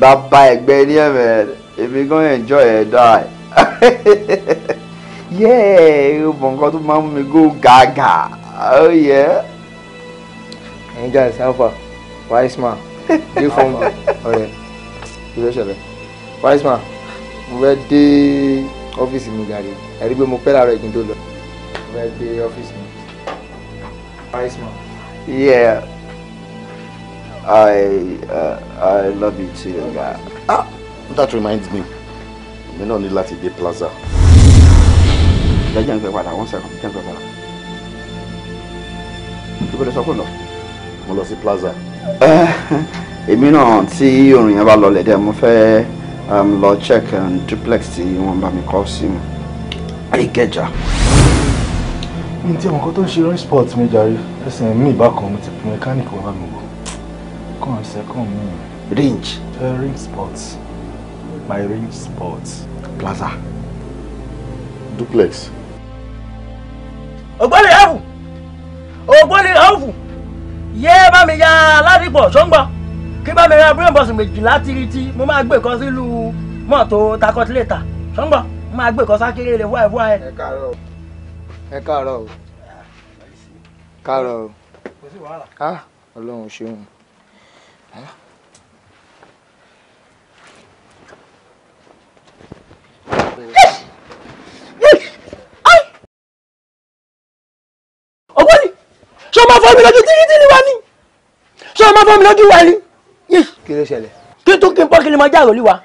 bàbá ẹgbẹ́ ní ẹ̀mẹ̀ èmi gan enjoy ẹ̀ dáì yẹ́ẹ̀ o mọ̀ nǹkan tó máa ń mú mi go gàgà oh yeah. ẹ̀yin guys how far wise man dey fún mi ọ̀rẹ́ oh, ìlú ṣẹlẹ̀ wise man mo fẹ́ dé ọ́fíìsì mi gàrí ẹ̀rí pé mo pẹ́ láàárọ̀ ìgbín tó lọ mo fẹ́ dé ọ́fíìsì mi wise man. yeah. I uh, I love you too, guy. Ah, that reminds me. Mi náà ní láti dé plaza. Jẹ́jẹ́ ń pẹ́ padà, one second, jẹ́ ń pẹ́ padà. Ibo lè sọ pé lọ? Mo lọ sí plaza. Eh, èmi náà tí orin yẹn bá lọlẹ̀ dẹ́, mo fẹ́ um, lọ check duplex tí wọ́n bá mi kọ́ sí mi. Ìkẹjà. Mi ti àwọn kan tó ń ṣe rain sport mi jàre, ẹsẹ̀ mi ìbákan mo ti pin mechanic wọn bá mi wọ second second mi. Hmm. range. Uh, range sports my range sports. plaza. duplex. ògbóni ẹ̀fù ògbóni ẹ̀fù yé bá mi ya aládìpọ̀ ṣọ́ngbọ́n kí bá mi ra brain box méjìlá tiriti mo máa gbé kan sílùú mọ́tò takọtíléta ṣọ́ngbọ́n mo máa gbé kan sákéré lè wá ẹ̀wá ẹ̀. ẹ káàárọ̀ ẹ káàárọ̀ o káàárọ̀ o. Ah, ọlọ́run ṣeun ọ̀gbọ́n ni o máa fọ́ wa ni ṣé o máa fọ́ mi lójú wa ni. kí ló ṣẹlẹ̀. kí n tún kí n pọ́ kí n máa jàrò lé wa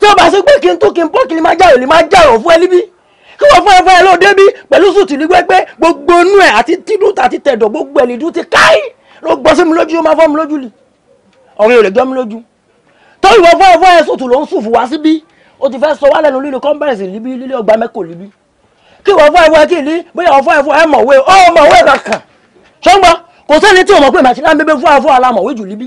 tí o bá ṣe pé kí n tún kí n pọ́ kí n máa jàrò lé máa jàrò fún ẹ níbí kí wọ́n fún ẹ fún ẹ lóò débi pẹ̀lú sùtì ní gbẹgbẹ́ gbogbo inú ẹ̀ àti tìdú àti tẹ̀dọ̀ gbogbo ẹ̀ nìdú ti káyì ló gbọ́ sí mi lójú o máa fọ́ mi lójú ni ọ̀rẹ́ rẹ̀ gbọ́mí lójú tó ìwọ fọ́ ẹ̀fọ́ ẹ̀ sòtò ló ń sùn fún wa síbí ó ti fẹ́ sọ wá lẹ́nu lílo kọ́ńbẹ̀rẹ̀sì líbí lílé ọgbà mẹ́kò líbí kí ìwọ fọ́ ẹ̀fọ́ ẹ̀ kí ìlí bóyá ọ̀fọ́ ẹ̀fọ́ ẹ̀ mọ̀wé ó mọ̀wé kankan ṣọ́ngbọ́n kò sẹ́ni tí o mọ̀ pé màṣí láń bébé fún ẹ̀fọ́ alámọ̀wé jù líbí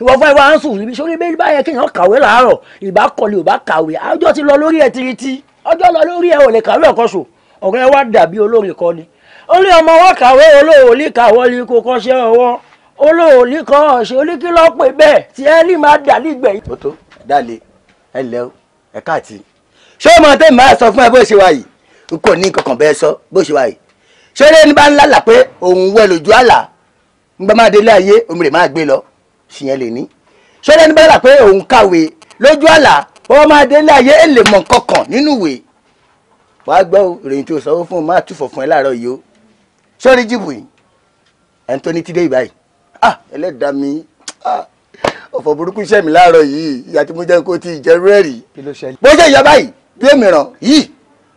ìwọ fọ́ ẹ̀fọ́ ansùn líbí sórí bẹ́ẹ̀ bá yẹ kí èèyàn kàwé làárọ̀ ìbá kọlé ò bá kàwé ọjọ́ ti lọ lórí ẹ̀ tiriti ọjọ́ lọ lórí ẹ̀ ò lè kàwé ọ̀kọ́ṣò ọ̀rẹ́ wa dàbí olórin kọ́ni ó ní ọmọ wa kàwé olóòlì kàwọ́ ni kò kọ́ṣẹ́ ọwọ́ olóòlì kan ọ̀sẹ̀ oníkìlọ̀ pé bẹ́ẹ̀ tí ẹ lè máa dà nígbẹ̀. tó tó dálé ẹ lẹ o ẹ káàtì ṣé o mọ tẹ́mi máa sọ fún ẹ bó ṣe wà yìí n kò ní kankan bẹ́ẹ̀ sọ bó ṣe wà yìí ṣé eré ní bá ń lálà pé òun wẹ̀ lójú àlà ń bá máa délé ayé omi rẹ̀ máa gbé lọ ṣìyẹn lè ní ṣé eré ní bá lálà pé òun kàwé lójú àlà ó máa délé ayé èlè mọ̀ kankan nínú ìwé wàá gbọ́ ìròyìn tó sanwó fún un máa túfọ̀ fún ẹ láàárọ̀ yìí o ṣé orí jìbù yìí ẹni tó ní tídé ìbáyìí ah ẹlẹ́dàá mi ah ọ̀fọ̀ burúkú iṣẹ́ mi láàárọ̀ yìí ìyá tí mo jẹ́ kó ti ìjẹ́rú ẹ̀ rí. bó ṣe ìyá báyìí bí èmìràn yìí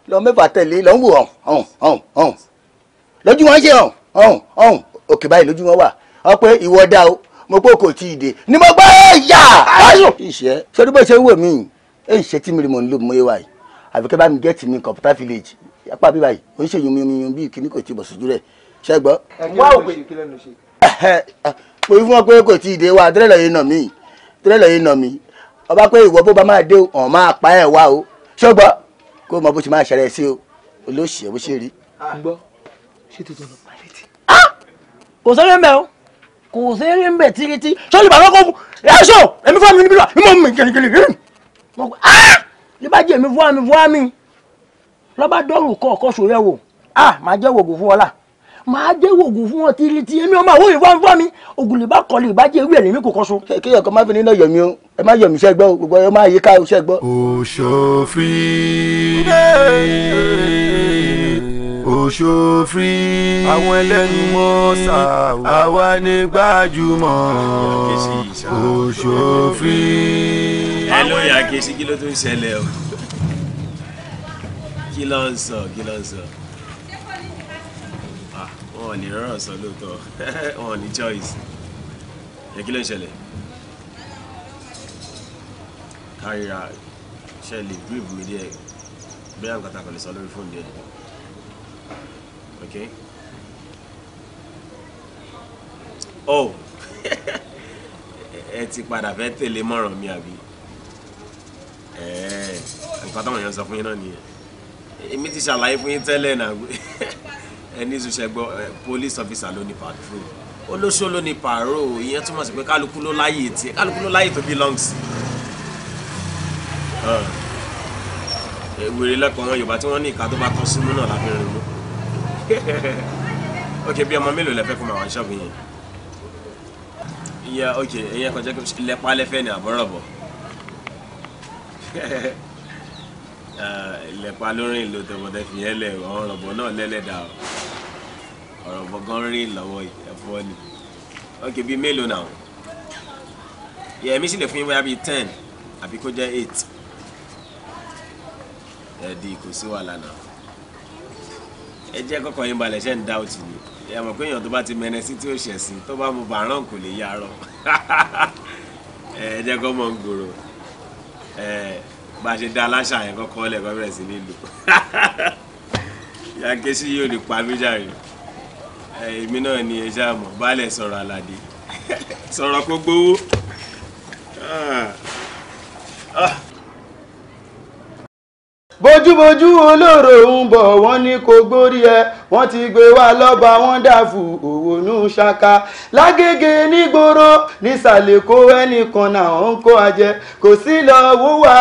lọ mẹ́fà tẹ̀lé lọ ń wò ọ̀hún ọ̀hún ọ̀hún lójú wọn ṣe ọ̀hún ọ̀hún ọ̀hún òkè báyìí lójú wọn wà ọ pé ìwọ dá o mo pé kò tí ì dé ni mo gbọ́ ẹ̀yà. ìṣe sọdún bó ṣe ń wò mí èyí ṣe tí mi rí mo ń lò mọ́ ewa yìí àbíkẹ́ bá mi gẹ́ẹ̀tì mi kọ̀ǹpútà village apá bíbáyìí ó ń ṣèyún mi bí kíní kò tí ì bọ̀ sójú rẹ̀ ṣẹ́gbọ́. ẹ̀ mo fi fún ọ pé kò tí ì dé wa tẹ́lẹ̀ yìí nà mí tẹ́lẹ̀ yìí nà mí ọba pé ìwọ bó bá máa dé ọ̀n máa pa ẹ̀ wá o ṣọgbọ́ kó mọ bó ṣe máa ṣẹlẹ̀ sí o olóṣì ẹ̀ bó ṣe rí. Ah. gbọ́ ṣé tó tó lọ pa létí. Ah! kò sẹ́rẹ̀ ń bẹ̀ o kò sẹ́rẹ̀ ń bẹ̀ tiriti sọ́ọ́lù bàbá kò fún ẹ̀ṣọ́ ẹ̀mí fún mi níbí wa mímọ́ mi kìrìkìrì rírì. mo kọ ah yíba jẹ́ mi fún mi fún mi lọ́ba dọ́rù kọ̀ọ̀kọ̀ sòrẹ́ wò ah máa jẹ́ wògùn fún ọlá màá dé wògùn fún wọn tìrì tí èmi ọmọ àwọn ìwà ń fọ́ mi ògùn lè bá kọ́ lè bá jẹ́ ewé ẹ̀lẹ́mí kò kọ́ so. kéèyàn kan má fi nínú yọ̀mí o ẹ má yọ̀mí iṣẹ́ gbọ́ gbogbo ẹ má yí ká iṣẹ́ gbọ́. òṣòfin òṣòfin àwọn ẹlẹ́nu wọn sà àwa ní gbajúmọ̀ òṣòfin. ẹ ló yà kí esi kí ló tó ń ṣẹlẹ̀ o kí ló ń sọ kí ló ń sọ wọn ò ní rọrùn sọ lóòótọ́ wọn ò ní choice yẹ kí ló ń ṣẹlẹ̀ káríra ṣe lè brief mi díẹ̀ bí àwọn kàtàkùn lè sọ lórí fóònù díẹ̀ ok oh ẹ ti padà fẹ́ tẹ̀lé mọ̀ràn mi àbí nǹkan táwọn èèyàn sọ fún yín náà nìyẹn èmi ti ṣàlàyé fún yín tẹ́lẹ̀ náà ẹni ṣiṣẹ́ gbọ́ police officer ló ní patrol olóṣó ló ní pàrọ̀ ìyẹn túmọ̀ sí pé kálukú ló láyè tiẹ̀ kálukú ló láyè tó belong sí. wèrè lẹ́kọ̀ọ́ wọn yorùbá tí wọ́n ní ìka tó bá tọ́ sínú náà lábẹ́rẹ́ mú. ok bí ọmọ mélòó lẹ́fẹ́ kó máa wá ṣọ́ọ̀bù yẹn. ìyẹn ok ìyẹn kan jẹ́ kí lẹ́pàá lẹ́fẹ́ ní àbọ̀rọ̀ ìlẹ̀pa ló rìn lò tẹ̀mọ̀tẹ̀ fi yẹn lẹ̀ ọ̀rọ̀bọ̀ náà lẹ́lẹ́dà ọ̀rọ̀bọ̀ gan rìn lọ́wọ́ ẹ̀fọ́ ni ok bíi mélòó náà èmi sì lè fún yín wáyà bíi ten àbí kó jẹ́ eight ẹ̀ẹ́dì kò sí wàhálà náà ẹ jẹ́ kọ́kọ́ yín balẹ̀ ṣe ń dá òtì ni ẹ mọ̀ pé èèyàn tó bá ti mẹ́rin sí tí ó ṣẹ̀ sí tó bá mu bàrán kò lè yá arọ ẹ jẹ́ kọ́ mọ̀ ń gbòòrò ẹ bá a ṣe dá aláṣà yẹn kọ́kọ́ lẹ̀ kọ́ bẹ̀rẹ̀ sí ní lò ìyá kẹ́sí yóò lè pa méjà rẹ̀ èmi náà ni ẹ ṣáà mọ̀ baálẹ̀ sọ̀rọ̀ àlàdé sọ̀rọ̀ kó gbowó. Ah. Ah bójúbójú olóró ń bọ̀ wọ́n ní kò gbórí ẹ wọ́n ti gbé wá lọ́ba wọ́n dàfù òwònú ṣaka lágége nígboro nísàlẹ̀ kó ẹnìkan náà ń kó ajẹ kò sí lọ wúwà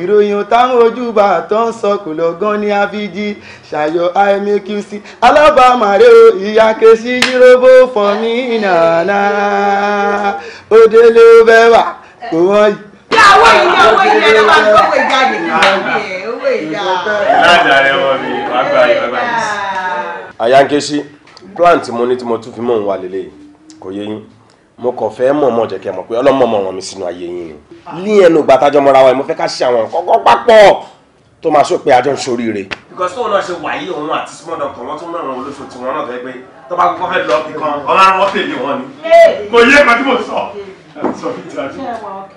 ìròyìn táwọn ojúbà tó ń sọ kò lọ́gán ní àfijì ṣàyọ̀ imqc alábàámàrè o ìyá kejì yíróbó fún mi nàánà òdèlè bẹ́ẹ̀ wà kò wọ́n yìí. ìyá àwọn ìyá àwọn ìyá ẹ̀ máa ń gbọ́ pé jáde ìlàjà rẹ wọ mi wàgbà ìwàgbà mi. àyànkesí plan tí mo ní tí mo tún fi mọ̀ ń wà lélẹ̀ kò yé yín mo kàn fẹ́ mọ̀ mọ̀ jẹ́ kí ẹ mọ̀ pé ọlọ́mọ mọ̀ ràn mí sínú ayé yín ni ní ẹnu ìgbà tájọ́ mọ́ra wa mo fẹ́ ká ṣe àwọn nǹkan kan papọ̀ tó máa sọ pé àjọ ń ṣoríire. because tóun náà ṣe wàyí òun àti small doctor wọn tún mọ àwọn olóṣù tiwọn náà tó yẹ pé tó bá kọ́kọ́ fẹ́ lọ bí kan ọlọ́run wọn pè mí wọn ni kò yé ẹ̀ka tí mo sọ sorry, Tati.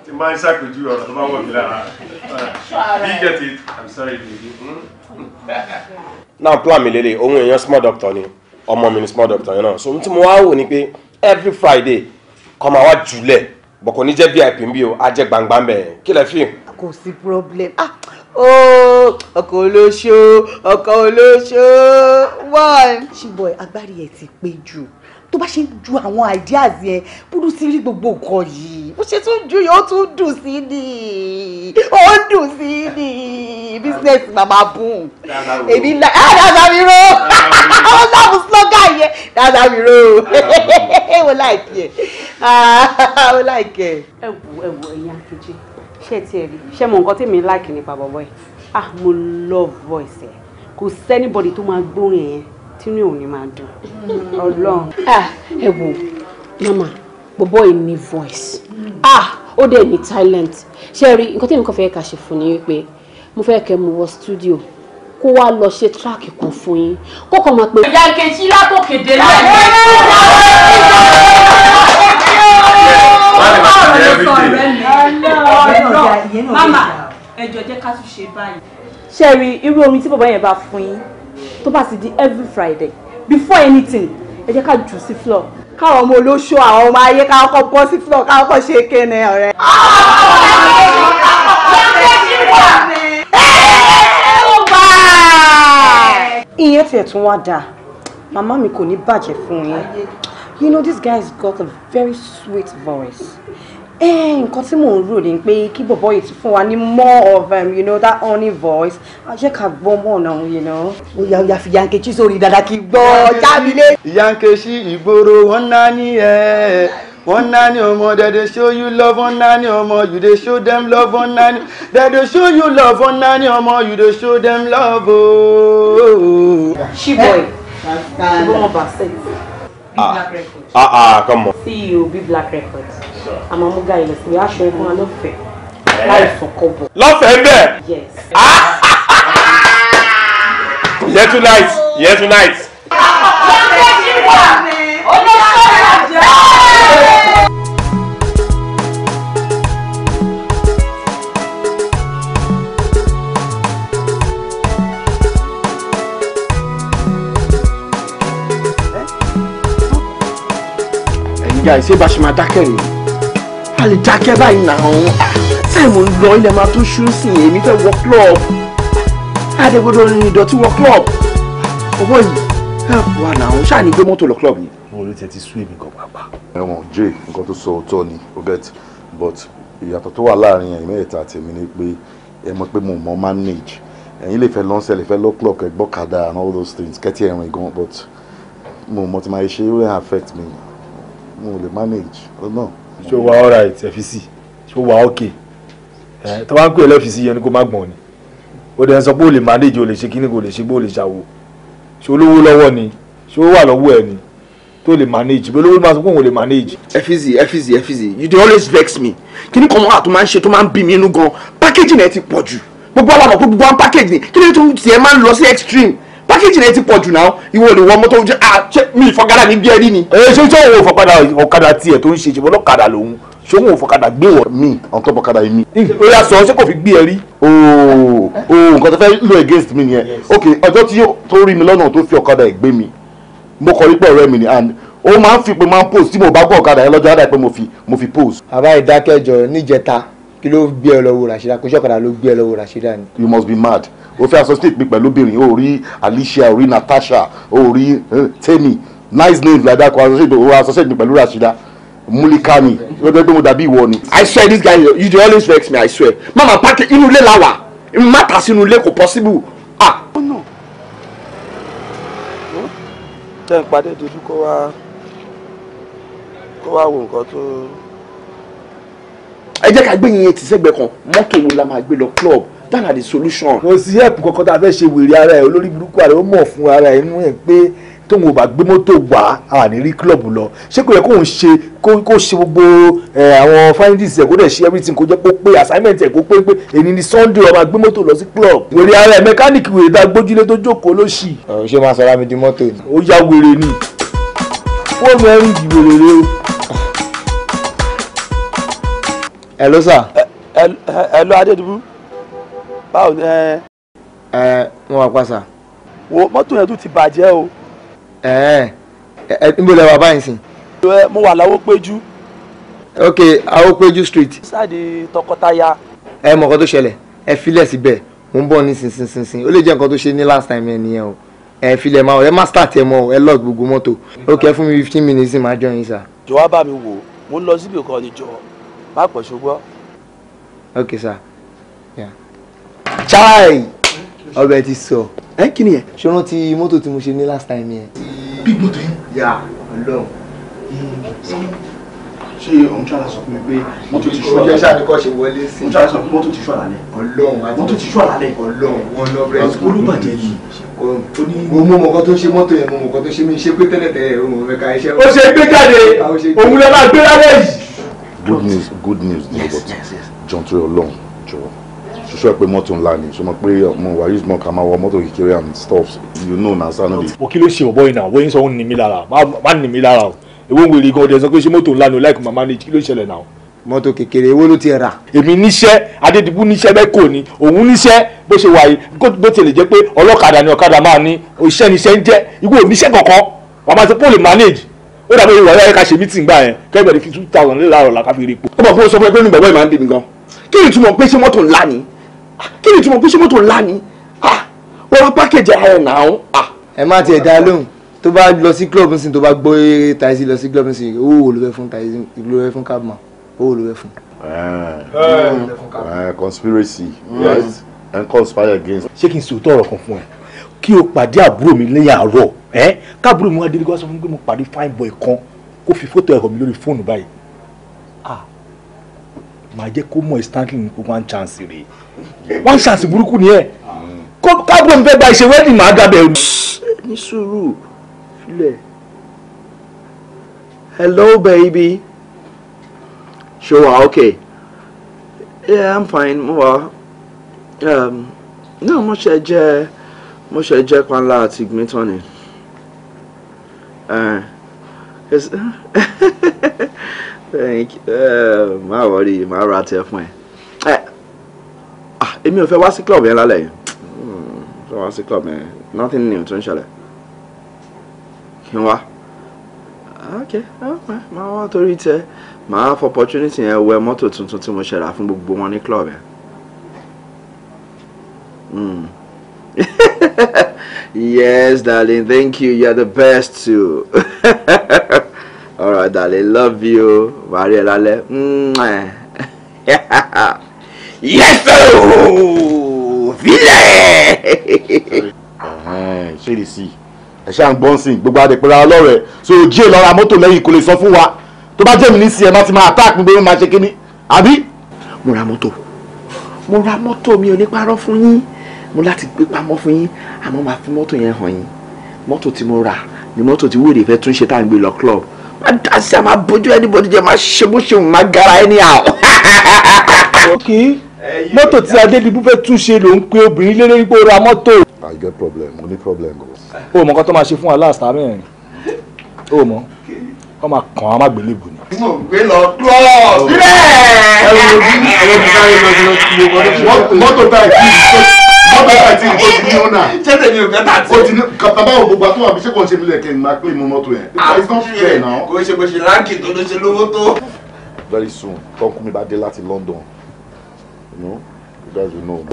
Ti máa ń ṣàpèjúwe ọ̀rọ̀ tó bá wọ̀ mí lára. Do you get it? I'm sorry, baby. Hmm? Now plan me, lele, ohun èèyàn small doctor ni, ọmọ mi ni small doctor yẹn náà. So ohun tí mo wá wò ni pé every Friday kọ́ máa wá jùlẹ̀ bọ̀kọ̀ ní jẹ́ VIP ń bí o, á jẹ́ gbangba ń bẹ̀ yẹn. Kí lẹ fi? Kò sí problem. Ah! ooo oh, ọkọ olóṣó ọkọ olóṣó one. ṣùgbọ́n agbárí ẹ̀ ti pé jù tó bá ṣe ń ju àwọn ideas yẹn búrú sí rí gbogbo nǹkan yìí ó ṣe tún ju yẹn tún dùn sí ni ó dùn sí ni business mama boom èmi ńlá ah dada mi ro àwọn sáàmù slogan yẹn dada mi ro ó láìkí ah, ẹ ó láìkí ẹ. ẹ wo ẹ wo ẹ̀yin akeji ṣé tiẹ̀ rí ṣé mo nǹkan tèmi láìkì nípa bọ̀bọ̀ yìí ah mo love voice ẹ kò sẹ́nibọ̀dì tó máa gbórin yẹn tínú ò ní máa dùn mm-hmm. Ọlọ́run. Ah, ẹ wo mama bọ̀bọ̀ yìí ní voice mm. ah ó dẹ̀ ní talent ṣe rí nǹkan tẹ́mi kan fẹ́ ká ṣe fún ni wípé mo fẹ́ kẹ́ mu wọ studio kó wá lọ ṣe tíráàkì kan fún yín kókò máa pe. ìyá kejì látòkè dé lẹ́yìn. mama ẹ jọ̀ọ́ jẹ́ ká tún ṣe báyìí. ṣe rí irú orin tí bàbá yẹn bá fún yín tó bá sì di every friday before anything ẹ jẹ́ ká jù sí floor káwọn ọmọ olóṣó àwọn ọmọ ayé káwọn kọ bọ́ sí floor káwọn kọ ṣe kéne ọ̀rẹ́. ìyẹn tiẹ̀ tún wá dáa màmá mi kò ní bàjẹ́ fún yín you know this guy's got a very sweet voice. Eh, nǹkan tí mò ń rò ni pé kí bọ̀bọ̀ yìí ti fún wa ní more of um, you know, that honey voice ajẹ́ ká gbọ́ mọ̀ náà you know. ó yà ó yà fi yankechi sórí dada kí gbọ́ jábílẹ̀. yankechi ìgboro wọn náà ní ẹ wọn náà ní ọmọ they dey show you love wọn náà ní ọmọ you dey show them love wọn náà ní they dey show you love wọn náà ní ọmọ you dey show them love ooo. sheboy ṣùgbọ́n ọba sẹ́yìn ah ah come on. ceo Be black record àmọ́ mú gáyìí lọ sí pé aṣọ ẹ̀kún wa lọ́fẹ̀ẹ́ eh. láì lọ́fẹ̀ẹ́ bẹ́ẹ̀. yes. Ah! yẹ tonight yẹ tonight. lọ́fẹ̀ẹ́ guys ṣé bá ṣe máa dákẹ́ rèé a lè dákẹ́ báyìí nà ọ̀hún táìmù ń lọ ilẹ̀ máa tó ṣú sí èmi fẹ́ wọ club adégbodò rìn ìdọ̀tí wọ club ọwọ́ yìí help wa nà ọ̀hún ṣáà ní gbé mọ́tò lọ club ni. mo rí tẹ ti sú èmi gan pàápàá. ẹ̀wọ̀n jay nǹkan tó sọ ọ̀tọ̀ ni o get but ìyàtọ̀ tó wà láàrin ẹ̀yin mẹ́ta tèmi ni pé ẹ mọ̀ pé mo mọ̀ manage ẹ̀yin lè fẹ́ lọ́nsẹ̀ lè fẹ́ lọ́ club kẹ́ gbọ́kadà and all those things kẹ́tì ẹ̀rìn gan but mo mọ̀ tí máa ṣe ó lè affect me mo lè manage i don't know ṣó wà all right ẹ ṣó wà okay ẹ tó bá ń pè ẹ lẹ́fìsí yẹn ni kó má gbọ̀n ni ó dẹ̀ ń sọ pé ó lè manage ó lè ṣe kíní kò lè ṣe bó lè ṣàwò ṣó olówó lọ́wọ́ ni ṣó wà lọ́wọ́ ẹ ni tó lè manage bí olówó máa sọ pé òun ò lè manage. efizi efizi efizi you dey always vex me kíní kan wà tó máa ń ṣe tó máa ń bí mi inú gan packaging ẹ ti pọ̀ jù gbogbo àwọn àpò gbogbo àwọn package ni kíní tó tiẹ̀ máa ń lọ sí extreme pákéjì rẹ ti pọ̀ jù náà ìwọ ni wọ́n mọ́tò jẹ́ àṣẹ mi ìfọ̀kadà ní bí ẹni ni. ẹ ṣé ṣé òun òfọ̀kadà ọ̀kadà tiẹ̀ tó ń ṣe ìṣèwọ́n lọ́kadà lòun ṣé òun òfọ̀kadà gbé wọ̀ mí on top ọ̀kadà yìí mí. ó yà sọ ṣé kò fi gbé ẹ rí. ooo nǹkan tó fẹ́ lò against mi nìyẹn ok ọjọ́ tí tó rí mi lọ́nà tó fi ọ̀kadà ẹ̀ gbé mi mo kọ rí pé ọ̀rẹ́ mi ni and ó máa ń fi pé máa ń pose tí mo bá gbọ́ ọ̀kadà yẹn lọ́jọ́ àdá pé mo fi mo fi pose. àbá ìdákẹ́jọ níjẹta kí ló gbé ẹ lọ́wọ́ Rashida kò ṣọ́kadà ló gbé ẹ lọ́wọ́ Rashida ni. you must be mad o fẹ́ associate mi pẹ̀lú obìnrin o rí Alicia o rí Natasha o rí eh, Temi nice names like that o associate mi pẹ̀lú Rashida Mulikani. ni o dàbí ìwọ ni. I swear this guy you dey always vex me I swear mama pàkì inú ilé la mata sínú ilé kò possible ah. tẹ́ ń padé dojú kó wá kó wá wo nǹkan tó ẹ jẹ́ ká gbé yẹn ti sẹ́gbẹ̀ kan mọ́tò wo la máa gbé lọ club that na the solution. kò sí ẹ̀pù kankan tá a fẹ́ ṣe wèrè ara ẹ̀ olórí burúkú ara ẹ̀ ó mọ̀ fún ara ẹ̀ inú ẹ̀ pé tóun ò bá gbé mọ́tò wá àní rí club lọ ṣé kò yẹ kóun ṣe kó ṣe gbogbo àwọn findings ẹ̀ kó dẹ̀ ṣe everything kó jẹ́ kó pé assignment ẹ̀ kó pé pé èyí ni sunday ó máa gbé mọ́tò lọ sí club. wèrè ara ẹ̀ mẹkáníìkì wèrè dá gbójúlé tó jókòó lóṣì. ọ̀rọ̀ ṣé máa sọ ara mi di mọ́tò ni. ó ya wèrè ni fóònù ẹ̀rù ìdìbò rèé o. Hello ló hello ẹ ló adédìbú báwo ni. ẹ wọn wà pa sà. wo mọ́tò yẹn tún ti bàjẹ́ o. ẹ ẹ níbo lẹ wà báyìí sìn. mo wà láwọ́ péjú. ok àwọ̀ péjú street. sáàdì tọkọtaya. ẹ mọ̀ nǹkan tó ṣẹlẹ̀ ẹ filẹ̀ síbẹ̀ mo ń bọ̀ ní sinsinsinsin ó lè jẹ́ nǹkan tó ṣe ní last time yẹn nìyẹn o ẹ filẹ̀ máa ẹ má start ẹ mọ́ ẹ lọ́ọ̀ gbogbo mọ́tò ok fún mi fifteen minutes máa jọ yín sà. jọ̀wọ́ bá mi wò mo ń lọ síbi kan ní jọ̀ọ́ má pọ̀ ṣùgbọ́n. okay sir. Yeah. chai ọbẹ̀ ti sọ ẹ kí nìyẹn. ṣé rántí mọ́tò tí mo ṣe ní last time yẹn. big motor yẹn. yà ọlọ́run. ṣé òun ṣáà sọ fún mi pé mọ́tò ti ṣú àlàyé. ojú ṣáà ni kò ṣe wọlé sí. òun ṣáà sọ fún mọ́tò ti ṣú àlàyé. ọlọ́run àti mọ́tò ti ṣú àlàyé. ọlọ́run wọn lọ bẹ̀rẹ̀ sí. olùbàjẹ́ yìí mo mú mọ̀kọ́ tó ṣe mọ́tò yẹn mo mọ̀kọ́ tó ṣe mí ṣe pé tẹ́lẹ̀tẹ́lẹ̀ òun mẹ́ka iṣẹ́. ó ṣe gbé jáde òun lè máa gbé lálẹ́ yìí good news good news ni yes, but yes, yes. John torí Ọlọ́run jọ̀wọ́ ṣoṣo ẹ pé mọ́tò ńlá ni ṣọmọ pé ọmọ wàyí mọ ká máa wọ mọ́tò kékeré and stuff you know na sanu de. wò kí ló ṣe ọ̀bọ iná so yín sọ ń ní mi lára má ní mi lára o èwo ń wèrè gan-an sọ pé ṣé mọ́tò ńlá ni o láìpẹ́ máa manage kí ló ṣẹlẹ̀ náà. mọ́tò kékeré èwo ló ti rà. èmi níṣẹ́ Adédìbú níṣẹ́ mẹ́kò ni òun níṣẹ́ bó ṣe wà yìí bó tilẹ̀ jẹ́ pé ọlọ́kadà ni ọ̀kadà máa ní iṣẹ́ níṣẹ́ ń jẹ́ ìwọ níṣẹ́ kankan wàá máa ti pọ́ọ̀lì manage ó dàbí ìwà ayé ká ṣe mítìn gbà yẹn kẹ́gbẹ̀rẹ́ fi two thousand lé láàrọ̀ làkàfi rí po. ó bọ̀ fún sọ fún ẹ pé nínú bàbá ìmọ̀ àǹdè mi gan kí ni ìtumọ̀ pé ṣé mọ́tò ńlá ni ah, kí ni ìtumọ̀ pé ṣé mọ́tò ńlá ni ah, wọ́n ra pákẹ́jì ayọ̀ náà. ẹ má tiẹ̀ dá lóhùn tó bá lọ sí club nsìn tó bá gbọ́ eré taxi lọ sí club nsìn owó wo ló fẹ́ fún taxi ló fẹ́ fún cabman owó ló fẹ́ fún. Eh, eh, conspiracy right hmm. and conspire against. ṣé kí n sòótọ́ ọ̀rọ̀ kan fún ẹ kí o pàdé àbúrò mi lẹ́yìn àárọ̀ ẹ káàbúrò mi wá délé wá sọ fún mi pé mo pàdé fine boy kan kó fi fótó ẹ̀rọ mi lórí fóònù báyìí ah màá jẹ́ kó mọ̀ instantly ní pé one chance rèé one chance burúkú ni ẹ káàbúrò mi fẹ́ gba ìṣe wedding màá dábẹ̀ ẹ̀rù. ní sùúrù filẹ̀ hello baby ṣé wàá okay yeah i'm fine mo wà um, náà mo ṣe jẹ́ ẹ mo ṣe jẹ́ panla àti gbìntàn ni má wọrí má ra tiẹ̀ fún ẹ ah, èmi ò fẹ́ wá sí club yẹn lálẹ́ yìí hmm, fẹ́ wá sí club yẹn nothing new tó ń ṣẹlẹ̀ kí n wá ok máa wá torí tiẹ̀ máa fọ opportunity yẹn wẹ mọ́tò tuntun tí mo ṣẹ̀rà fún gbogbo wọn ní club yẹn. Hmm. yes, darling. Thank you. You're the best too. All right, darling. Love you. Maria Lale. yes, sir. Vile. Ṣé lè sí? Ẹ ṣáà ń gbọ́n sí gbogbo àdèpẹ̀rẹ̀ ọlọ́rẹ̀. So ojú ẹ̀ lọ́ra mọ́tò lẹ́yìn kò lè sọ fún wa. Tó bá jẹ́ mi ní sí ẹ má ti máa attack bí wọ́n máa ṣe kíní. Àbí? Mo ra mọ́tò. Mo ra mọ́tò mi ò ní parọ́ fún yín mo láti gbé pamọ́ fún yín àmọ́ màá fi mọ́tò yẹn hàn yín mọ́tò tí mo rà ni mọ́tò tí wèrè fẹ́ tún ṣe tá à ń gbé lọ club má dá sí àmà bójú anybody jẹ má ṣe bó ṣe má gara ẹni à. òkè mọ́tò tí adédìbú fẹ́ tún ṣe ló ń pe obìnrin lérè wípé ó ra mọ́tò. I get problem mo ní problem o. o mọ nǹkan tó máa ṣe fún wa last time ẹ̀ o mọ kọ́ máa kàn án má gbélébùn mo gbé lọ club sílẹ̀. mọ́tò táyì kí n tó very soon tọ́kùn mi bá dé láti London you know you guys will know.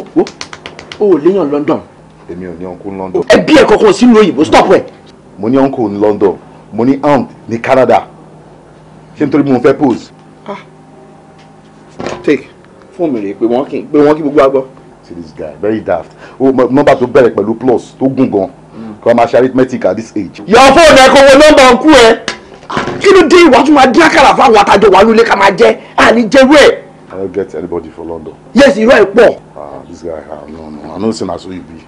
o ò léyàn London. èmi ò ní ọkùn London. ẹbí ẹ kọkàn sínú òyìnbó stop ẹ. mo ní uncle ní London mo ní aunt ní Canada ṣé nítorí mo fẹ́ pose. Ah. take fóònù rè é pé wọ́n kí gbogbo àgbọ̀ see this guy very daft oh, o number to bẹ̀rẹ̀ pẹ̀lú plus tó gùn gan kò máa ṣe arithmetic at this age. your phone ẹ kò wo nọ́mbà òkú ẹ kí ló dé ìwà tó máa dín àkàrà fáwọn àtàjọ wà nílé ká máa jẹ àní jẹrú ẹ. I don't get anybody for London. Yes, irọ́ ẹ̀ pọ̀. Ah, this guy, ah, no, no, I know say na so you be.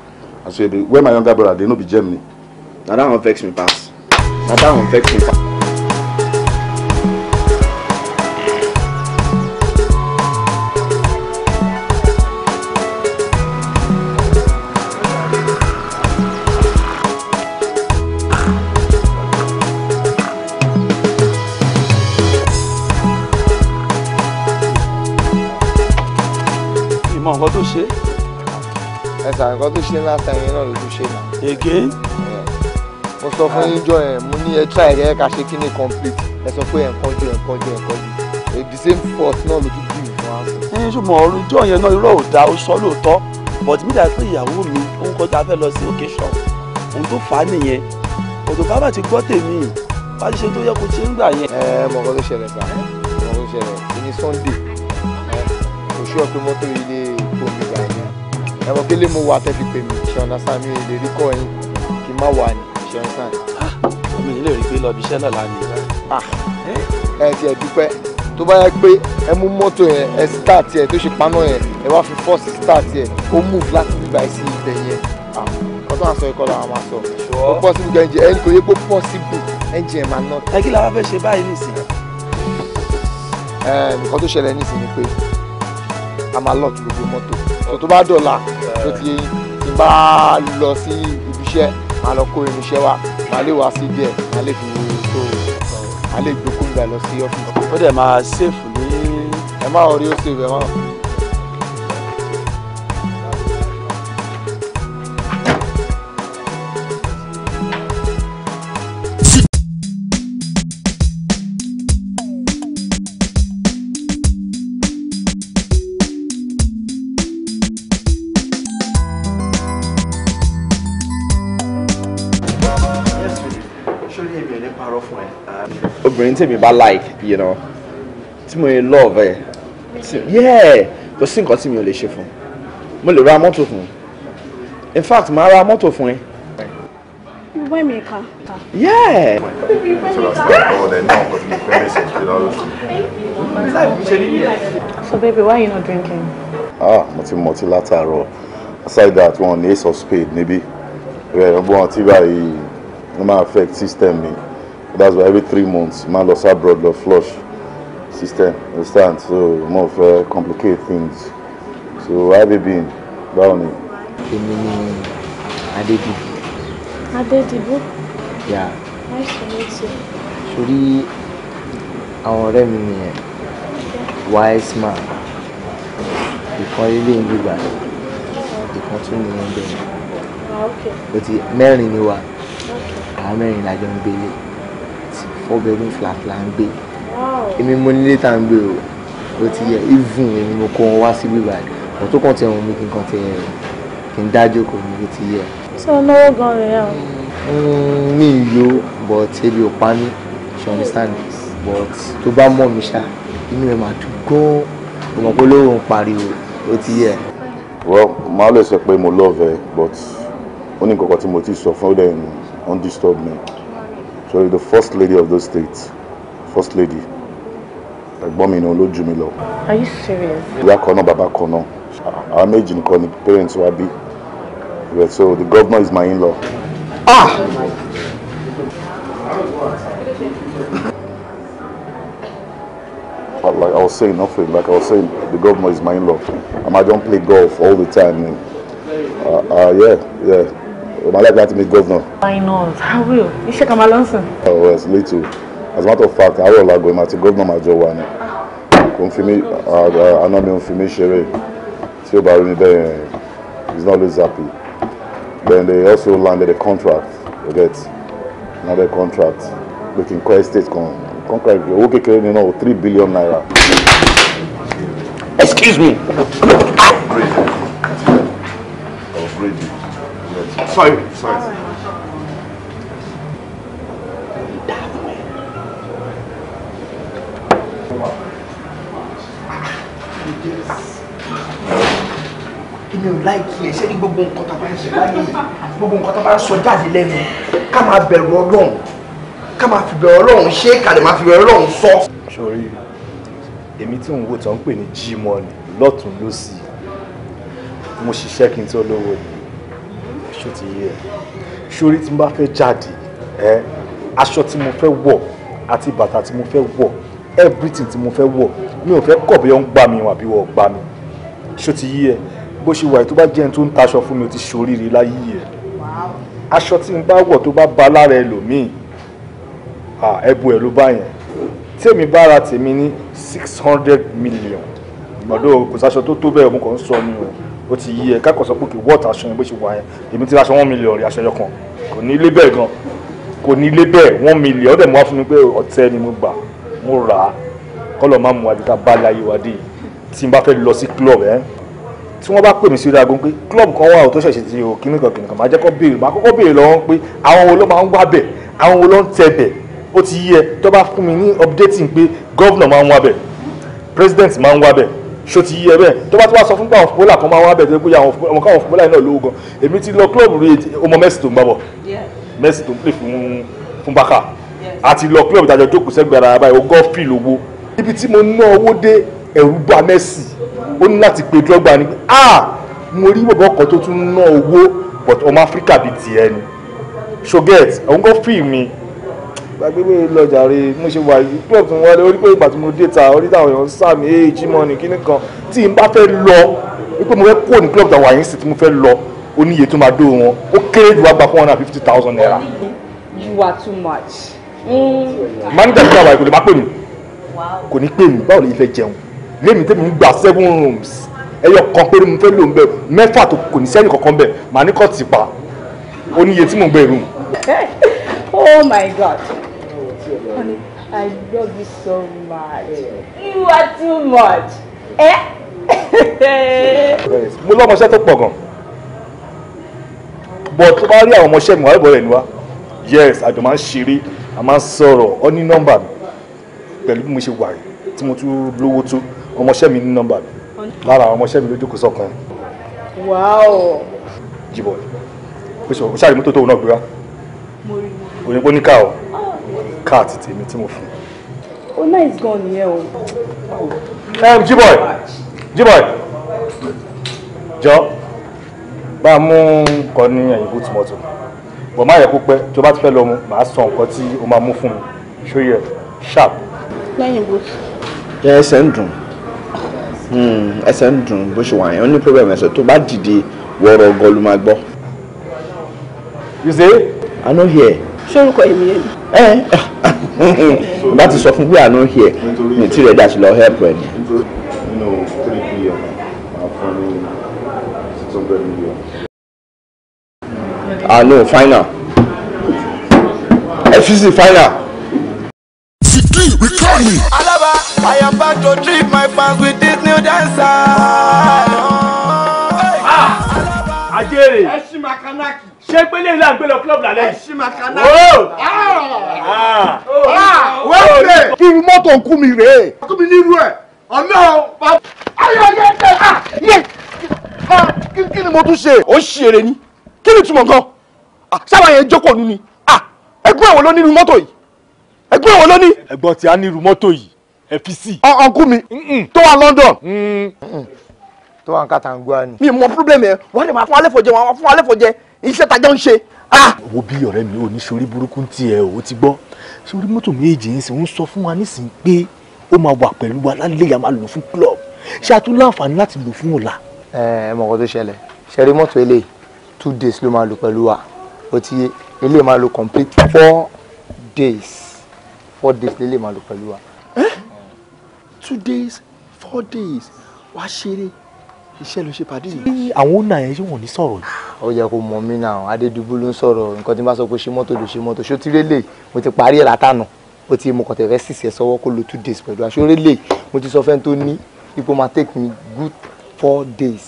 Na so you be. Where my younger brother dey no be Germany. Na that one vex me pass. Na that one vex me pass. nǹkan tó ṣe. ẹ sà nǹkan tó ṣe last time yẹn náà ló tún ṣe náà. èké. mo sọ fún yín jọ ẹ mo ní ẹ try ẹ ká ṣe kíní complete ẹ sọ pé ẹ̀ǹkan jẹ ẹ̀ǹkan jẹ ẹ̀ǹkan jẹ the same force náà ló tún dì fún wa. ẹ ṣùgbọ́n ọ̀run jọ yẹn náà irọ́ ò da ó sọ lóòótọ́ but mi dàgbé ìyàwó mi ó ń kọjá fẹ́ lọ sí occasion òun tó fà á nìyẹn òtò bàbá ti gbọ́ tèmi bá tó yẹ kó ti ń gbà yẹn. ẹ mọ̀ nǹkan tó ṣẹlẹ̀ gbà mọ̀ nǹkan tó ṣẹlẹ̀ ìní Sunday oṣù ọ̀pẹ mọ́tò ilé ẹ̀rọ kélé mo wà tẹ́fi pè mí ṣe ọ̀nà sáà lè rí kọ́ ẹ̀yìn kí má wà ní ṣe ọ̀nà sáà. mi ò lè rí pé lọ́ọ́ bí iṣẹ́ náà lánàá. Ah, ẹ tiẹ̀ dúpẹ́ tó bá yẹ pé ẹ mú mọ́tò yẹn ẹ start yẹn tó ṣe paná yẹn ẹ wá fi force start yẹn ó move láti bíbá sí ibẹ̀ yẹn ah, kọ́ tó sọ ikọ́ làwọn máa ó possible gan ẹnjẹ ẹni kò yẹ kó possible ẹnjẹ máa ná. ẹ kí la wá fẹ́ ṣe báyìí nìsín. ẹ nǹkan tó ṣẹlẹ̀ nìsín pé a máa lọ́ọ̀kì gbogbo mọ́tò tó tó bá dọ̀la tó ti yẹn tí bá lọ sí ibi máa lọ kó irinṣẹ́ wa máa lè wá sí díẹ̀ máa lè fi tó máa lè gbókùn gbà lọ sí ọ́fíìsì. ó dẹ̀ máa ṣèfù ní ẹ má rí ó ṣèfù ẹ má. obìnrin tèmi bá like you know tí mo yẹ love ẹ yeah kò sí nǹkan tí mi ò lè ṣe fún mo lè ra mọ́tò fún in fact màá ra mọ́tò fún ẹ. ìwé mi kan. yeah. so baby why you not drinking. ah mo ti mọ̀ tí aside that one ace of spade níbí rẹ̀ ọgbọ́n ọtí báyìí ló máa affect system mi that's why every three months máa lọ sí abroad lọ flush system understand so mo fẹ́ uh, complicate things so how you been báwo ni. èmi ni adédìbò. adédìbò. Yeah. nice to meet you. sórí àwọn ọ̀rẹ́ wise man ìkan ilé ìlú gbà ìkan tún ní ẹgbẹ́ mi. ó ti mẹ́rin ni wa àwọn mẹ́rin la jọ ń gbélé four bedroom flat la ń gbé èmi mo nílé tá à ń gbé o ó ti yẹ even èmi mo kó wọn wá sí bíbá yìí ọ̀ tó kàn ti ẹ̀wọ̀n mi kí n kàn ti ẹ̀rọ kí n dájú kò ní ó ti yẹ. ṣé o náwó gan rẹ̀ o. Mm, mi yo but ebi ò pa mí she understand but tó bá mọ̀ mi ṣá inú ẹ̀ máa dùn gan-an mo mọ̀ pé olówó pariwo ó ti yẹ. well màá lè sọ pé mo love ẹ but ó ní nǹkan kan tí mo ti sọ fún ọ dẹ́yìn undisturb me sorry the first lady of those states first lady ẹ̀gbọ́n mi ni òun ló are you serious. ìyá kan náà bàbá kan náà àwọn méjì parents wa bí yeah, so the governor is my in-law. ah. But like I was saying nothing like I was saying the governor is my in-law and I don't play golf all the time. Uh, uh, yeah, yeah o like láti meet governor. why not i will iṣẹ́ kan máa lọ oh yes me too as a matter of fact àárọ̀ làgọ̀ ìmọ̀ àti governor máa jọ wà ní kò ń fi mí àná mi ò ń fi mí not always happy then they also landed a contract you get another contract pé kí n kọ́ estate kan contract owó kékeré ni náà three billion naira. excuse me. upgrade upgrade. Sorry, sorry. èmi ò láìkí ẹ ṣé ní gbogbo nǹkan tó bá ń ṣe láyé gbogbo nǹkan tó bá ń sọ jáde lẹ́nu ká máa bẹ̀rù ọlọ́run ká máa fi bẹ̀rù ọlọ́run ṣe ká lè máa fi bẹ̀rù ọlọ́run sọ. sori èmi tí òun wò tán ń pè ní G-Money lọ́tún lọ́sì mo ṣiṣẹ́ kí n tó lówó ni ṣó ti yé ẹ ṣorí tí n bá fẹ́ jáde ẹ aṣọ tí mo fẹ́ wọ̀ àti bàtà tí mo fẹ́ wọ̀ everything tí mo fẹ́ wọ̀ mi ò fẹ́ kọ̀ bí wọ́n ń gbà mí àbí wọ́n gbà mí ṣó ti yé ẹ bó ṣe wà tó bá jẹ́ ẹni tó ń taṣọ fún mi ó ti ṣoríire láyé ẹ aṣọ tí n bá wọ̀ tó bá ba lára ẹlòmíì ẹbu ẹ̀ ló bá yẹn tèmi bá tèmi ní six hundred million gbọ́dọ̀ kò sáṣọ tó tó bẹ́ẹ̀ mo kàn ń sọ ni o ó ti yí ẹ kákọ̀ sọ pé kì í wọ́ọ̀tà aṣọ yẹn bó ṣe wà yẹn èmi ti ra aṣọ one million rí aṣọ yọ kan kò ní ilé bẹ́ẹ̀ gan kò ní ilé bẹ́ẹ̀ one million ó dẹ̀ mú wá fún mi pé ọ̀tẹ́ ni mo gbà mo rà á kọ́lọ̀ má mu àbíká bá láyé wa dé tí n bá fẹ́ lọ sí club ẹ̀ tí wọ́n bá pè mí sí orí aago pé club kan wà tó ṣẹ̀ṣẹ̀ ti o kíní kan kíní kan máa jẹ́ kó béèrè máa kọ́kọ́ béèrè lọ́wọ́ pé àwọn wo ló máa ń wá bẹ̀ àwọn wo ló ń tẹ bẹ̀ ó ti yẹ tó bá fún mi ní updating pé gọ́vnà máa ń wá bẹ̀ president máa ń wá bẹ̀ ṣó ti yí ẹ bẹ́ẹ̀ tó bá tó bá sọ fún pé àwọn fúnpọ́là kan máa wá bẹ̀rẹ̀ pé àwọn káwọn fúnpọ́là yìí náà lówó gan èmi ti lọ club rí ọmọ Messi tó ń gbàbọ̀ Messi tó ń pè fún fún Barca àti lọ club ìdájọ́ tó kù sẹ́gbẹ̀ẹ́ ara báyìí ó golf pì lówó ibi tí mo ná owó dé ẹ̀rù bà Messi ó ní láti pe Drogba ni ah mo rí bọ̀bọ̀ kan tó tún ná owó but ọmọ Áfíríkà bíi tiẹ̀ ni ṣoget òun golf pì mi gbàgbé lọ́jà rè mo ṣe wà yìí club tó wọlé orí pé ìgbà tí mo dé ta orí táwọn èèyàn ń sàmì èyí jímọ̀ ní kíní kan tí n bá fẹ́ lọ wípé mo fẹ́ kó ní club tàwọn àyìn sí tí mo fẹ́ lọ oníye tó máa dó wọn ó kéré jù wá gba four hundred and fifty thousand naira. you are too much. Hmm. manager ti àwọn ìkòlè máa pè mí kò ní pè mí báwo ni ìfẹ́ jẹun lémi tẹ́mi ń gba seven rooms ẹyọ kan péré mo fẹ́ lò ń bẹ mẹ́fà tó kò ní sẹ́yìn kankan bẹ̀ Oh my God. Honey, I love you so much. You are too much. Eh? Mo lọ́mọṣẹ́ tó pọ̀ gan. Bọ̀ tó bá rí àwọn ọmọṣẹ́ mi wà lọ́bọ̀ ni wá. Yes, àjọ máa ń ṣeré, a máa ń sọ̀rọ̀, ọ ní nọ́mbà mi. Pẹ̀lú bí mo ṣe wà rí tí mo tún lówó tó ọmọṣẹ́ mi ní nọ́mbà mi. Lára àwọn ọmọṣẹ́ mi lójú kò sọ̀kan. Wow. Jìbọ̀, o ṣàrí mọ́tò tó o náà gbéra òyìnbó ni ká o ká ti mi ti mo fún. ó is gone here. o. Jíbọ̀ì Jíbọ̀ì jọ bá a mú nǹkan ní ẹ̀yìnkù tòmọ́tò bọ̀ má yẹ kó pẹ́ tó bá ti fẹ́ lọ mu màá sọ nǹkan tí o máa mú fún mi ṣó yẹ sharp. lẹ́yìn bó. ẹsẹ̀ ń dùn hmm, ẹsẹ̀ ń dùn bó ṣe wà ni. ó ní problem ẹsẹ̀ tó bá dìde wọ̀rọ̀ gan ló máa gbọ́. you see. I no hear sórúkọ èmi yẹn ni. bá ti sọ fún pé àánú hìẹ ní tí rẹ dà sí lọ help ẹ ni. nínú three billion máa Sidi Rikani. Alaba, I am back to treat my fans with this new dancer. Ah, Ajere. Ẹ ṣí Makanaki ṣé pé lè là ń gbé lọ club lálẹ́. ẹ ṣì máa kaná. wọ́n ṣe ah! ah! ah! irú mọ́tò ń kú mi rèé. kú mi nírú ẹ̀ ọ̀nà bá. ayọ̀yẹ̀ tẹ̀ ẹ̀ kí ni mo tún ṣe. ó ṣì èrè ni kí ni túmọ̀ gan sábà yẹn jókòó nu ni ẹgbẹ́ wo ló ní irú mọ́tò yìí ẹgbẹ́ wo ló ní. ẹ̀gbọ́n tí a ní irú mọ́tò yìí ẹ fi sí. ọ̀nkú mi tó wà London tó wà ń ká tàǹgùà ni. mi mọ problem yẹn wà á lè máa fún alẹ́fọ̀jẹ wọn fún alẹ́fọ̀jẹ iṣẹ́ tajọ́ ń ṣe. wo bí ọ̀rẹ́ mi ò ní sori burúkú ti ẹ̀ o ti gbọ́ sori mọ́tò méjì ń sìn ń sọ fún wa nísìnyí pé ó máa wà pẹ̀lú wa lálẹ́ yà máa lò fún club ṣé a tún láǹfààní láti lò fún ọ̀la. ẹ ẹ mọ̀ kó tó ṣẹlẹ̀ ṣẹ̀rí mọ́tò eléyìí two days ló máa lò pẹ̀lú wa ó ti yé máa lò complete four days four days eléyìí máa lò pẹ̀lú wa. two days four days wàá ṣeré iṣẹ́ ló ṣe pàdé yìí. àwọn ọ̀nà yẹn wọ́n ní sọ̀rọ̀ yìí. ó yẹ kó mọ̀ mí náà adédùbú ló ń sọ̀rọ̀ nǹkan tí n bá sọ pé ṣe mọ́tò ló ṣe mọ́tò ṣó ti rélè mo ti parí ẹ̀ látànà ó ti mọ kọ̀tẹ̀ rẹ́ sísẹ̀ sọ́wọ́ kó lo two days pẹ̀lú aṣọ rélè mo ti sọ fẹ́ tó ní ipò máa take me good four days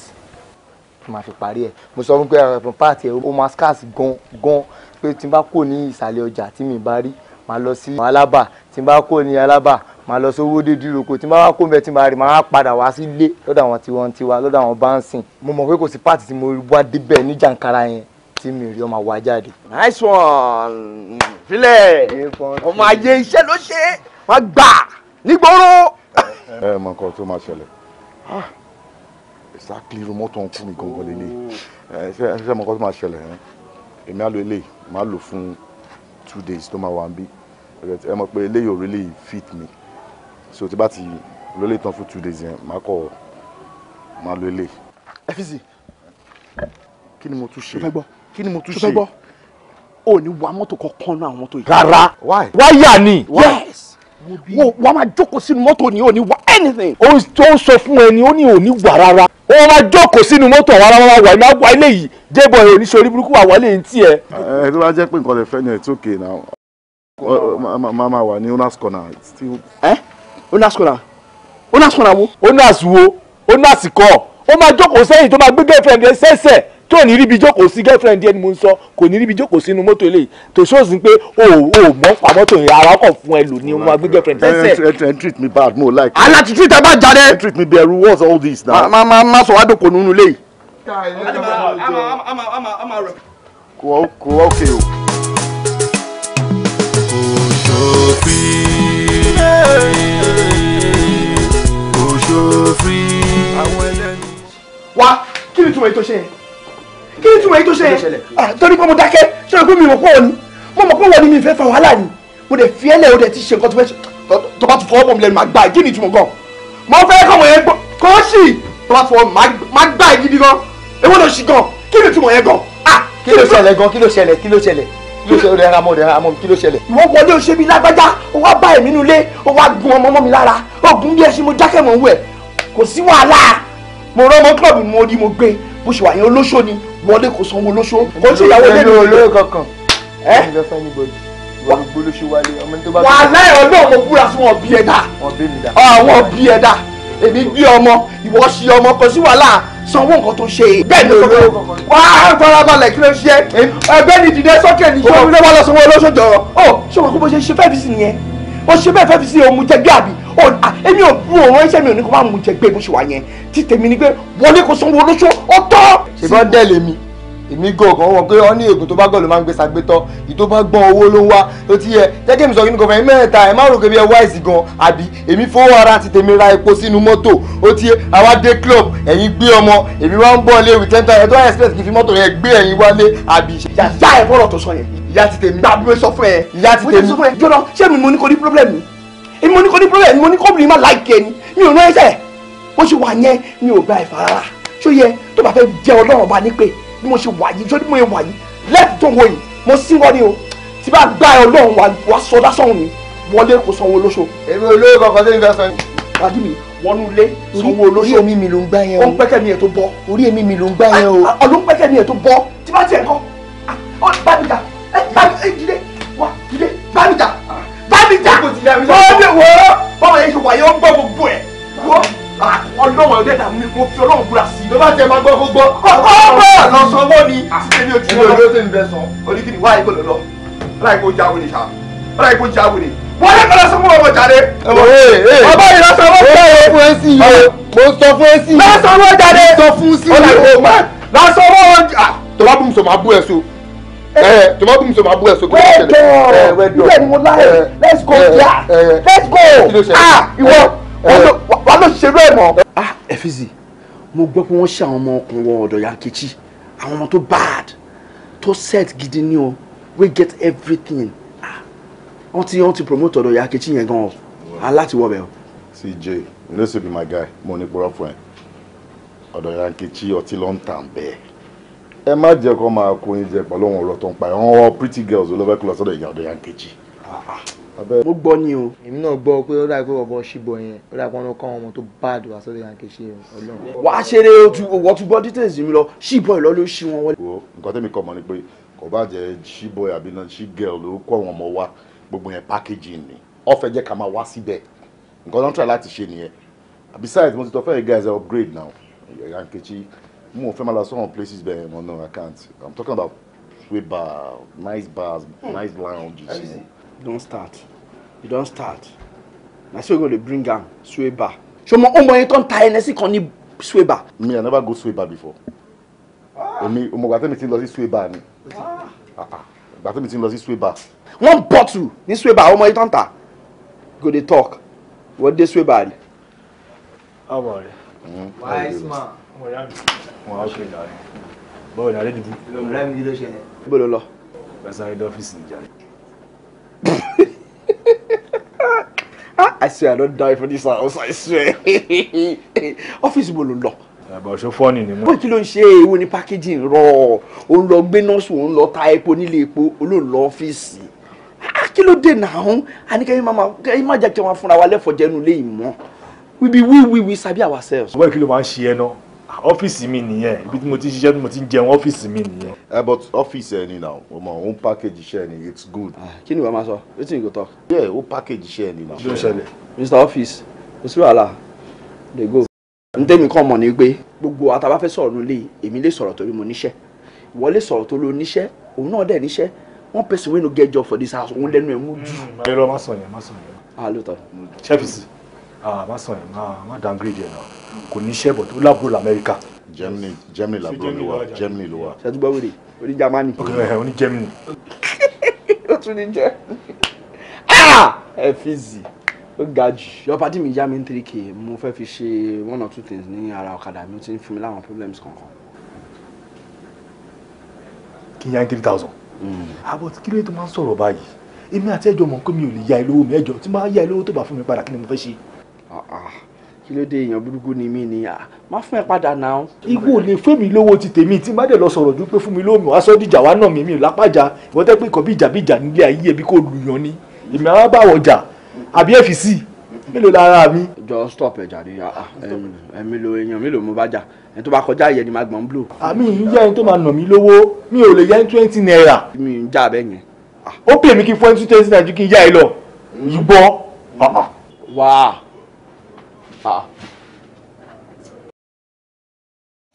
máa fi parí ẹ̀ mo sọ fún pé ẹ̀rọ pàtì ẹ̀ ó máa scarce gan gan pé tí n bá kò ní ìsàlẹ̀ ọjà tí mi bá rí máa lọ sí alábà tí n bá kò ní alábà máa lọ sówó dé dúró tí máa wá kó mẹ tí máa rí máa padà wá sílé lọ́dọ̀ àwọn tiwọn tiwa lọ́dọ̀ àwọn báńsìn mo mọ̀ pé kò sí páàtì tí mo wá débẹ̀ ní jàǹkàrà yẹn tí mi rí ọmọ wa jáde. nice one filẹ ọmọ ayé iṣẹ́ ló ṣe wá gbà nígboro. ẹ mọ nǹkan tó máa ṣẹlẹ̀ ah, exactly irú mọ́tò ń kú mi gangan lélẹ̀ ẹ ṣe mọ nǹkan tó máa ṣẹlẹ̀ èmi á lo eléyìí máa lò fún two days tó máa wà ń bí ẹ mọ̀ pé eléyìí ò really fit me so tí bá ti lólè tán fún two days yẹn màá kọ̀ máa lo ilé. ẹ fi si kí ni mo tún ṣe kí ni mo tún ṣe o ní wa mọ́tò kankan náà àwọn mọ́tò yìí. rárá wáyà ni. yes wo wa máa jókòó sínú mọ́tò ni o ni wa anything. ó ń sọ fún ni o ni ò ní wà rárá. ó máa jókòó sínú mọ́tò àwọn ará wa ìmọ̀ àgbà ilé yìí jébọ̀ ẹ̀ oníṣòrí burúkú wà wọlé ní tiẹ̀. ẹ tó bá jẹ́ pé nǹkan lè fẹ́ ni ẹ̀ tó kéè náà máa wà ní owners corner. ẹ ó nọ́ọ̀sì wo. ó wo ó nọ́ọ̀sì kọ́ ó jókòó sẹ́yìn tó máa gbé girlfriend rẹ sẹ́sẹ̀ tó ní ríbi jókòó sí girlfriend yẹn ni mo ń sọ kò ní ríbi jókòó sínú mọ́tò eléyìí tó ṣóòsì pé o ò mọ́ pa mọ́tò yẹn ara ọkọ̀ fún ẹ lò ní wọn gbé girlfriend sẹ́sẹ̀. ẹ ẹ treat me bad mo like. ala ti treat ẹ bá jáde. ẹ treat me bad what's all this now. ma ma ma sọ wá dòkò nínú ilé yìí. kò kò ókè o. kò òfin. wá kí ni túmọ̀ èyí tó ṣe yẹn kí ni túmọ̀ èyí tó ṣe yẹn ah, torí pé mo dákẹ́ ṣé o pé mi ò pọ̀ ni mo mọ̀ pé wọ́n ni mi fẹ́ fa wàhálà ni mo dẹ̀ fi ẹlẹ́ o dẹ̀ ti ṣe nǹkan tó fẹ́ ṣe tó bá tún fọwọ́ bọ̀ mi lẹ́nu máa gbà kí ni ìtumọ̀ gan mo fẹ́ kọ́ mọ̀ yẹn kó sì tó bá fọwọ́ máa gbà gidi gan èwo ló ṣì gan kí ni ìtumọ̀ yẹn gan. Ah, kí ló ṣẹlẹ̀ gan kí ló ṣẹlẹ̀ kí ló ṣẹlẹ̀ kí ló ṣẹlẹ̀ ọ̀rẹ́ ara mọ́ ọ̀rẹ́ ara mọ́ kí ló ṣẹlẹ̀. ìwọ wọlé o ṣe bí lágbájá o wá bá èmi nulẹ̀ o wá gun ọmọ mọ́ mi lára o gun bí ẹṣin mo jákè mọ̀ ń wẹ̀ kò sí wàhálà mo rán ọmọ kílọ̀bù mo rí mo gbé bó ṣe wà yẹn olóṣó ni wọlé kò sanwó olóṣó kò sí ìyàwó lẹ́nu olóyè kankan. ẹ ẹ wàhálà ẹ̀ ọlọ́ọ̀ mo búra fún ọ bí ẹ dá. ọ bí ẹ dá èmi bí ọmọ ìwọ ṣe ọmọ kò sí wàhálà sanwó nǹkan tó ṣe. bẹ́ẹ̀ ni olówó kankan. wá á farabalẹ̀ kí ló ṣe ẹgbẹ́ ni dìde sókè ní sọ́wọ́n ló wà lọ sanwó olóṣòjọ́. ó ṣòwò kó bó ṣe ṣe fẹ́ẹ́ fi sí nìyẹn ó ṣe bẹ́ẹ̀ fẹ́ẹ́ fi sí òun jẹgbẹ́ àbí oh, ah, èmi ò mú òun ẹṣẹ́ mi ò ní kó má mú jẹgbẹ́ bó ṣe wà yẹn títẹ̀mí ni pé wọlé kó sanwó olóṣò ó tọ́. ṣèbọn dẹ́ lèmi èmi gọ̀ọ̀gàn wọn pé ọ ní ègùn tó bá gọ̀ ló máa ń gbé sagbétọ́ èyí bá gbọ́n owó ló ń wá tó ti yẹ jẹ́kẹ́ mi sọ kí ni kò fẹ́ mẹ́ta ẹ̀ má rò kébi ẹ̀ wáìsì gan àbí èmi fowó ara ti tèmi ra epo sínú mọ́tò ó ti yẹ àwa dé club ẹ̀yin gbé ọmọ èmi wá ń bọ̀ lé wí tẹ́ntà ẹ̀ tó wá express kì í fi mọ́tò yẹn gbé ẹ̀yin wálé àbí. ìyá ẹ fọlọ tó sọ yẹn ìyá ti tèmi gbà bí mo sọ fún ẹ ìyá ni mi ò ní ẹsẹ mi ò gba ẹ̀fà rárá ṣó yẹ tó bá fẹ́ jẹ́ ọlọ́run bá bí mo ṣe wà yìí sórí bí mo ṣe wà yìí lẹ́ẹ̀tì tó ń wo yìí mo síwọ́ ni o tí bá gbá ẹ ọlọ́run wàá sọ lásán mi wọlé kò sanwó olóṣò. èmi olóyè kankan tó ń fẹ́ sọ ni. pàdé mi wọnú ilé sanwó olóṣò. orí èmi mi ló ń gbá yẹn o. ó ń pẹ́kẹ́ mi ẹ̀ tó bọ́. orí èmi mi ló ń gbá yẹn o. ọlọ́ ń pẹ́kẹ́ mi ẹ̀ tó bọ́ tí bá tiẹ̀ kọ́ ọ bá mi jà ẹ bá mi ẹ jíde wá jíde bá mi jà bá mi jà. ó ní wo bọ́mọ yẹn ṣe wà yẹn ó ń gbọ́ gbogbo ẹ̀ wọ́n ọlọ́wọ̀n ọdẹ tàbí mo fi ọlọ́wọ̀n búra sí i. ló bá tẹ máa gbọ́ gbogbo. ọgbà lọ sanwó ni. síbi ojú ló ló tẹ̀ ń bẹ sàn. oníkìní wáyé kò lọ lọ. ọlọ́yìn kò jáwé sa ọlọ́yìn kò jáwé ni. wọ́n yẹ kọ́lá sanwó ọmọ jáde. Eh, eh. ọba yìí lọ sanwó jáde. mo sọ fún ẹ sí o. mo sọ fún ẹ sí i. lọ sanwó jáde. sọ fún sí ah, ẹ so tó bá bùn sọ ma bú ẹ wẹ́ẹ̀dọ̀ eh, ibẹ̀ ni mo láyé let's go there let's go ah ìwọ ló ṣe bẹ́ẹ̀ mọ́. ah efizi mo gbọ́ pé wọ́n ṣe àwọn ọmọ ọkùnrin wọn ọ̀dọ̀ yankechi àwọn ọmọ tó bad tó set gidi ni o we get everything ah wọ́n ti wọ́n ti promote ọ̀dọ̀ yankechi yẹn gan o aláti wọ o. cj you know say be my guy mo ní pọ́rọ́ fún ẹ ọ̀dọ̀ yankechi ọtí ló ń tàn bẹ́ẹ̀ ẹ má jẹ́ kó máa kó oúnjẹ pẹ̀lú àwọn ọ̀rọ̀ tó ń pa ẹ̀ wọ́n pretty girls olóbẹ́kùlọ́sọ́dọ̀ ìyá ọ̀dọ̀ yankechi. Ah, ah mo gbọ́ ni o. èmi náà gbọ́ pé ó dà pé ọ̀bọ ṣìbọ̀ yẹn ó dà pé wọ́n kọ́ ọmọ tó bad wá sọ́dọ̀ yàn kì í ṣe ọlọ́run. wà á ṣeré wọ́n tún gbọ́ details mi lọ ṣìbọ̀ ìlọ́ ló ṣí wọn wọlé. nǹkan tẹ́mi kọ̀ mọ́ ni pé kò bá jẹ́ ṣìbọ̀ àbí náà ṣì ló kọ́ àwọn ọmọ wa gbogbo yẹn packaging ni ó fẹ́ jẹ́ ká máa wá síbẹ̀ nǹkan tó ń tà besides mo ti tọ́ fẹ́ẹ́ guys upgrade now yankechi mo fẹ́ I'm talking about sweet bar nice bars nice lounges don start you don start na so you go dey bring am sweba ṣọmọ ọmọ yẹn tó ń ta ẹnẹsì kan ní sweba. Me, i never go sweba before ah. èmi ọmọgbà tẹ́mi ti lọ sí sweba ni ah. Ah, ìgbà tẹ́mi ti lọ sí sweba. one bottle ní sweba ọmọ yẹn tó ń ta go dey talk wọ́n dé sweba ni. about it? Hmm? wise man ọmọ rẹ mi wọn á ṣe ìdarí bọ́ọ̀lù àdédìbò. ìbò ló lọ. pẹ̀sẹ̀ àìdọ́fíìsì nìjà. Ah, I swear I don't die for this house, I swear. Ọ́fíìsì wo ló lọ? Àbọ̀ ṣòfò ni ni mo. Bó kí ló ń ṣe ewu ní packaging rọ̀? Òun lọ gbé nọ́ọ̀sì, òun lọ ta epo nílé epo, olóòn lọ ọ́fíìsì. Ah, kí ló dé náà? Àníkẹ́yìn máa kẹ́yìn máa jẹ́ kí wọ́n fúnra wa lẹ́fọ̀ọ́ jẹ́nu lé ìmọ̀. We be we we we sabi ourselves. Wọ́n kí ló máa ń ṣe ọ́fíìsì mi nìyẹn ibi tí mo ti ṣiṣẹ́ tí mo ti ń jẹun ọ́fíìsì mi nìyẹn. ẹ eh, but ọ́fíìsì ẹ ni now ọmọ òun package iṣẹ́ ẹ ni it's good. Ah, kí ni ìwà máa sọ wetin you go talk. yeah ó package iṣẹ́ ẹ ni now. ló ń ṣẹlẹ̀. mr office kò sí wàhálà dey go. n tẹ́mi kàn mọ̀ ni pé gbogbo àtàbá fẹ́ sọ̀rọ̀ nílé èmi lè sọ̀rọ̀ torí mo níṣẹ́ ìwọ lè sọ̀rọ̀ torí o níṣẹ́ òun náà dẹ̀ níṣẹ́ one person wey no get job for this house òun lẹ́nu ẹ̀ mú jù. ayọ̀rọ̀ mm, má sọ yẹn má sọ yẹn. ah lóòótọ́. chefisi. Ah, má sọ yẹn má ah, má downgrade yẹn náà kò ní iṣẹ́ bọ̀tò ó lábúrò lamẹ́ríkà. Germany Germany làbúrò mi wá Germany ló wá. ṣètò gbọ́ wèrè oní Germany. ok ẹ oní Germany. ó tún ní jẹ ah! ẹ fi zì ó ga jù. your party mi yá mi three k e. mo fẹ́ fi ṣe one or two things ní ara ọ̀kadà mi ó ti ń fún mi láwọn problems kankan. kí n yá three thousand. àbọ̀ hmm. ah, kí ló yẹ tó máa ń sọ̀rọ̀ báyìí èmi àti ẹjọ́ mọ̀ pé mi ò lè ya ìlówó mi ẹjọ́ tí n bá ya ìlówó tó bá fún mi padà kí ni mo fẹ́ ṣe. Ah, ah, kí ló dé èèyàn burúkú ni mí ni ah, má fún ẹ padà náà. igbó lè fún mi lówó ti tèmi tí má dé lọ sọ̀rọ̀ ju pé fún mi lómi wàá sọ dìjà wàá nà mí mi lápájà ìwọ́n tẹ́ pé nǹkan bí nílé ayé ẹbí kò lùyàn ni èmi àwọn bá wọ̀ àbí ẹ̀ fi sí mélòó lára mi. jọ stop ẹ jàre ẹmi lo èèyàn mélòó mo bá jà ẹni tó bá kọjá ìyẹn ni má gbọ́n blò. àmì ń yá ẹni tó máa nà mí lówó mi ò lè yá ẹni twenty naira. mi ń já bẹ́ẹ̀ yẹn. ó pè mí kí fún ẹni twenty naira ju kí n yá ẹ lọ ìbọn. wàá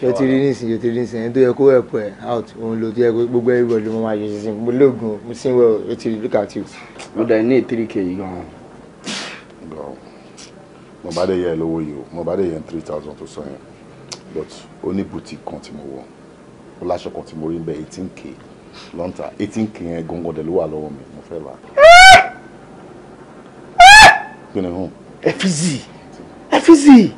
ṣe ti rí nísìnyí ti rí nísìnyí tó yẹ kó ẹ̀pọ̀ ẹ̀ out òun ló ti yẹ kó gbogbo ẹ̀rọ ló máa yẹ sísìn mo lóògùn mo sì ń wẹ̀ ó ti rí look at you. mo dẹ̀ ní three k yìí gan-an. mo bá dé yẹ ẹ lówó yìí o mo bá dé yẹ three thousand tó sọ yẹn but ó ní boutique kan tí mo wọ̀ ó láṣọ kan tí mo rí bẹ́ẹ̀ eighteen k lọ́ńtà eighteen k yẹn gangan dẹ̀ ló wà lọ́wọ́ mi mo fẹ́ rà. Eh! Eh! ẹ fi zi ẹ́fíìsì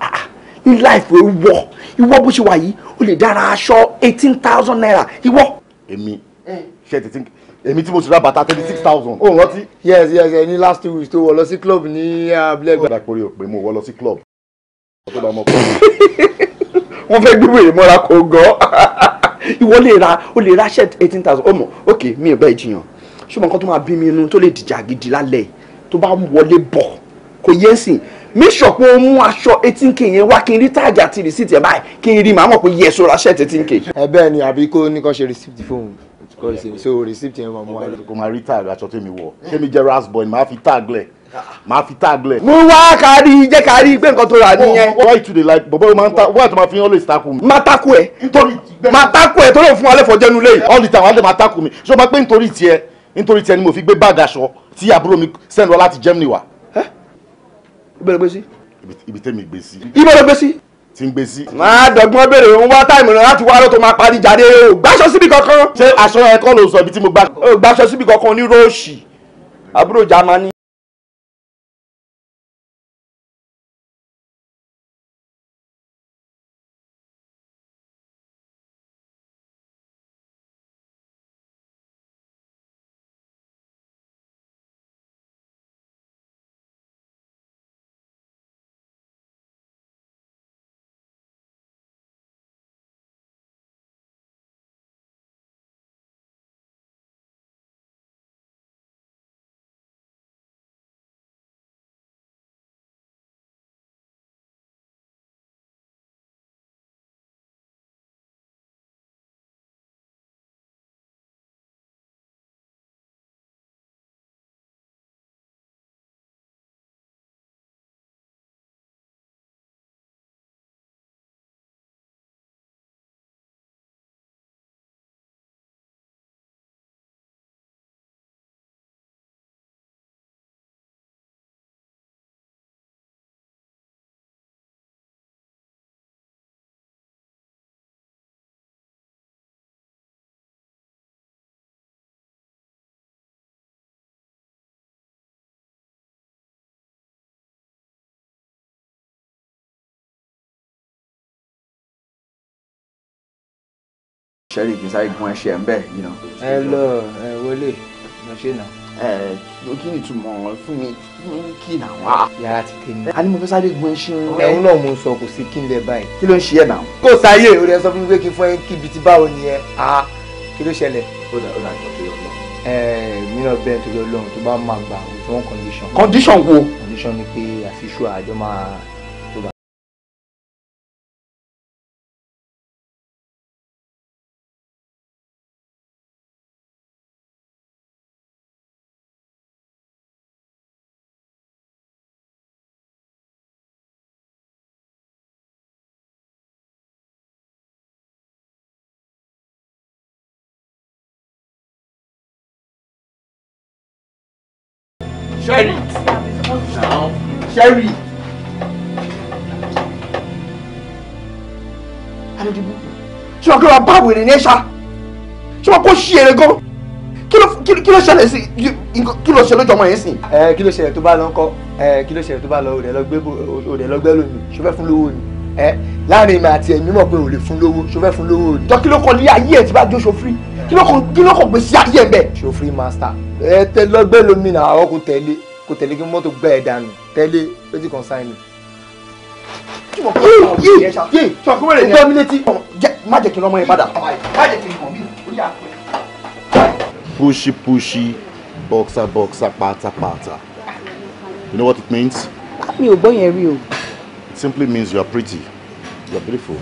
ah, ah, ní láìpẹ́ ìwọ ìwọ bó ṣe wà yìí o lè dára aṣọ eighteen thousand naira ìwọ. èmi ṣe tètè èmi tí mo ti ra bàtà thirty six thousand. o rántí. yes yes ẹni last two weeks tó wọ lọ sí club ní abúlé. Ah, ó dà pé o pé mo wọ lọ sí club. wọ́n fẹ́ gbé wèrè mọ́ra kó gọ́. ìwọ lè ra o lè ra shirt eighteen thousand ọmọ ok mi ò bá ìjiyàn ṣùgbọ́n nǹkan tó máa bí mi inú tó lè dìjà gidi lálẹ́ tó bá wọlé bọ̀ kò yẹ ń sìn make sure pé o mú aṣọ eighteen k yẹn wá kí n rí táàgì àti receipt ẹ̀ báyìí kí n rí màá mọ̀ pé yẹ sọ́ra ṣẹ́ẹ̀tì eighteen k. ẹ bẹ́ẹ̀ ni àbí kó ní kó ṣe receipt fóun kó ṣe so receipt yẹn máa mú wa. kò máa rí táàgì aṣọ tèmi wọ̀ ṣé mi jẹ́ ras boy máa fi táàgì lẹ̀ máa fi táàgì lẹ̀. mo wá kárí jẹ́ kárí pé nǹkan tó rà oh, nìyẹn. why you dey like bọ̀bọ̀ máa ń ta why you ma fi always taku mi. máa taku ẹ máa taku ẹ tó lè fún wa lẹ́fọ̀ọ́ jẹ́nu lé. all the time wàá lè máa taku mi ṣé o máa pé nítorí tiẹ̀ nítorí ni mo fi gbé báàgì aṣọ tí àbúrò mi send wá láti Germany wá ibo ló gbé sí. ibi tẹ́mi gbé sí. ibo ló gbé sí. ti ń gbé sí. máa dọ̀gbọ́n béèrè òun wá táìmù rẹ̀ láti wá ló tó máa parí jáde o gbàṣọ síbi kankan. ṣé aṣọ ẹ̀kọ́ ló sọ ibi tí mo gbà. o gbàṣọ síbi kankan ní róòṣì àbúrò Jámánì. sẹ́rí kì í sáré gun ẹṣẹ̀ ń bẹ̀ yìí nà. ẹ lọ ẹ wọlé lọ ṣe nà. ẹ kí ni ìtumọ̀ fún mi kí nà wá. yàrá ti ké ni. a ní mo fẹ́ sáré gun ẹṣin. ẹ̀hún náà mo sọ kò sí kí n lẹ báyìí. kí ló ń ṣe ẹ̀ nà. kò sáyé o rẹ sọ fún mi pé kí n fún ẹ kí ibi tí báwo ni ẹ a kí ló ṣẹlẹ̀. ó dà ó dà jọ pé ọlọ. ẹ mi náà bẹ́ẹ̀ torí ọlọ́run tó bá máa gbà with one condition. condition wo. condition ni pé àfiṣù àjọ máa Sherry. Now, Sherry. Adedibu, ṣé wọ́n kí wọ́n bá wèrè ní ẹ̀ṣá? Ṣé wọ́n kó ṣí èrè gan? Kí ló ṣẹlẹ̀ sí kí ló ṣe lójú ọmọ yẹn sìn? Ẹ kí ló ṣẹlẹ̀ tó bá lọ ń kọ́? Ẹ kí ló ṣẹlẹ̀ tó bá lọ òdè lọ́gbẹ́ lómi? Ṣé o fẹ́ fún lówó ni? Ẹ láàrin ìmọ̀ àti ẹ̀mí mọ̀ pé o lè fún lówó, ṣé o fẹ́ fún lówó ni? Jọ́ kí ló kọ́ ní ayé ẹ̀ tí bá jó ṣo free? kí ló kàn kí ló kàn gbé sí ayé ẹ̀ bẹ́ẹ̀. ṣo free master ẹ tẹ lọgbẹ lomi náà àwọn kò tẹ̀lé kò tẹ̀lé kí mọ́tò gbẹ ẹ dànù tẹ̀lé ló ti concern mi. yìí yìí yìí gbọ́ mi létí má jẹ́ kí n lọ́mọ yẹn padà. pushy pushy boxer boxer pátápátá you know what it means. mi ò gbọ́ yẹn rí o. it simply means you are pretty you are beautiful.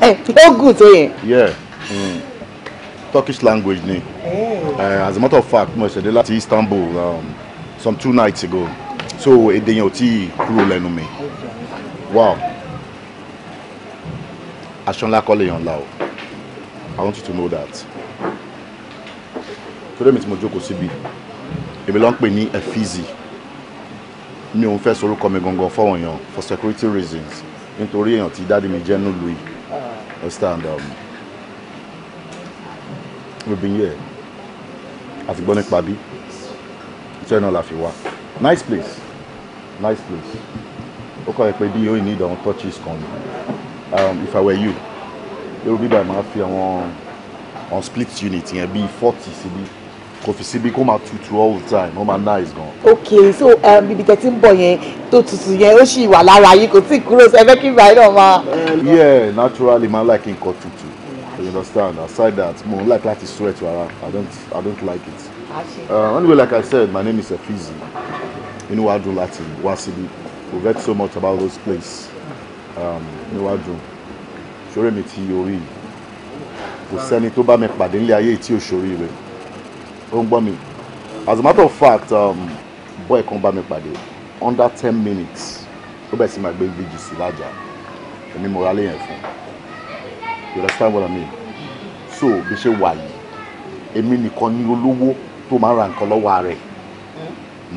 ẹ ó gùn tó yẹn. yeah. Mm. Turkish language ni uh, as a matter of fact mo ṣẹ̀dẹ̀ láti Istanbul um, some two nights ago so èdè yẹn ò tí kúrò lẹ́nu mi wow aṣọ ńlá kọ́lé yẹn ńlá o I want you to know that torí mi tí mo jókòó síbi èmi ló ń pè ní efizi mi ò ń fẹ́ sorúkọ mi gangan fọ́wọ́n èèyàn for security reasons nítorí èèyàn tí dáàdi mi jẹ́ nílùú yìí ah. understand um, obìnrin yẹ àti gbọ́ nípa bí iṣẹ́ náà fi wá nice place nice place ó kọ́ ẹ pé bí yóò ní ìdáwọn touches kan ni um, if I were you yóò bí báyìí máa fi àwọn on split unit yẹn bíi forty síbí kò fi síbí kó máa tutù all the time ó máa nice gan. ok so um, ibi tẹ́ ti ń bọ̀ yẹn tó tutù yẹn ó sì wà lára yìí kò tí ì kúrò sí ẹ fẹ́ kí ìgbà yẹn náà máa. yeah naturally man like nǹkan tutù you understand aside that more like láti sweat to ara i don't i don't like it uh, anyway like i said my name is Efizi do Latin Wasibi we've heard so much about those place um, Inuwadu ṣoré mi ti orí kò sẹ́ni tó bá mi pàdé Then ayé tí ò ṣorí rẹ̀ ó ń gbọ́ mi as a matter of fact um, boy kan bá mi pàdé under ten minutes ó bẹ̀ sí máa gbé gbèjì sí lájà èmi mo you understand what I mean so bí ṣe wà yìí èmi nìkan ni olówó tó máa ra nǹkan lọ́wọ́ rẹ̀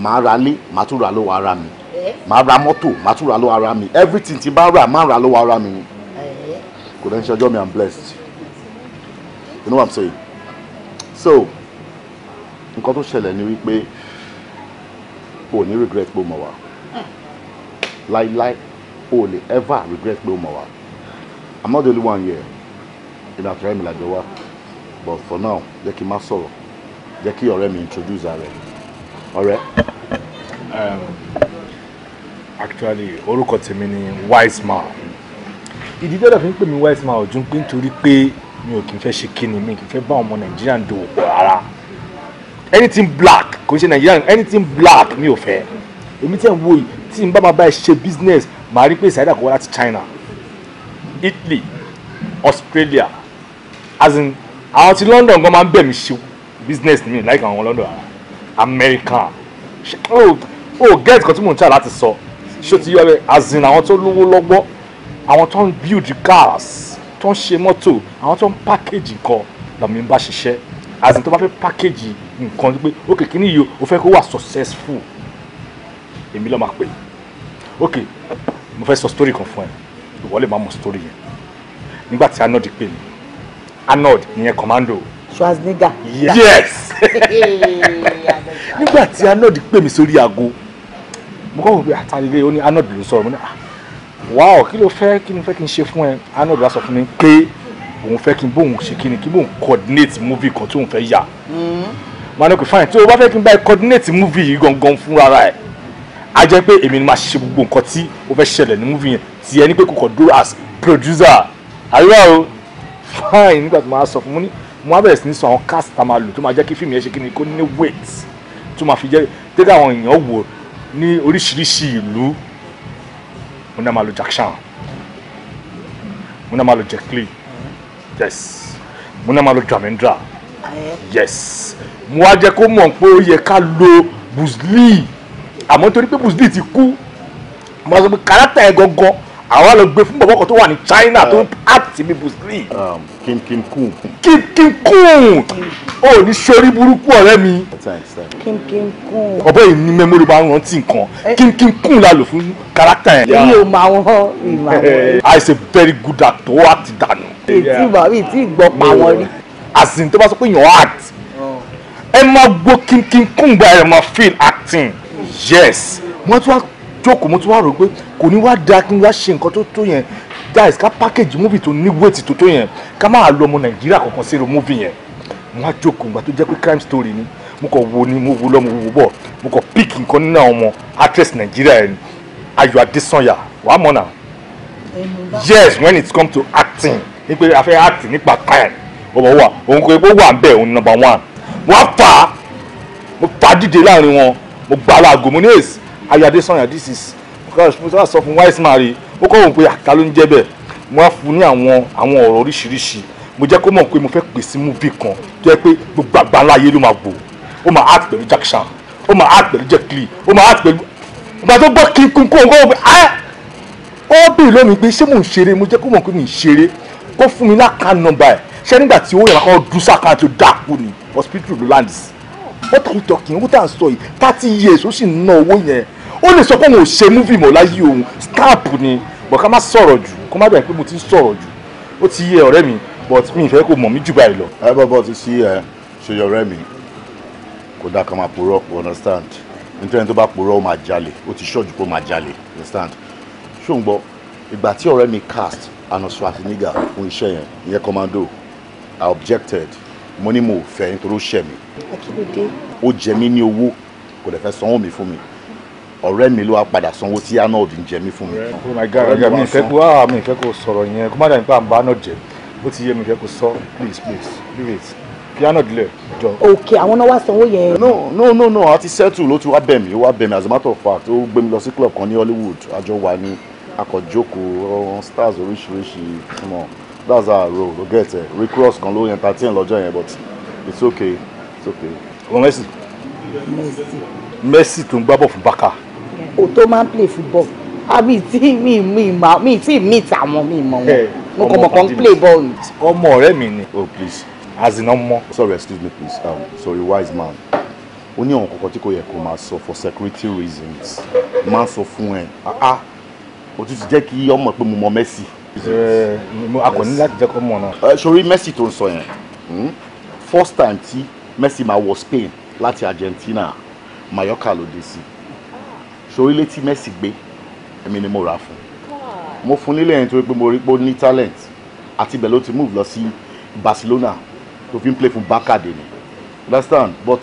màá ra lé màá tún ra lọ́wọ́ ara mi eh? màá ra mọ́tò màá tún ra lọ́wọ́ ara mi everything tí bá rà màá ra lọ́wọ́ ara mi eh? kò dẹ́n ṣe ọjọ́ mi I'm blessed you know what I'm saying so nǹkan tó ṣẹlẹ̀ ni wípé o ò ní regret pé o mọ̀ wá láíláí o ò ever regret pé o mọ̀ wá I'm not the only one here. In our ọ̀rẹ́ like the wá but for now jẹ́ kí n má introduced jẹ́ kí ọ̀rẹ́ mi um, actually orúkọ tèmi wise man ìdí tẹ́lẹ̀ fi ń pè mí wise man ọ̀dún pé nítorí pé mi ò kì í fẹ́ ṣe kíni mi kì í fẹ́ bá ọmọ nàìjíríà anything black kò ṣe nàìjíríà anything black mi ò fẹ́ èmi tẹ́ ń wo yìí tí n bá máa bá ẹ ṣe business màá rí pé ìsàlẹ̀ àkọ́wọ́ China Italy Australia as in àwọn ti London gan máa ń bẹ̀ mí ṣe business mi like àwọn London America. Oh, oh, get kan tí mò ń tà láti sọ ṣó ti yọ ẹ as in àwọn tó lówó lọ́gbọ́ àwọn tó ń build cars tó ń ṣe mọ́tò àwọn tó ń package nǹkan làmì ń bá ṣiṣẹ́ as in tó bá fẹ́ package nǹkan pé ok kíní yìí o fẹ́ kó wà successful èmi lọ́ọ́ máa pè ok mo fẹ́ sọ story kan fún ẹ ìwọ lè má mọ story yẹn nígbà tí anọ́dí pè mí arnold ìyẹn commando. schwarzenegger. yes nígbà tí arnold pè mí sórí aago mo kọ́ wò pé àtàlẹ́lẹ́ ah, ó ní arnold ló sọ̀rọ̀ mo ní ah, wàá kí ló fẹ́ kí ni fẹ́ kí n ṣe fún ẹ arnold wá sọ fún mi pé òun fẹ́ kí n bóun ṣe kí ni kí bóun coordinate movie kan tí òun fẹ́ yà máa mm-hmm. ní kò fáyìn tí o bá fẹ́ kí n bá ẹ coordinate movie yìí gangan fúnra ẹ̀ a jẹ́ pé èmi ni máa ṣe gbogbo nǹkan tí o fẹ́ ṣẹlẹ̀ ní movie yẹn tí ẹni pé kò kọ̀ dúró as producer àríwá o fine nígbà tí màá sọ fún mo ní mo á bẹ̀rẹ̀ sí ní sọ àwọn cast tá a máa lò tó máa jẹ́ kí fíìmù yẹn ṣe kí ni kó ní weight tó máa fi jẹ́ tẹ́lẹ̀ àwọn èèyàn wò ní oríṣiríṣi ìlú mo náà máa lo Jack Chan mo náà máa lo Jet Li yes mo náà máa lo Dramindra yes mo wá jẹ́ kó mọ̀ pé ó yẹ ká lo buzli àmọ́ torí pé buzli ti kú mo sọ pé kárátà ẹ̀ gangan àwa lọ gbé fún bàbá kan tó wà ní China tó á àti bí bruce lee. Um, kim kim kun. kim kim kun o ò ní sori burúkú ọ̀rẹ́ mi. kim kim kun. ọ̀bọ yìí ní mẹ́mórì bá ń rántí nǹkan eh. kim kim kun la lò fún kárátà yẹn. èyí ò máa wọ́n ìmọ̀ àwọn. i is very good at ó àti dànù. ètí ìgbà mi ti gbọ́ pa wọn rí. àsìn tó bá sọ pé yàn act oh. ẹ máa gbọ́ kim kim kun gba ẹ máa feel acting yes mo tún wá jókòó mo tún wá rò pé kò ní wá da kí n wá ṣe nǹkan tó tó yẹn guys ká package movie tó ní wéètì tó tó yẹn ká máa lọ ọmọ nàìjíríà kankan sí movie yẹn mo á jókòó ìgbà tó jẹ́ pé crime story ni mo kàn wo ni mo wo lọ́mọ wo bọ̀ mo kàn pick nǹkan nínú àwọn ọmọ actress nàìjíríà yẹn ayọ̀ adésànyà wàá mọ̀ náà yes when it come to acting ní pé a fẹ́ act nípa crime ọmọ wa òun kò epo wà bẹ́ẹ̀ òun number one mo á fà á mo fà á dìde láàrin wọn mo gbà á láago mo ní èsì ayọ̀ adésànyà this is mo kàn sọ fún wise man rèé ó kọ́ òun pé àká ló ń jẹ́ bẹ́ẹ̀ mo á fún un ní àwọn àwọn ọ̀rọ̀ oríṣiríṣi mo jẹ́ kó mọ̀ pé mo fẹ́ pè sí múvì kan tó yẹ pé gbogbo àgbáńlá ayé ló máa wò ó máa act pẹ̀lú Jackson ó máa act pẹ̀lú Jet Li ó máa act pẹ̀lú ìgbà tó gbọ́ kí kún kún ọgọ́ ọgbẹ́ ẹ́ ó bì lómi pé ṣé mò ń ṣeré mo jẹ́ kó mọ̀ pé mò ń ṣeré kó fún mi láka nọ́mbà ẹ̀ ṣé nígbà tí ó yẹ kó dùn sáka tó dàkú ni hospital ló land sí what are you talking what are you sọ yìí thirty years ó sì ná owó yẹn ó lè sọ pé òun ò ṣe múvì mọ̀ láyé òun stamp ni but ká má sọ̀rọ̀ jù kó má dàbí pé mo ti ń sọ̀rọ̀ jù ó ti yé ọ̀rẹ́ mi but mi ìfẹ́ kò mọ̀ mí jù báyìí lọ. ẹ bọ́ bọ́ ti sí ẹ ṣe yọ ọ̀rẹ́ mi kò dáa ká máa purọ́ you understand nítorí tó bá purọ́ ó máa jalè ó ti ṣọ́ọ̀jù kó máa jalè understand ṣó ń gbọ́ ìgbà tí ọ̀rẹ́ mi cast ana swafiniga fún iṣẹ́ yẹn ìyẹn commando i objected mo ní mo fẹ́ nítorí ó ṣẹ̀ mi ó jẹ mí ní owó kò dẹ̀ fẹ́ sanwó mi fún mi ọ̀rẹ́ mi ló wá padà sanwó tí arnold ń jẹ mí fún mi. Oh mi ìfẹ́ kó ah mi ìfẹ́ kó sọ̀rọ̀ yẹn kó má dà nípa àǹbá náà jẹ bó ti yé mi ìfẹ́ kó sọ please please leave it kí arnold lẹ̀ jọ. òkè àwọn náà wá sanwó yẹn. no no no no a ti settle ló ti wá bẹ̀ mí ó wá bẹ̀ mí as a matter of fact ó gbé mi lọ sí club kan ní hollywood àjọ wa ní akọ̀jókòó stars oríṣiríṣi mọ̀ that's our role we get it rick ross kan ló entertain lọ́jọ́ yẹn but it's okay it's okay. ọmọ Messi tó ń gbábọ̀ fún Barca kò tó máa ń play football àbí tí mi mi ma mi tí mi ta wọn mi mọ wọn eh, mo kàn mọ kàn ń play ball. ọmọ ọ̀rẹ́ mi ni oh please as in ọmọ sorry excuse me please um, sorry wise man ó ní àwọn kankan tí kò yẹ kó máa sọ for security reasons máa sọ fún ẹ ah o ah. tún ti jẹ́ kí ọmọ pé mo mọ Messi. Eh, a kò ní láti jẹ́ kó mọ̀ náà. Eh, sori Messi tó ń sọ yẹn hmm? first time tí Messi máa wọ Spain láti Argentina Mallorca ló dé sí i sórí létí Messi gbé èmi ni mo rà fún mo fún nílẹ̀ yẹn torí pé mo rí pé ó ní talent àti ibẹ̀ ló ti move lọ sí Barcelona tó fi ń play fún bákàdé ni understand but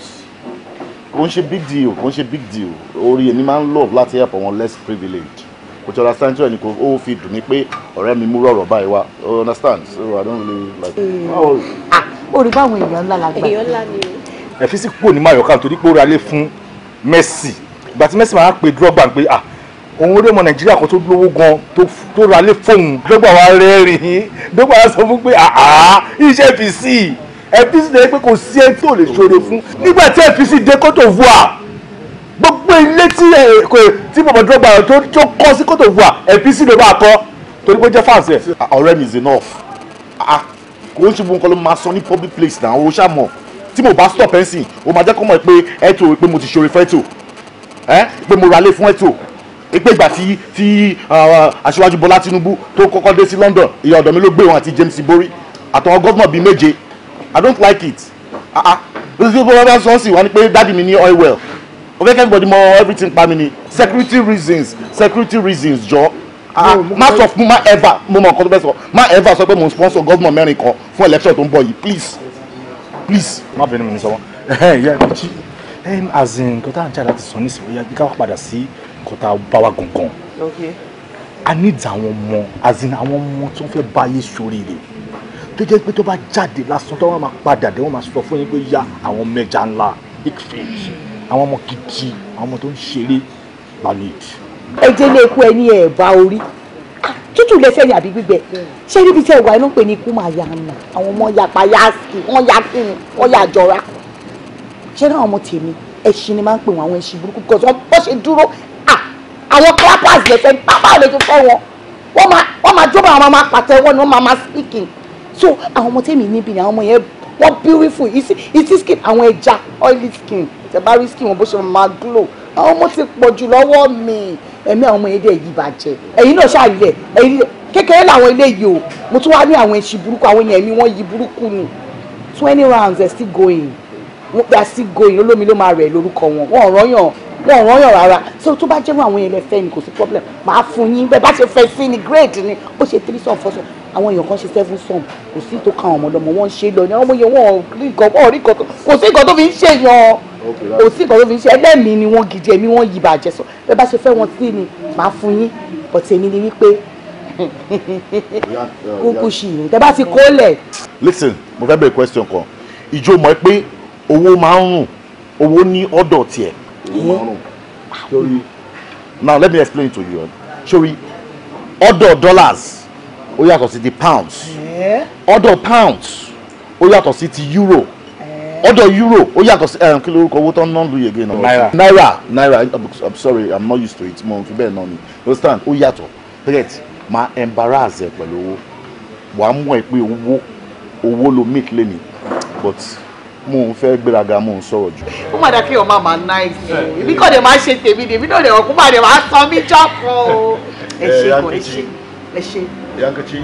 kò ń ṣe big deal kò ń ṣe big deal orí èmi máa ń love láti help àwọn less privileged kò tí understand tí ò ní kò ó fi dùn mí pé ọ̀rẹ́ mi mú rọ̀rọ̀ báyìí wá o understand so i don't really like. Hmm. o ah, rí báwọn èèyàn ńlá la gbà. èèyàn ńlá ni. ẹ̀físì kúrò ní mayọ̀ká torí pé ó ra lé fún Messi ìgbà tí Messi máa ń pe drogba pé ah òun rí ọmọ nàìjíríà kan tó lówó gan tó ra lé fóun drogba wa rẹ́rìn-ín drogba wa sọ fún pé ah ah iṣẹ́ fi sí i ẹbí sì lè pé kò sí ẹni tí ò lè ṣoore fún nígbà tí fc dé cote divoire gbogbo ilé tí tí bàbá drogba tó tó kọ́ sí cote divoire fc ló bá kọ́ torí pé ó jẹ́ fans ẹ̀. Ah, ọ̀rẹ́ mi is enough ah, ah, kò ń ṣe fún nǹkan ló máa sọ ní public place náà o ṣàmọ̀ tí mo bá stop ẹ̀ sìn ó máa jẹ́ kó mọ̀ pé ẹ̀ tó pé mo ti ṣoore fẹ́ tó pé mo ralé fún ẹtò pé ìgbà tí tí aṣíwájú Bọ́lá Tinubu tó kọ́kọ́ dé sí London ìyá ọ̀dọ̀ mi ló gbé wọn àti James Ibori àtàwọn gọ́vnà bíi méje I don't like it lóṣù tó bá sọ sí wọn ni pé dáàdi mi ní oil well o fẹ́ kẹ́ everybody mọ everything pa mi ni security reasons security reasons jọ má sọ fún má ever mo mọ nǹkan tó bẹ́ẹ̀ sọ má ever sọ pé mo ń sponsor gọ́vnà mẹ́rin kan fún election tó ń bọ̀ yìí please please. má bínú mi ní sọ wọn. as Azin, nǹkan tá à ń jà láti sọ nísìnyí yá ká padà sí nǹkan tá a bá wa gangan a need àwọn ọmọ as in àwọn ọmọ tó ń fẹ́ báyé sóríire tó jẹ́ pé tó bá jáde lásán tó wọ́n máa padà dé wọ́n máa sọ fún yín pé yá àwọn mẹ́ja ńlá big fish àwọn ọmọ gidi àwọn ọmọ tó ń ṣeré la need. ẹ jẹ́ ilé ikú ẹni ẹ̀ bá orí ah, tútù lẹsẹ ni àbí gbígbẹ ṣé níbi tí ẹ wà ẹ ló ń pè ní ikú màá yà ń nà àwọn ọmọ yapa yá sí wọn yá sí ni wọn yà jọra ṣé náà ọmọ tèmi ẹṣin ni máa ń pè wọn àwọn ẹṣin burúkú because wọn bó ṣe dúró àwọn clappers yẹn fẹ́ pápá lè tún fọ́ wọn wọ́n máa jóbọ̀ àwọn máa pàtẹ́wọ́ ni wọ́n máa máa speaking so àwọn ọmọ tèmi níbi ni àwọn ọmọ yẹn wọ́n beautiful ìtì skin àwọn ẹja oily skin tẹ̀bárí skin wọn bó ṣe máa glow àwọn ọmọ ti pọ̀ jù lọ́wọ́ mi ẹ̀mí àwọn ọmọ yẹn dẹ̀ yí bàjẹ́ ẹ̀yin náà ṣàlẹ̀ ẹ̀yin kékeré làwọn eléyìí o mo tún wá ní àwọn ẹṣin burúkú àwọn yẹn ẹ̀mí wọn yí burúkú ni twenty rounds are still going àsìgò èèyàn olómi ló máa rẹ̀ lórúkọ wọn wọn ò wọn ò rárá so tó bá jẹ́ wọn àwọn èèyàn fẹ́ kò sí problem màá fún yín bẹ́ẹ̀ bá ṣe fẹ́ sí ni great ni ó ṣe three song four song àwọn èèyàn kan ṣe seven song kò sí tó kan ọmọ wọn ṣe lọ ni ọmọ yẹn wọn rí nǹkan wọn rí nǹkan kò sí nǹkan tó fi ń ṣe yan kò sí nǹkan tó fi ń ṣe ẹlẹ́mìí ni wọ́n gidi ẹ̀mí wọ́n yìí bàjẹ́ sọ bẹ́ẹ̀ bá ṣe fẹ́ wọn sí ni màá fún yín bọ̀tẹ̀ mi ni wípé kúkú ṣì ní tẹ́ bá ti kólẹ̀. listen mo fẹ́ bẹ̀rẹ̀ question kan ìjọ mọ̀ pé owó máa ń rùn owó ní ọ̀dọ̀ tiẹ̀. now let me explain to you sori ọ̀dọ̀ dollars ó yàtọ̀ sí ti pounds eh? ọ̀dọ̀ pounds ó yàtọ̀ sí ti euro eh? ọ̀dọ̀ euro ó yàtọ̀ sí eh, kí lórúkọ owó tó ń ná lu náà naira naira naira i'm sorry i'm not used to it mo fi bẹ́ẹ̀ náà ni you understand ó yàtọ̀ threat máa embarrass ẹ pẹ̀lú owó wàá mú ẹ pé owó owó ló make lẹ́nu but mo ń fẹ́ gbéraga mo ń sọ̀rọ̀ jù. ó mà dá kí ọmọ àmà náà ṣe èmi kò dé máa ṣe tèmi dèmi náà dé ọkùnrin máa dé máa sọ mí jọ́pọ̀. ẹ ṣe kò ẹ ṣe ẹ ṣe. yankachi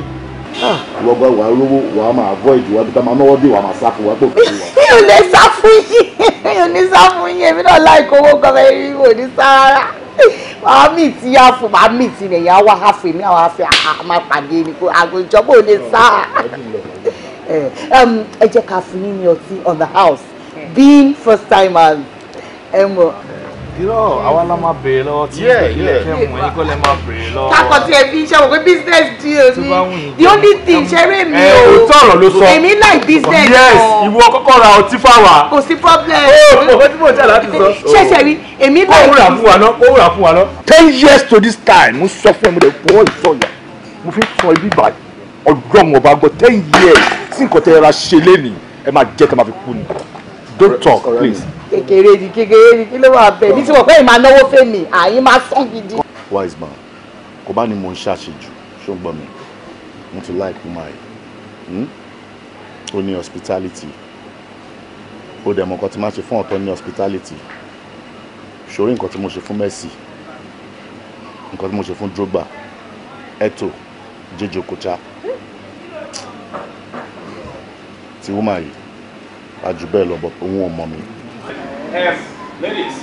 ah, ìwọ gba wàá máa avoid wàá bí táwọn náwó dé wàá máa sá fún wàá pò fún wa. mi ò lè sá fún yín mi ò ní sá fún yín èmi náà láì kówó gọbẹ rí mi ò ní sá rárá màá mì tí yá fún màá mì tí nìyá wá hàfẹ́ mi àwọn afẹ́ àmàpàdé ni kò àgùjọ bò lè sá. Eh, um, ẹ jẹ́ ká fún yín ní ọtí on the house being first timers ẹ mọ̀. Eh, irọ́ àwa la máa béèrè lọ́wọ́ tí ilé ẹ̀kẹ́ mú ẹ̀yìn kọ́ lẹ máa béèrè lọ́wọ́. kakọ tí ẹ fi ṣe pé business deal ni the only thing ṣeré mi eh, o òótọ́ ọ̀rọ̀ ló sọ èmi like business o. yes ìwọ kọ́kọ́ ra ọtí fáwa. kò sí problem. owó oh, tí mo jẹ́ láti sọ. ṣẹ̀ṣẹ̀ rí èmi like business. kó wúrà fún wa ná kó wúrà fún wa ná. ten years to this time mo sọ fún ẹ mo dẹ̀ fọwọ́ ìsọ̀yà mo fi sọ ibi ìbàdàn ọjọ́ mo bá gbọ́ ten years tí nǹkan tẹ́ ra ṣe lénìí ẹ máa jẹ́ ká máa fi kú ni don't talk please. kékeré ni kékeré ni kí ló wà bẹ́ẹ̀ ní tí mo fẹ́ ìmọ̀ anáwó fẹ́ mi àyín máa sán gidi. wise man kò bá ní mo ń ṣàṣejù ṣùgbọ́n mi mo ti láì kú máa yìí ó ní hospitality ó dẹ̀ mọ̀ nǹkan tí máa ṣe fún ọ̀tọ̀ ní hospitality ṣòrí nǹkan tí mo ṣe fún Messi nǹkan tí mo ṣe fún Drogba Eto Jeje Okocha àti wúmà yìí àjù bẹ́ẹ̀ lọ bọ̀ òun ò mọ̀ mi. ladies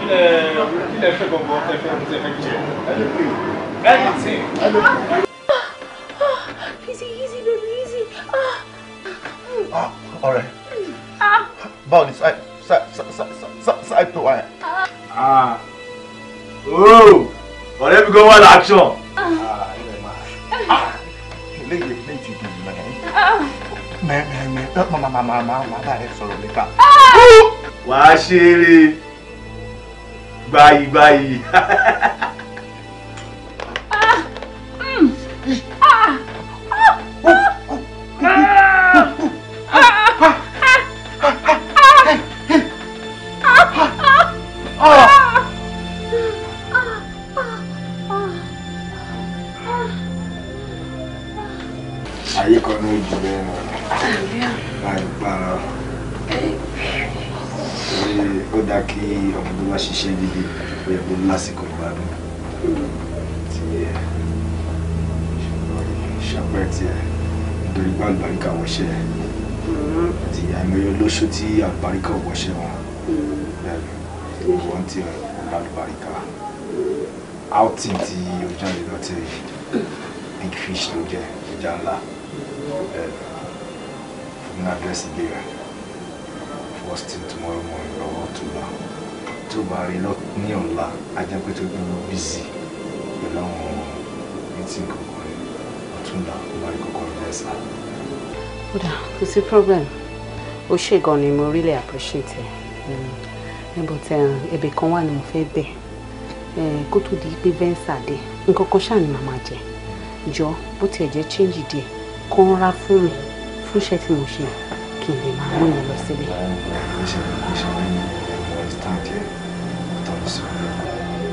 kí lẹ kí lẹ fẹ́ gbọ̀ngàn tẹ fẹ́ tẹ fẹ́ jẹ ẹ lè pè é ẹ lè tì. easy easy baby easy. ah, báwo ni sáì sáì tó wáyà. ọ̀rẹ́ mi gan wà láàkṣọ̀n. máa máa máa máa bá rẹ sọ̀rọ̀ nípa. Ah! wàá ṣeré gbayì gbayì. iṣu tí àlùbáríkà ò wọṣẹ́ wọn bẹ́ẹ̀ ni wọ́n ti lálùbáríkà outing tí ó jáde lọ tí big fish ló jẹ ìjà ńlá fún address ìbéèrè first thing tomorrow morning lọ́wọ́ tó bá tó bá rí ní ọ̀la ajẹ́pẹ́ tó gbé lọ bízì pẹ̀lú àwọn meeting kankan ọ̀túnla ó bá rí kankan lẹ́sà. kódà kò sí problem ó ṣe gan ni mo really appreciate ẹ mm. but eh, ẹ̀bẹ̀ kan wà ní mo fẹ́ bẹ̀ ẹ eh, kó tó di pé venza dé nǹkan kan ṣáà ni màmá jẹ jọ bó tiẹ̀ jẹ́ change díẹ̀ kó ń ra fún mi fún iṣẹ́ tí mo ṣe kí n lè máa mú ìyẹn lọ sílé. Eh,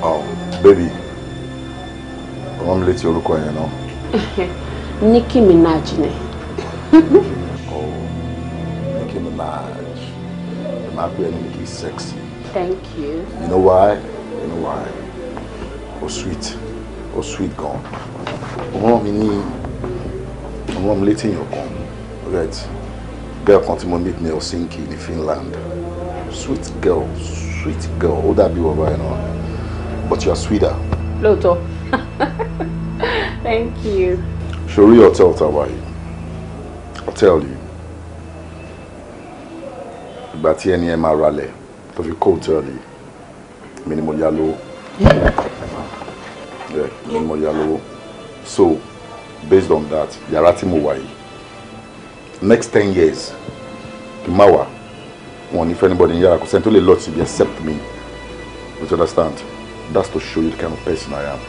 oh, baby wọ́n ń létí orúkọ yẹn náà. Nicki Minaj ni. Abiel is sexy. Thank you. You know why? You know why? Oh sweet. Oh sweet gan. Ọmọ mi ní ọmọ mi létí èèyàn kan. Right. Girl kan tí mo meet ní Helsinki in Finland. Sweet girl, sweet girl. Ó dàbí bàbá ẹ̀ know. But you are sweeter. Loto. Thank you. Ṣorí tell tàwa why. I'll tell you ìgbà tí ẹni ẹ máa ralẹ̀ tó fi kó òtẹ́ẹ̀lì mi ni mo yá lówó mi ni mo yá lówó so based on that yàrá tí mo wà yìí next ten years kì má wà wọn ní fẹ́ anybody ní yàrá kò sẹ́ni tó lè lọ síbi except me you understand that's to show you the kind of person I am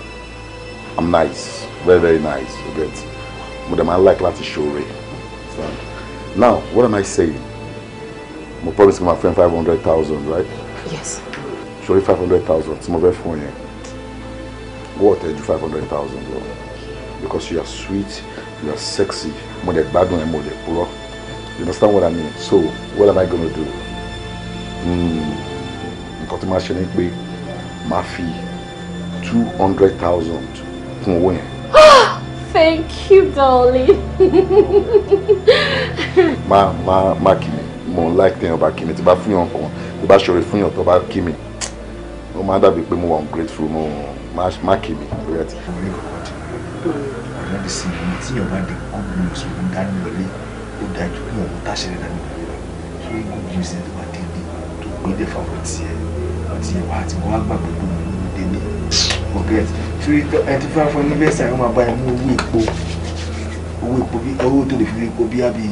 I'm nice very very nice you get mo dẹ̀ máa like láti ṣoore now what am I saying mo promise my friend five hundred thousand right. yes. Surely five hundred thousand tí mo fẹ́ fún yẹn wọ́n tẹ̀ five hundred thousand because you are sweet you are sexy more than bad, more than poor. you understand what I mean so what am I gonna do Hmm. tí màá ṣe ni pé màá fi two hundred thousand kún owó yẹn. Thank you, Dolly. ma, ma, ma, kí mo ń láì tẹ̀yàn bá kí mi tí bá fún kan tí bá ṣọrẹ fún yàn tó bá kí mi ó máa dàbí mo wà ungrateful mo má kí mi lórí ọ̀rẹ́ kọ̀ọ̀kan ti ọ̀rẹ́ ti sin mi tí yàn bá di good news mo dání lọlé ó dájú pé òun táṣẹ̀rẹ̀ dání lọlé lọ so good news ni tó bá dé ní tó gbé dé fáwọn tiẹ̀ ọtí ẹ̀ wá àti wọ́n á gbàgbé pé mo ń dé ní forget torí ẹtí fún afọ níbẹ̀sà yóò máa bá ẹ mú owó epo owó epo bí owó tó lè fi rí epo bí á bí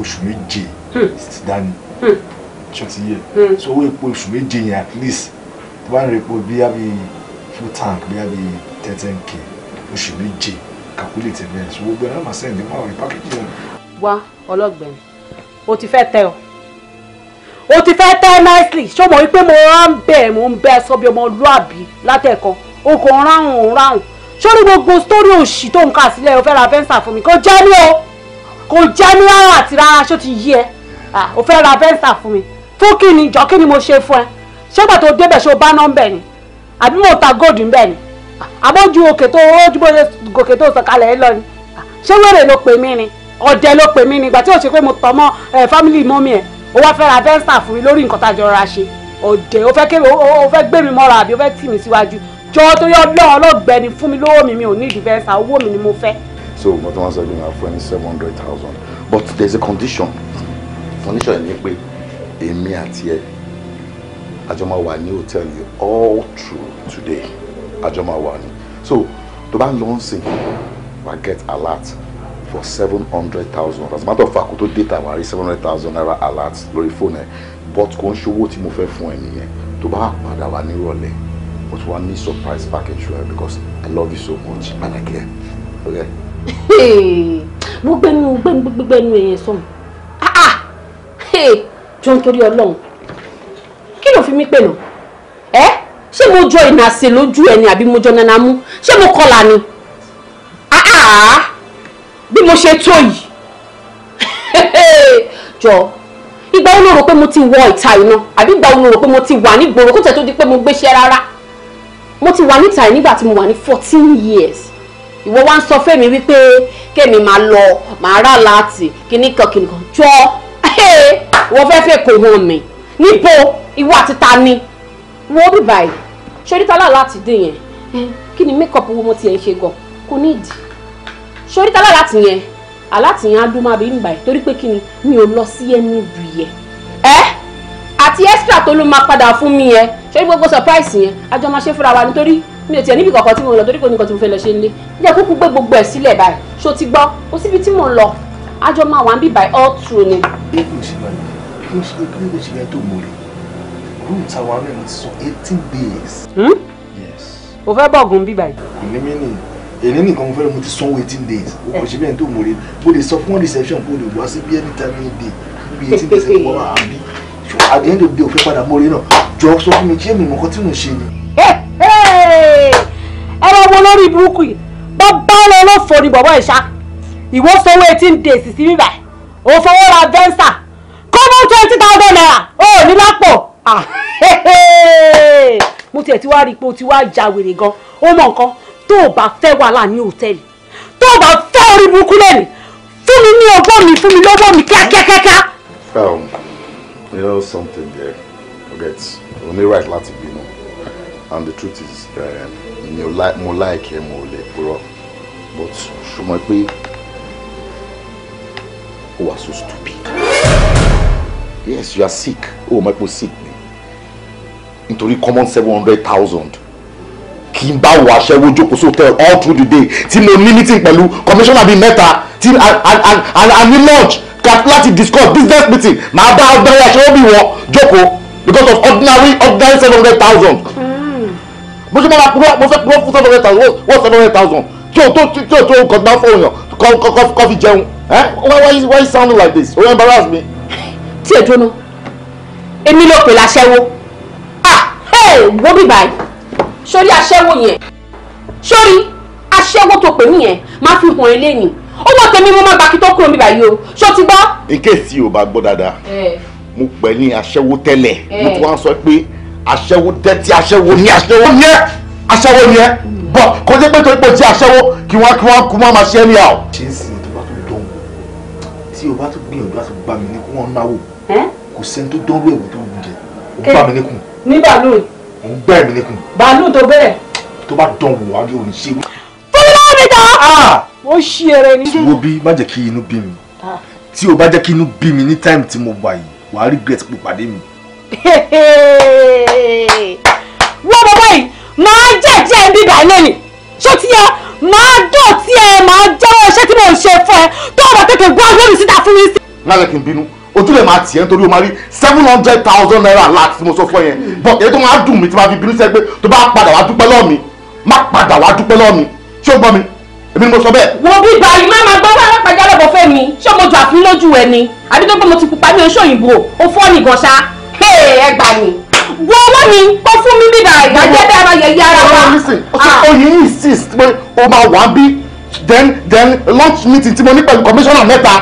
oṣù méje títí dání ṣọtí yẹ so owó epo oṣù méje yẹn at least tó bá ń rẹ epo bí àbí full tank bí àbí thirteen k oṣù méje calculate bẹ́ẹ̀ so gbogbo ẹ̀rọ màá sẹ́yìn nípa ọ̀rẹ́ pákéjì yẹn. wá ọlọ́gbẹ̀rẹ̀ o ti fẹ́ tẹ o o ti fẹ́ tẹ́ nicely ṣó mọ̀ wípé mo rán bẹ́ẹ̀ mo ń bẹ́ẹ̀ sọ bí ọmọ lúàbí látẹ̀kọ́ o kò ráhùn ò ráhùn sórí gbogbo sórí òṣì tó ń kà sílẹ̀ o fẹ́ ra fẹ́ǹsà fún mi kò jẹ́ ní o kò jẹ́ ní rárá àti rárá ṣó ti yí ẹ Ah, o fẹ́ ra Venza fún mi fún kí ni jọ kí ni mo ṣe fún ẹ ṣé gbà tó débẹ̀ ṣe o bá ná bẹ̀ ni àbí mo ta gold bẹ̀ ni ah, àbójú òkè tó ojúbọyé gòkè tó sọ̀kalẹ̀ ẹ lọ ni ah, ṣé wèrè ló pè mí ni ọ̀dẹ̀ ló pè mí ni ìgbà tí o ṣe pé mo tọ̀ mọ́ ẹ fámìlì mọ́mí ẹ o wá fẹ́ ra Venza fún mi lórí nǹkan tá a jọ ra ṣe ọ̀dẹ̀ o fẹ́ kébé o fẹ́ gbé mi mọ́ra àbí o fẹ́ tì mí síwájú jọ torí ọlọ́ ọlọ́gbẹ́ni fún mi lówó mi mi ò ní ìdìbẹ́sà owó mi ni mo fẹ́. so mo tún wá sọ pé màá fún ẹ ní seven hundred thousand but there is a condition condition ni pé èmi àti ẹ àjọ máa wà ní hòtẹ́ẹ̀lì all through today àjọ máa wà ní so tó bá ń lọ sí wàá get alert for seven hundred thousand as a matter of fact kò tó data wàá rí seven hundred thousand naira alert lórí fóònù ẹ but kò ń ṣòwò tí mo fẹ́ fún ẹ nìyẹn tó bá padà wà nírọ̀lẹ́ but wàá ní surprise package rẹ because I love you so much and I care. Okay? mo gbẹnu gbẹnu gbẹnu ẹyẹ sọmọ jọ nítorí ọlọ́run kí ló fi mí pè nà ẹ́ ṣé mo jọ ìnàṣe lójú ẹni àbí mo jọ nana mú ṣé mo kọlà ni bí mo ṣe tó yìí jọ ìgbà wo ló rò pé mo ti wọ ìta iná àbí ìgbà wo rò pé mo ti wà nígboro kó tẹ̀ tó di pé mo gbéṣẹ́ rárá mo ti wà níta yìí nígbà tí mo wà ní fourteen years ìwọ wá ń sọ fẹ́mi wípé kẹ́mi máa lọ màá rà láti kíníkan kíníkan jọ wọ́n fẹ́ fẹ́ kò hàn mí níbo ìwọ àti ta ni wọ́n bí báyìí ṣorí tálà láti dé yẹn kí ni make up wo mo tiẹ̀ ń ṣe gan kò ní ìdí ṣorí tálà láti yẹn aláti yẹn á dún má bí ń báyìí torí pé kí ni mi ò lọ sí ẹnu ìbù yẹn ẹ àti extra tó ló máa padà fún mi yẹn ṣorí gbogbo surprise yẹn àjọ máa ṣe fúnra wa nítorí mi ò tiẹ̀ níbi kankan tí mo lọ torí kò ní nǹkan tí mo fẹ́ lọ ṣe nílé jẹ́ kúkú gbé gbogbo ẹ̀ sílẹ̀ báyìí ṣó ti gbọ́ kó síbi tí mo lọ àjọ máa wà ń bíbáyìí all through ni kí ṣe kí ló ṣe yẹ tó mòlè room tàwa rẹ̀ ti sọ eighteen days. Hmm? yes. o fẹ́ bọ̀gùn bí báyìí. kò ní mí nìyí èyí nìkan mo fẹ́ mo ti sanwó eighteen days o kò ṣe bẹ́ẹ̀ tó mòlè bó lè sọ fún reception bó lè wá sí bí any time any day bí eighteen days ẹ̀ wọ́n á bí at the end of the day o fẹ́ padà mòlè náà jọ sọ fún mi ṣé mi mọ̀ kọ́ tí mo ṣe ni. ẹ̀rọ wo lórí burúkú yìí bàbá lọ lọ́fọ̀ọ́ ni bàbá ẹ̀ ṣá ìwọ sanwó eighteen days sí bíbá ò fọwọ́ kọ́mọ́ twenty thousand naira ó ní lápò ah, mo tiẹ̀ ti wá rí i pé o ti wá ja wèrè gan ó mọ nǹkan tó o bá fẹ́ wàhálà ní hòtẹ́ẹ̀lì tó o bá fẹ́ orí burúkú lẹ́nu fún mi ní ọgbọ́n mi fún mi lọ́gbọ́n mi kíákíákíá. Um, you know something there forget o ní right láti bínú and the truth is um, mi like mo like ẹ mo ò lè purọ́ but ṣùgbọ́n pé o wà so stupid yes you are sick Oh, mọ̀ pé sick me. nítorí common seven hundred thousand kì í bá wọ aṣẹ́wó jókòó hotel all through the day tí mo ní meeting pẹ̀lú commissioner bíi mẹ́ta tí and ní lunch láti discuss business meeting màá bá ọgbẹ́rẹ́ aṣẹ́wó bíi wọn jókòó because of ordinary ordinary seven hundred thousand mo ṣe máa kúrò mo fẹ́ kúrò fún seven hundred thousand wọ́n seven hundred thousand tí o tó tí o tó kọ̀ọ̀dá fún òyàn kọ́ fi jẹun why why why you sound like this o embarrass me tí èdè nu èmi ló pè láṣẹ́wó ah hey wo bí báyìí sórí aṣẹ́wó yẹn sórí aṣẹ́wó tó pè mí yẹn máa fi hàn ẹ́ lẹ́yìn owó tèmi mo máa bàkí tó kúrò mi báyìí o ṣó ti gbọ́. in case o bá gbọ́ dáadáa mo pẹ̀ ní aṣẹ́wó tẹ́lẹ̀ mo tún wá sọ pé aṣẹ́wó tẹ́tí aṣẹ́wó ní aṣẹ́wó ní ẹ́ aṣẹ́wó ní ẹ́ bọ̀ kò jẹ́ pé torí pé ti aṣẹ́wó kí wọ́n kí wọ́n kú wọ́n máa ṣe é ní à. ṣé ń sìn tó bá tí o bá tún gbìyànjú láti gbà mí ní kí wọ́n náwó kò sẹ́ni tó dánwó ẹ̀wò tó wù jẹ ó gbà mí níkùn. ní bàálù. ó ń gbà mí níkùn. bàálù tó bẹ̀rẹ̀. tó bá dán wò wáyé òní ṣe. fúnra mi ta. Ah! ó ṣí ẹrẹ ní. wo bí má jẹ́ kí inú bí mi ah. tí o bá jẹ́ kí inú bí mi ní táìmù tí mo wà yìí wàá regret pé pàdé mi. wọ́n bọ́ báyìí máa jẹ́jẹ́ ń bíbà lónìí ṣó ti yẹ máa dọ̀tí ẹ máa jẹ́wọ́ iṣẹ́ tí mò ń ṣe fún ẹ tó o bá tètè gbọ́ lórí síta fún ojú lè máa tì ẹ́ nítorí o máa rí seven hundred thousand naira láti tí mo sọ fún ẹ yẹn but èyí tó máa dùn mí tí máa fi bínú sẹ́gbẹ́ tó bá padà wá dúpẹ́ lọ́ọ̀ mi má padà wá dúpẹ́ lọ́ọ̀ mi ṣé o gbọ́ mi èmi ni mo sọ bẹ́ẹ̀. wo bí ìgbà yìí máa ma gbọ́ wá lápàjá lọ́bọ̀ fẹ́ mi ṣé mo jù àfin lójú ẹ ni àbí tó gbọ́ mo ti pupa ní oṣù òyìnbó o fọ́ ni gan ṣá ẹ gbà ni wo owó mi kó fún mi bíbá ìdájẹ́ bí ara yẹ̀yẹ́ ara wa. oyin ah. insist pé o máa wà then then lunch meeting tí mo ní pẹ̀lú commissioner mẹ́ta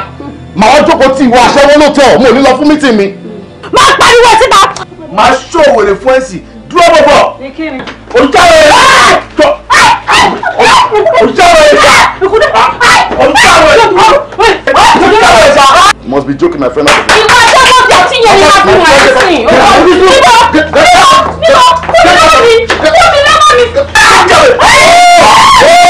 màá jókòó tí ìwọ aṣẹ́wó ló tẹ̀ ọ́ mo ní lọ fún mítìn mi. má pariwo síta. màá ṣòwòrè fún ẹ̀sì dúró bọ̀bọ̀. olùjáwé tó olùjáwé olùjáwé olùjáwé sa. you must be joking my friend. ìwọ ọjọ́ mọ̀ bí ọtí yẹn ni wàá fi wà sí. níbo níbo níbo kúrò lọ́wọ́ mi kúrò lọ́wọ́ mi.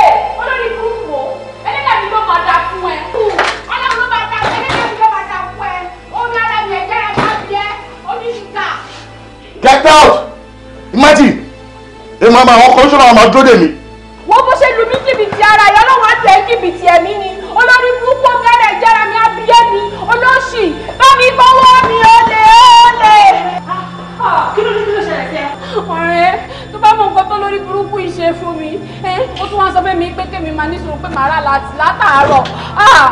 get out imagine èmi àmà àwọn kọ́ńsọ́nà àwọn àdúró dè mí. wọ́n bó ṣe lu mí jìbìtì ara yọ lọ́wọ́ àti ẹ̀ jìbìtì ẹ̀mí ni olórí burúkú gẹ́rẹ́ jẹ́ra mi abiyé mi olóṣì bá mi gbọ́wọ́ mi olè olè. Ah, ah, kí ló dé kí ló ṣẹlẹ̀ sí ẹ. ọ̀rẹ́ tó bá mọ nǹkan tó lórí burúkú yìí ṣe fún mi ó tún wá sọ fẹ́ mi pé kémi máa níṣòro pé màá rà láti látàárọ̀ ah,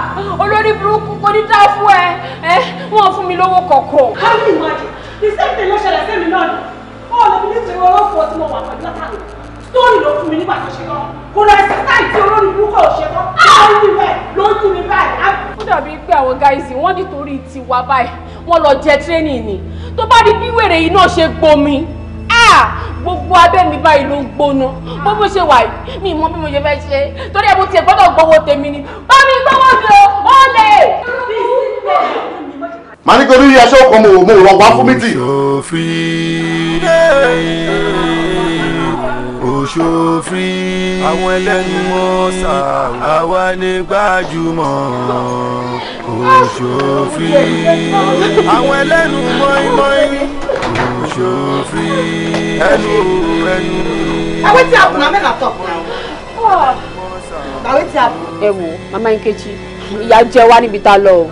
olórí burúkú kò ní dá fún ẹ wọn fún mi lówó kọ̀ọ̀kan. ká The same thing, ló ṣẹlẹ̀ sẹ́mi náà ni ó lè ní nítorí ọlọ́fọ̀ tí mo wà pẹ̀lú látàrí sítórì ló fún mi nígbà tó ṣe tán kò rẹ̀ sísáì tí olórí púpọ̀ ò ṣe tán àárín ibẹ̀ ló ń yí mi báyìí. ó dàbí pé àwọn gáìsì wọ́n nítorí tiwa báyìí wọ́n lọ jẹ tírénì ni tó bá di bí wèrè yìí náà ṣe gbomi gbogbo abẹ́ mi báyìí ló ń gbóná bó bó ṣe wà yìí mi mọ bí mo ṣe fẹ́ ṣe torí ẹ̀ mo tiẹ̀ gbọ́dọ̀ gbọ́wọ́ tèmi ni bá mi gbọ́wọ́ mi o ó lè màá ní torí aṣọ ọkọ mo mo rọ wá fún mítì. òṣòfin òṣòfin àwọn ẹlẹ́ni wọn sà àwa ní gbajúmọ̀ òṣòfin àwọn ẹlẹ́nu mọ́ínmọ́ín òṣòfin ẹnu ẹnu. ẹwé tí a kùnà mẹ́ta tọ̀ kùnà o. ẹ̀wò mama Nkechi ìyá jẹ wá níbi tá a lọ o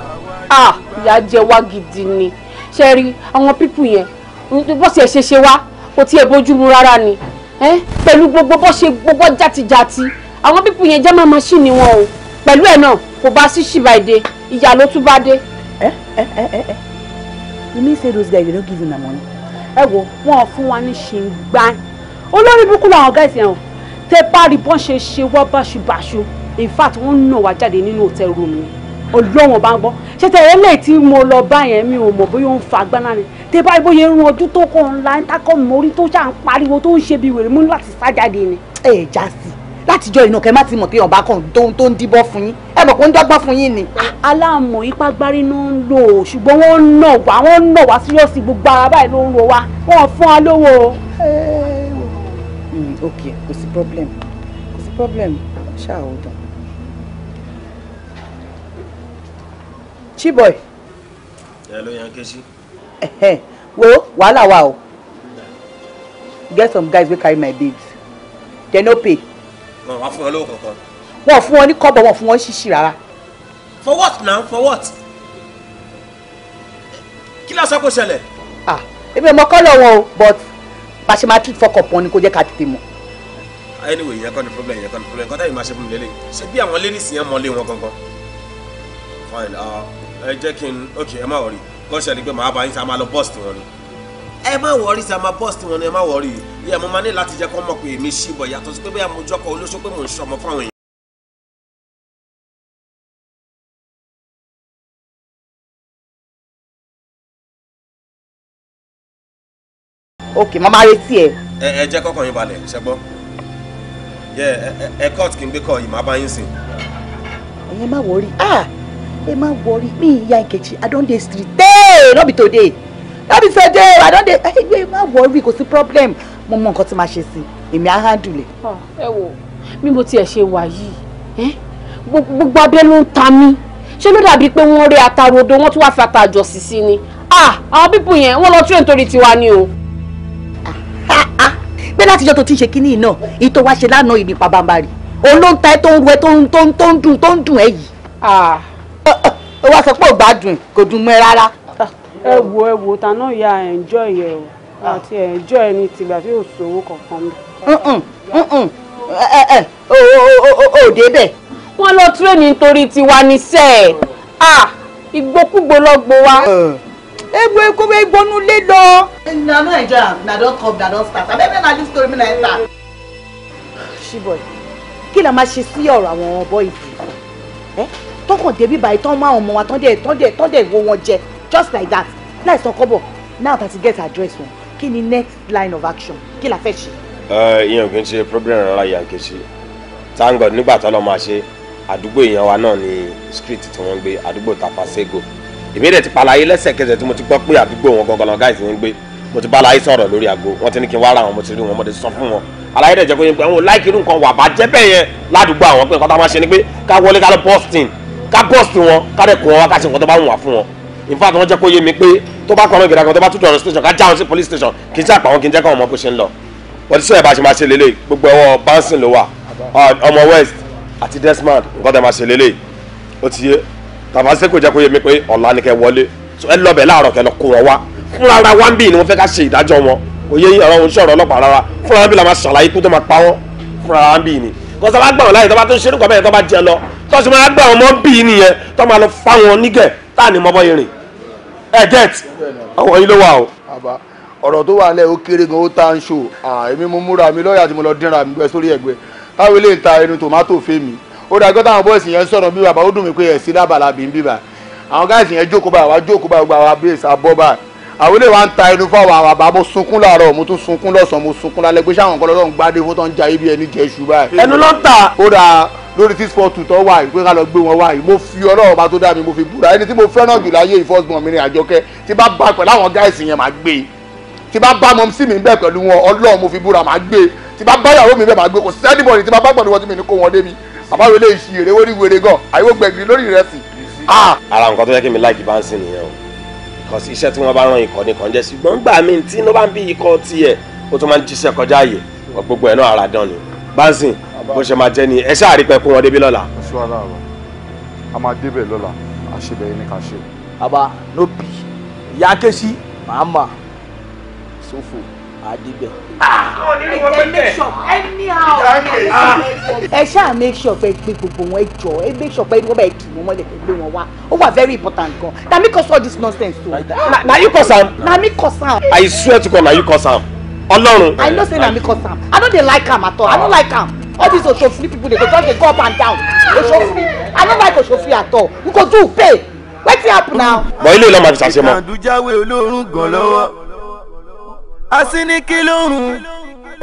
ah ìyá jẹ wá gidi ni ṣe rí àwọn pípù yẹn bọ́sẹ̀ ṣe ṣe wá kò tiẹ̀ bójú mu rárá ni pẹ̀lú gbogbo bó ṣe gbogbo játijàti àwọn pípù yẹn jẹ́ máa maṣíìnì wọn o pẹ̀lú ẹ̀ náà kò bá sí ṣìbàdé ìyá ló tún bá dé. ẹ ẹ ẹ ẹ you mean say those guys dey no give una money. ẹ wo wọn fún wa ní ṣe ń gbá olórí burúkú làwọn guys yẹn o tẹ rí bọ́n ṣe ṣe wọ́n báṣubàṣu in fact wọ́n ń nà wá jáde nínú hotel room ọlọ́wọ̀n bá ń gbọ́ ṣe tẹ̀ ẹ́lẹ̀ tí mo lọ bá yẹn mi ò mọ̀ bóyá ó ń fa agbára ni tẹ báyìí bóyá irun ọdún tó kọ̀ ńlá ń takọ̀ mórí tó ṣà ń pariwo tó ń ṣe bí wèrè mú láti sá jáde ni. ẹ ẹ já sí látijọ́ iná kẹ́ má ti mọ̀ pé ọba kan tó ń díbọ́ fún yín ẹ mọ̀ pé ó ń dọ́gbọ́n fún yín ni. aláàmọ̀ ipá gbárí ló ń lò ó ṣùgbọ́n wọ́n ń nà wá wọ́n ń nà wá síyọ̀sì gbogbo ara báyìí ló ń ro wá wọ́n fún wa lówó. ok kò sí problem kò sí problem ṣáà ó dán. Chiboy. ẹ ló yan kesi. wo wàhálà wa o get some guys wey carry my babes dem no pay. wọn wá fún wọn lówó kankan. wọn fún wọn ní kọ́bọ̀ wọn fún wọn ṣíṣí rárá. for what now for what. kí ló sọ kó ṣẹlẹ̀. ah ebi ọmọ kọ́lọ̀ wọn o but bá a ṣe máa treat fọkàn pọn ni kò jẹ́ ká tètè mọ̀ anyway yẹn kọ́ ni problem yẹn kọ́ ni problem kọ́tà yìí máa ṣe fún mi lélẹ̀ ṣé bí àwọn lé nísìnyẹn mọ́ lé wọn gangan fine. Uh, ẹ jẹ́ kí n ok ẹ má wọrí kọ́ṣẹ́ ni pé màá bá yín sá máa lọ bọ́ọ̀sì tiwọn ni ẹ má wọrí sí àmà bọ́ọ̀sì tiwọn ni ẹ má wọrí yìí ẹ mo máa ní láti jẹ́ kó mọ̀ pé èmi ṣì bọ̀ yàtọ̀ sí pé bẹ́ẹ̀ mo jọ́kọ̀ olóṣó pé mò ń ṣọmọ fáwọn èèyàn. ok màmá retí ẹ. ẹ ẹ jẹ́ kọ́kàn yín balẹ̀ ṣẹ́gbọ́ ẹ ẹ ẹ court kí n gbé kọ́ yìí má bá yín sìn. ẹ̀yin má wọrí ah ẹ má wọrí mi ìyá ìkejì i don dey street tey no be today no be today i don dey ẹ má worry kò sí problem mo mọ nǹkan tí màá ṣe sí èmi a handle. Ah, ẹ wo bí mo tiẹ̀ ṣe wà yìí eh, gbogbo abẹ́ ló ń ta mí ṣé ló dàbí pé wọ́n rí ataro odò wọ́n tún wá fi àtàjọ sí sí ni ah, àwọn pípù yẹn wọ́n lọ tún ètò orí tiwa ni o. Ah, pé láti ìjọ tó ti ń ṣe kínní náà èyí wa wá ṣe lánàá yìí nípa bàbá rẹ̀ òun ló ń ta ẹ́ tó ń ru ẹ́ tó ń dùn tó ń dùn ẹ́ yìí ó wá sọ pé ò gbádùn kò dùn mọ́ ẹ rárá. ẹ wo ẹ wo ta náà ya enjoy ẹ o àti enjoy ẹni tìgbà tí ò sówó kankan bẹ. ò débẹ̀ wọ́n lọ tírénì nítorí tiwa ní sẹ́ ẹ̀ ìgbókúgbó lọ́gbó wa. egbò egbò egbònú lé lọ. na no enjoy am na don come na don start abẹ́bẹ́ na this story mi na enter. ṣíbọ̀ kí la máa ṣe sí ọ̀rọ̀ àwọn ọ̀bọ ìdí tọkàn débi báyìí tán máa ọmọ wa tán dẹ̀ tán dẹ̀ tán dẹ̀ wo wọn jẹ just like that láì san kọ́bọ̀ now that you get address wọn kí ni next line of action kí la fẹ́ ṣe. ìyẹn ò kí n ṣe problem rárá ìyá Nkechi táǹgọ̀ nígbà tó lọ́ máa ṣe àdúgbò èèyàn wa náà ni street tí wọ́n ń gbé àdúgbò tapasego èmi dẹ̀ ti palaye lẹ́sẹ̀kẹsẹ̀ tí mo ti gbọ́ pé àdúgbò wọn gangan lọ́gá ìsìn ń gbé mo ti bá aláyé sọ̀rọ̀ lórí aago wọ́n ti ní kí n wá ra wọn mo ti rí wọn mo ti sọ fún wọn aláyé dẹ̀ jẹ́ pé àwọn láìkiri nǹkan wà bá jẹ́ bẹ́ẹ̀ yẹn ládùúgbò àwọn pé nǹkan tá a máa ṣe ni pé ká wọlé ká lọ posting ká bọ́ọ̀sì wọn ká dẹ̀ kó wọn wá ká ṣe nǹkan tó bá wù wá fún wọn in fact wọ́n jẹ́ kó yé mi pé tó bá pa àwọn ìgbéraga tó bá tún dọ̀rọ̀ station ká já wọn sí police station kì í ṣe àpà wọn kì í jẹ́ káwọn mọ bó ṣe ń lọ wọ́n ti sọ ìbáṣe máa ṣe lélẹ̀ gbogbo ẹwọ́ bouncing ló wà ọmọ west àti desmond nǹkan tẹ̀ máa ṣe lélẹ̀ ó ti yé tàbá ṣe kò jẹ́ kó yé mi pé ọ̀la ni kẹ́ wọlé ẹ lọ láàárọ̀ kẹ́ lọ kó wọn wá fúnra ara wa ń bì ni wọ́n fẹ́ ká ṣe ìdájọ́ wọn kò yé ọ̀rọ̀ oníṣẹ́ ọ̀rọ̀ ọlọ́pàá rárá fúnra ara bí la máa ṣàlàyé kó tó máa pa wọ́n fúnra ara ń tọ́sí máa gbà wọn mọ́ bí nìyẹn tọ́ máa lọ fáwọn nígẹ̀ tá à ní mọ́ bọ́yìí rìn ẹ get ọwọ́ yìí ló wà o. ọ̀rọ̀ tó wà lẹ̀ ó kéré gan ó tá ń ṣò èmi mo múra mi lọ́ọ̀yà tí mo lọ dínra mi gbẹ sórí ẹ̀gbẹ́ táwọn eléyìí ta ẹnu tòmátò mi. ó dàgbọ́ táwọn bọ́ọ̀sì yẹn sọ̀rọ̀ bí bàbá ó dùn mí pé ẹ̀sìn lábàlá bí bíbà àwọn gáàsì yẹn jókòó báyìí wá jókòó báyìí gba àwọn abẹ́ẹ̀sì abọ́ báyìí àwọn eléyìí wá ń ta ẹnu fáwọn àwọn àbá mo sunkún láàárọ̀ mo tún sunkún lọ́sàn-án mo lórí six four two tó wà yìí pé ká lọ gbé wọn wá yìí mo fi ọlọ́run bá tó dá mi mo fi búra ẹni tí mo fẹ́ràn jù láyé ìfọ́sùnmọ̀ mi ní àjọkẹ́ tí bá bá pẹ̀lú àwọn gáàsì yẹn máa gbé tí bá bá mọ́mísì mi bẹ́ẹ̀ pẹ̀lú wọn ọlọ́run mo fi búra máa gbé tí bá bá yàwó mi bẹ́ẹ̀ máa gbé kò sẹ́ni bọ̀dì tí bá bá pẹ̀lú wọn tí mi ní kó wọn débi bàbá mi lè ṣi èrè wórí wèrè gan àyíwó gbẹ̀gìrì lórí ìrẹsì. Ah! ara nǹkan tó yẹ kí mi láìkí bá ń sìn nìyẹn o kàn sí iṣẹ́ tí wọ́n bá rán ikọ̀ nìkan jẹ́ ṣùgbọ́n gbà mí tí inú bá ń bí ikọ̀ tiẹ̀ ó tún máa ń jíṣẹ́ kọjá àyè gbogbo ẹ̀ náà ara dán ni bá ń sìn bó ṣe máa jẹ́ ni ẹ ṣáà rí pẹ́ kó wọn débi lọ́la. oṣù aláàrọ̀ a máa débẹ̀ lọ́la àṣebẹ̀ yìí ni ká ṣe. bàbá nóbì ìyá kẹ́sí màmá sófò àdìgbẹ́. ẹ ṣáà make sure pé pé gbogbo wọn jọ ẹ make sure pé wọ́n bẹ̀ dì wọ́n mọ́lẹ̀ pé wọn wá ó wà very important gan na me cause all this nonsense o. na you cause am. na me cause am. I swear to God na you cause am. Ọlọ́run. I know say na me cause am I no dey like am at all I no like am all these osofri people dey go just dey go up and down osofri i no like osofri at all you go do pay wetin happen now. bọ ilé ìlànà àti sàṣemọ. ìkàndújáwé olórun gan lọ́wọ́ asínìkí lórun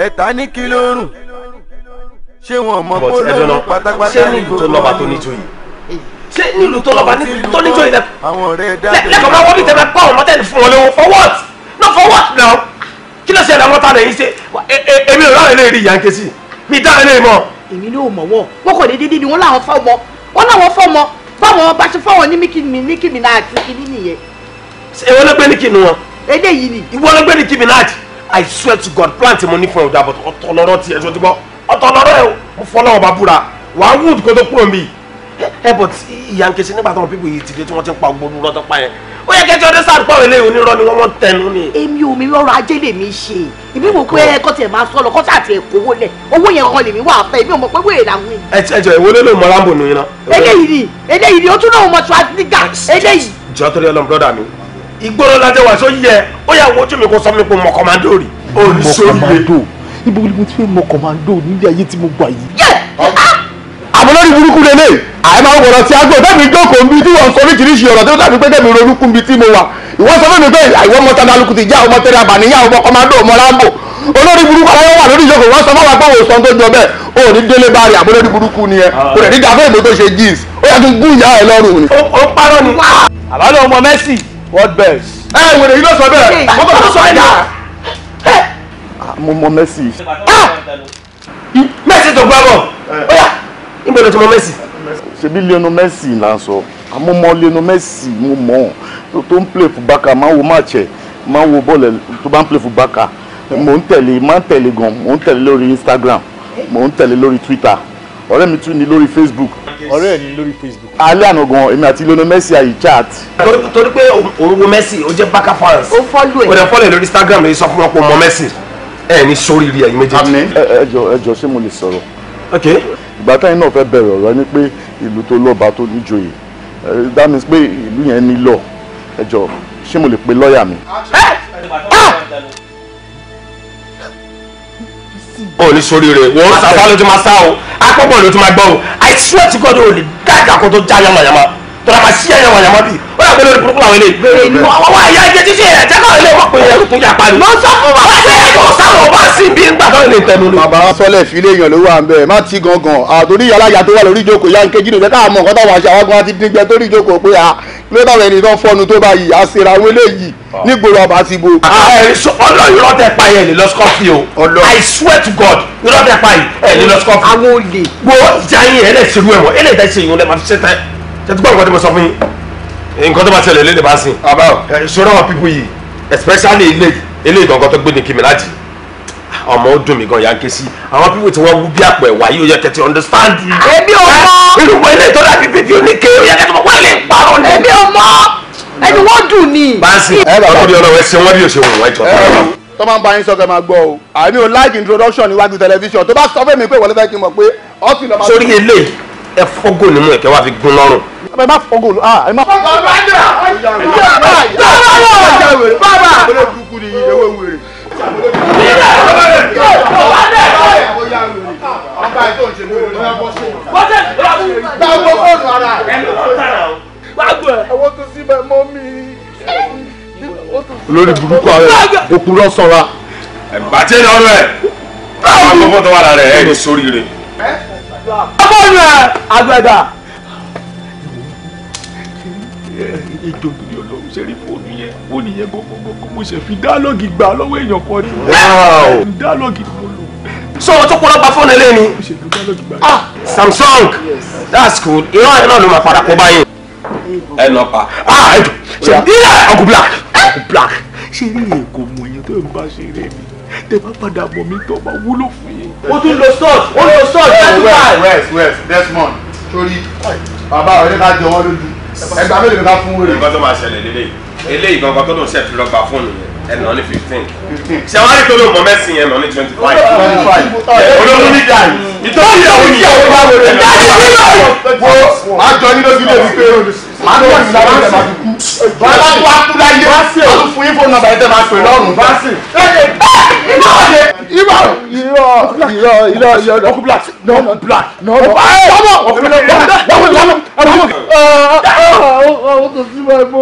ẹ̀ta ní kí lórun ṣé wọn mọ kó lórun pátápátá ṣé nílùú tó lọ́ba tó níjó yìí ṣé nílùú tó lọ́ba tó níjó yìí lẹ́kọ̀ọ́ máa wọ́n bí tẹ̀lé pa ọ̀rọ̀ mọ́tẹ́ni fún wọn lówó for what no for what now kí ló ṣe ẹ̀dá wọn ta lẹ́yìn ṣe e, e, èmi ò ráàyè lè rí ìyá mi dá ilé mọ. èmi ló mọ̀ wọ́ wọ́n kò déédéé ni wọ́n láwọn fọ́ ọmọ wọ́n láwọn fọ́ ọmọ báwọn bá ṣe fọ́wọ́n ní míkìmí níkìmí náà àti kìmí nìyẹn. ìwọ ló gbé ní kinu wọn. eléyìí ni. ìwọ ló gbé ní kìmí náà àti I swear to God plant mo ní fún ẹ̀ ọ̀dà ọ̀tọ̀ lọ́rọ̀ tiẹ̀ ṣọtí bọ́ ọ̀tọ̀ lọ́rọ̀ ẹ̀ mo fọ́ lọ́wọ́ bá búra wàá wúd kó tó kúrò níbí ẹ bọ̀ tí ìyá nkesi nígbà táwọn pípò yìí ti dé tí wọ́n ti pa gbogbo olùrọ̀ tó pa yẹn ó yẹ kẹ́tí ọdẹ sáà pọ̀ eléyìí onírọ́ ni wọ́n tẹnu ni. èmi ò mi rọrọ ajé lèmi ṣe ìbí mo pé ẹkọ tiẹ̀ máa sọ lọ kọ́ sáà tiẹ̀ kówó lẹ̀ owó yẹn kan lèmi wà fẹ́ èmi ò mọ̀ pé wéèrè làwọn èèyàn. ẹ ti ẹ jọ ìwé ló lè mọ rambo nù yín náà. eléyìí ni eléyìí ni ó tún náà mọ ṣáàtìgà eléyìí. jọ torí Ọlọ́run brọdà mi ìgboro lajẹ wà sọ yẹ ó yà wojú mi kó sọ mi pé mọ kọmando rí. mọ kọmando ibo ni mo ti fẹ́ mọ kọmando nílé ayé tí mo gbà yìí. yẹ olórí burúkú lélẹ̀ àyè máa ń wọ̀rọ̀ tí aago tẹ́mi jókòó nbí tí wọ́n sọ oríṣiríṣi ọ̀rọ̀ tó tàbí pé tẹ́mi ronúkú nbí tí mo wà ìwọ sọ fún pé àìwọ́ ọmọ tẹ́lẹ̀ ti já ọmọ tẹ́lẹ̀ àbàníyá ọmọ kọ́mádó ọmọ láńbò olórí burúkú aláwọ̀ wà lórí ìjókòó wọ́n sọ fún wa pé òòsàn tó jọ bẹ́ẹ̀ o ní délé bá àbólórí burúkú ni ẹ o rẹ̀ nígbà fún ah, ah! tó sọ ẹ̀ níbo ló ti mọ Messi. ṣebí Lionel Messi là ń sọ àmọ́ mọ Lionel Messi mo mọ̀ ọ́ tó ń play fún Barca máa wo match ẹ̀ máa wo bọ́ọ̀lù tó bá ń play fún Barca mò ń tẹ̀lé máa ń tẹ̀lé gan mò ń tẹ̀lé lórí Instagram mò ń tẹ̀lé lórí Twitter ọ̀rẹ́ mi tún ni lórí Facebook. ọ̀rẹ́ ẹ̀ ni lórí Facebook. alẹ́ àná gan èmi àti Lionel Messi àyè chat. torí pé orúkọ Messi ó jẹ́ Barca fans. O fọ́lù ẹ̀. ó dẹ̀ fọ́lù ẹ̀ lórí Instagram lè sọ fún ọ̀pọ̀ mọ́ Messi ẹ̀ ní sórí rí ẹ̀yin méjèèjì. ẹ jọ ẹ jọ ṣé mo lè sọ̀rọ̀ ìgbà táyìn náà fẹ́ bẹ̀rẹ̀ ọ̀rọ̀ ni pé ìlú tó lọ́ba tó níjòyè that means pé ìlú yẹn ní lọ ẹ jọ ṣé mo lè pe lọ́ọ̀yà mi. o lè ṣoríire wọ́n sábà ló ti máa sá o apọ́pọ̀ ló ti máa gbọ́ o i swear to God o lè dá ìdàkọ́ tó já yamayama tọ́lá ma ṣí ẹ̀yàn wàyàmọ́ bí ó lórí burúkú làwọn eléyìí. bẹ́ẹ̀ ìyá jẹ títí ẹ̀ jẹ́ káwọn eléyìí wọ́n pè é tó yà ni. mo fún wa wá sí ẹ̀yọ́ sáwọn ọba sí bí ńgbà tó lè tẹnu ni. bàbá sọlẹ̀ fílẹ̀ èèyàn ló wà ń bẹ̀ má ti gangan àtòrí yàrá yàtọ̀ wà lórí ìjókòó yá nkejì nìyẹn káà mọ̀ nǹkan ah, tó báyìí àṣírà àwọn eléyìí ti bo. Ah, ah, eh, ọlọ́run irọ́ pa yẹn lè lọ skọ́fì o I swear to God irọ́ tẹ pa yẹn lè lọ skọ́fì. àwọn olè. wo jẹ́ ayé ẹ̀ lẹ́sìn irú ẹ̀wọ̀ ẹ̀ lẹ́sìn irú ẹ̀ máa fi ṣe tán ṣe tí gbọ́ tí mo sọ fún yín nǹkan tó bá ṣẹlẹ̀ lẹ́nu bá ń sìn. àbá ìṣòro àwọn pípọ̀ yìí especially ilé ilé ìgbọ̀ngàn tó gbé kìmí láti ọmọ ó dùn mí gan yanke sí àwọn pípọ̀ tí wọ́n wú bí àpò ẹ̀wà yìí ó yẹ kẹ́tì understand. èmi ò mọ irúgbọ ilé ìtọ́jú àti bíbí oníke ó yẹ kẹ́tì mọ̀ wọ́n lè parọ́ ní. èmi ò ẹni wọ́n dùn máa ń bá yín sọ máa gbọ́ o àmì ò like introduction níwájú tẹlifíṣàn tó bá sọ fún mi pé wọlé fẹ́ kí n mọ̀ pé ọ́fìn lọ́ọ́ sórí ilé ẹ nínú ẹ̀kẹ́ wá fi gún lọ́rùn ẹ má fọ góòlù ah ẹ má fọ. bàbá àjà àjà àjà bàbá àbẹ̀lẹ̀ dúkú ni ewé wèrè. olórí burúkú ara òkúrọ sanra. ẹ bàjẹ́ lọ́rọ̀ ẹ̀ báwo ọmọ tó wà lára ẹ̀ ẹ̀ ní sóríire. ọmọ rẹ̀ àgbẹ̀dà ejò nílé olóhùn ṣe rí fóònù yẹn fóònù yẹn gbogbogbò mo ṣe fi dáálọ́gì gbà lọ́wọ́ èèyàn kan ni dáálọ́gì ni mo lò. sọ̀rọ̀ tó pọ̀lọpọ̀ fóònù ilé ni ah, Samsung that's good irọ́ ẹ̀ náà ló máa padà kó báyìí. Ah, ẹ nọ pa. ṣe ilé ọkùn black ọkùn black ṣe rí èkó mọ̀ yẹn tó ń bá ṣe rẹ̀ mi tẹ bá padà bọ̀ mi tó bá wúlò fún yín. ó tún lo salt ó lo salt. west west desmond sori bàbá ọ̀rẹ́ ká jọ wọ́n lójú ẹgbàá mélòó ni ká fún wèrè. nǹkan tó máa ṣẹlẹ̀ lélẹ̀ eléyìí gangan tó dùn sẹ́ẹ̀ fi lọ́gbà fóònù yẹn ẹ nọ ní fifteen ṣé wọn á rí tóló mọ mẹsìn yẹn nọ ní twenty five olóògùn ní dàn ìtọ́jú ìyàwó ní ìyàwó bá wọlé ní ìyàwó wo máa jọ nínú sílé mi pé máa tọ́ sí lábẹ́ ìjọba dùkú bàbá tó wá kú láyé wá sí ọ̀hún fún yín fóònù nọ́mbà ẹ̀ tẹ́ máa pè lọ́rùn bá sí. Ibà irọ́ irọ́ irọ́ irọ́ ọkú black nọ black nọ black ọmọ ọkú black ọmọ ọmọ ọmọ ọmọ ọmọ ọmọ ọmọ ọmọ ọmọ ọmọ ọmọ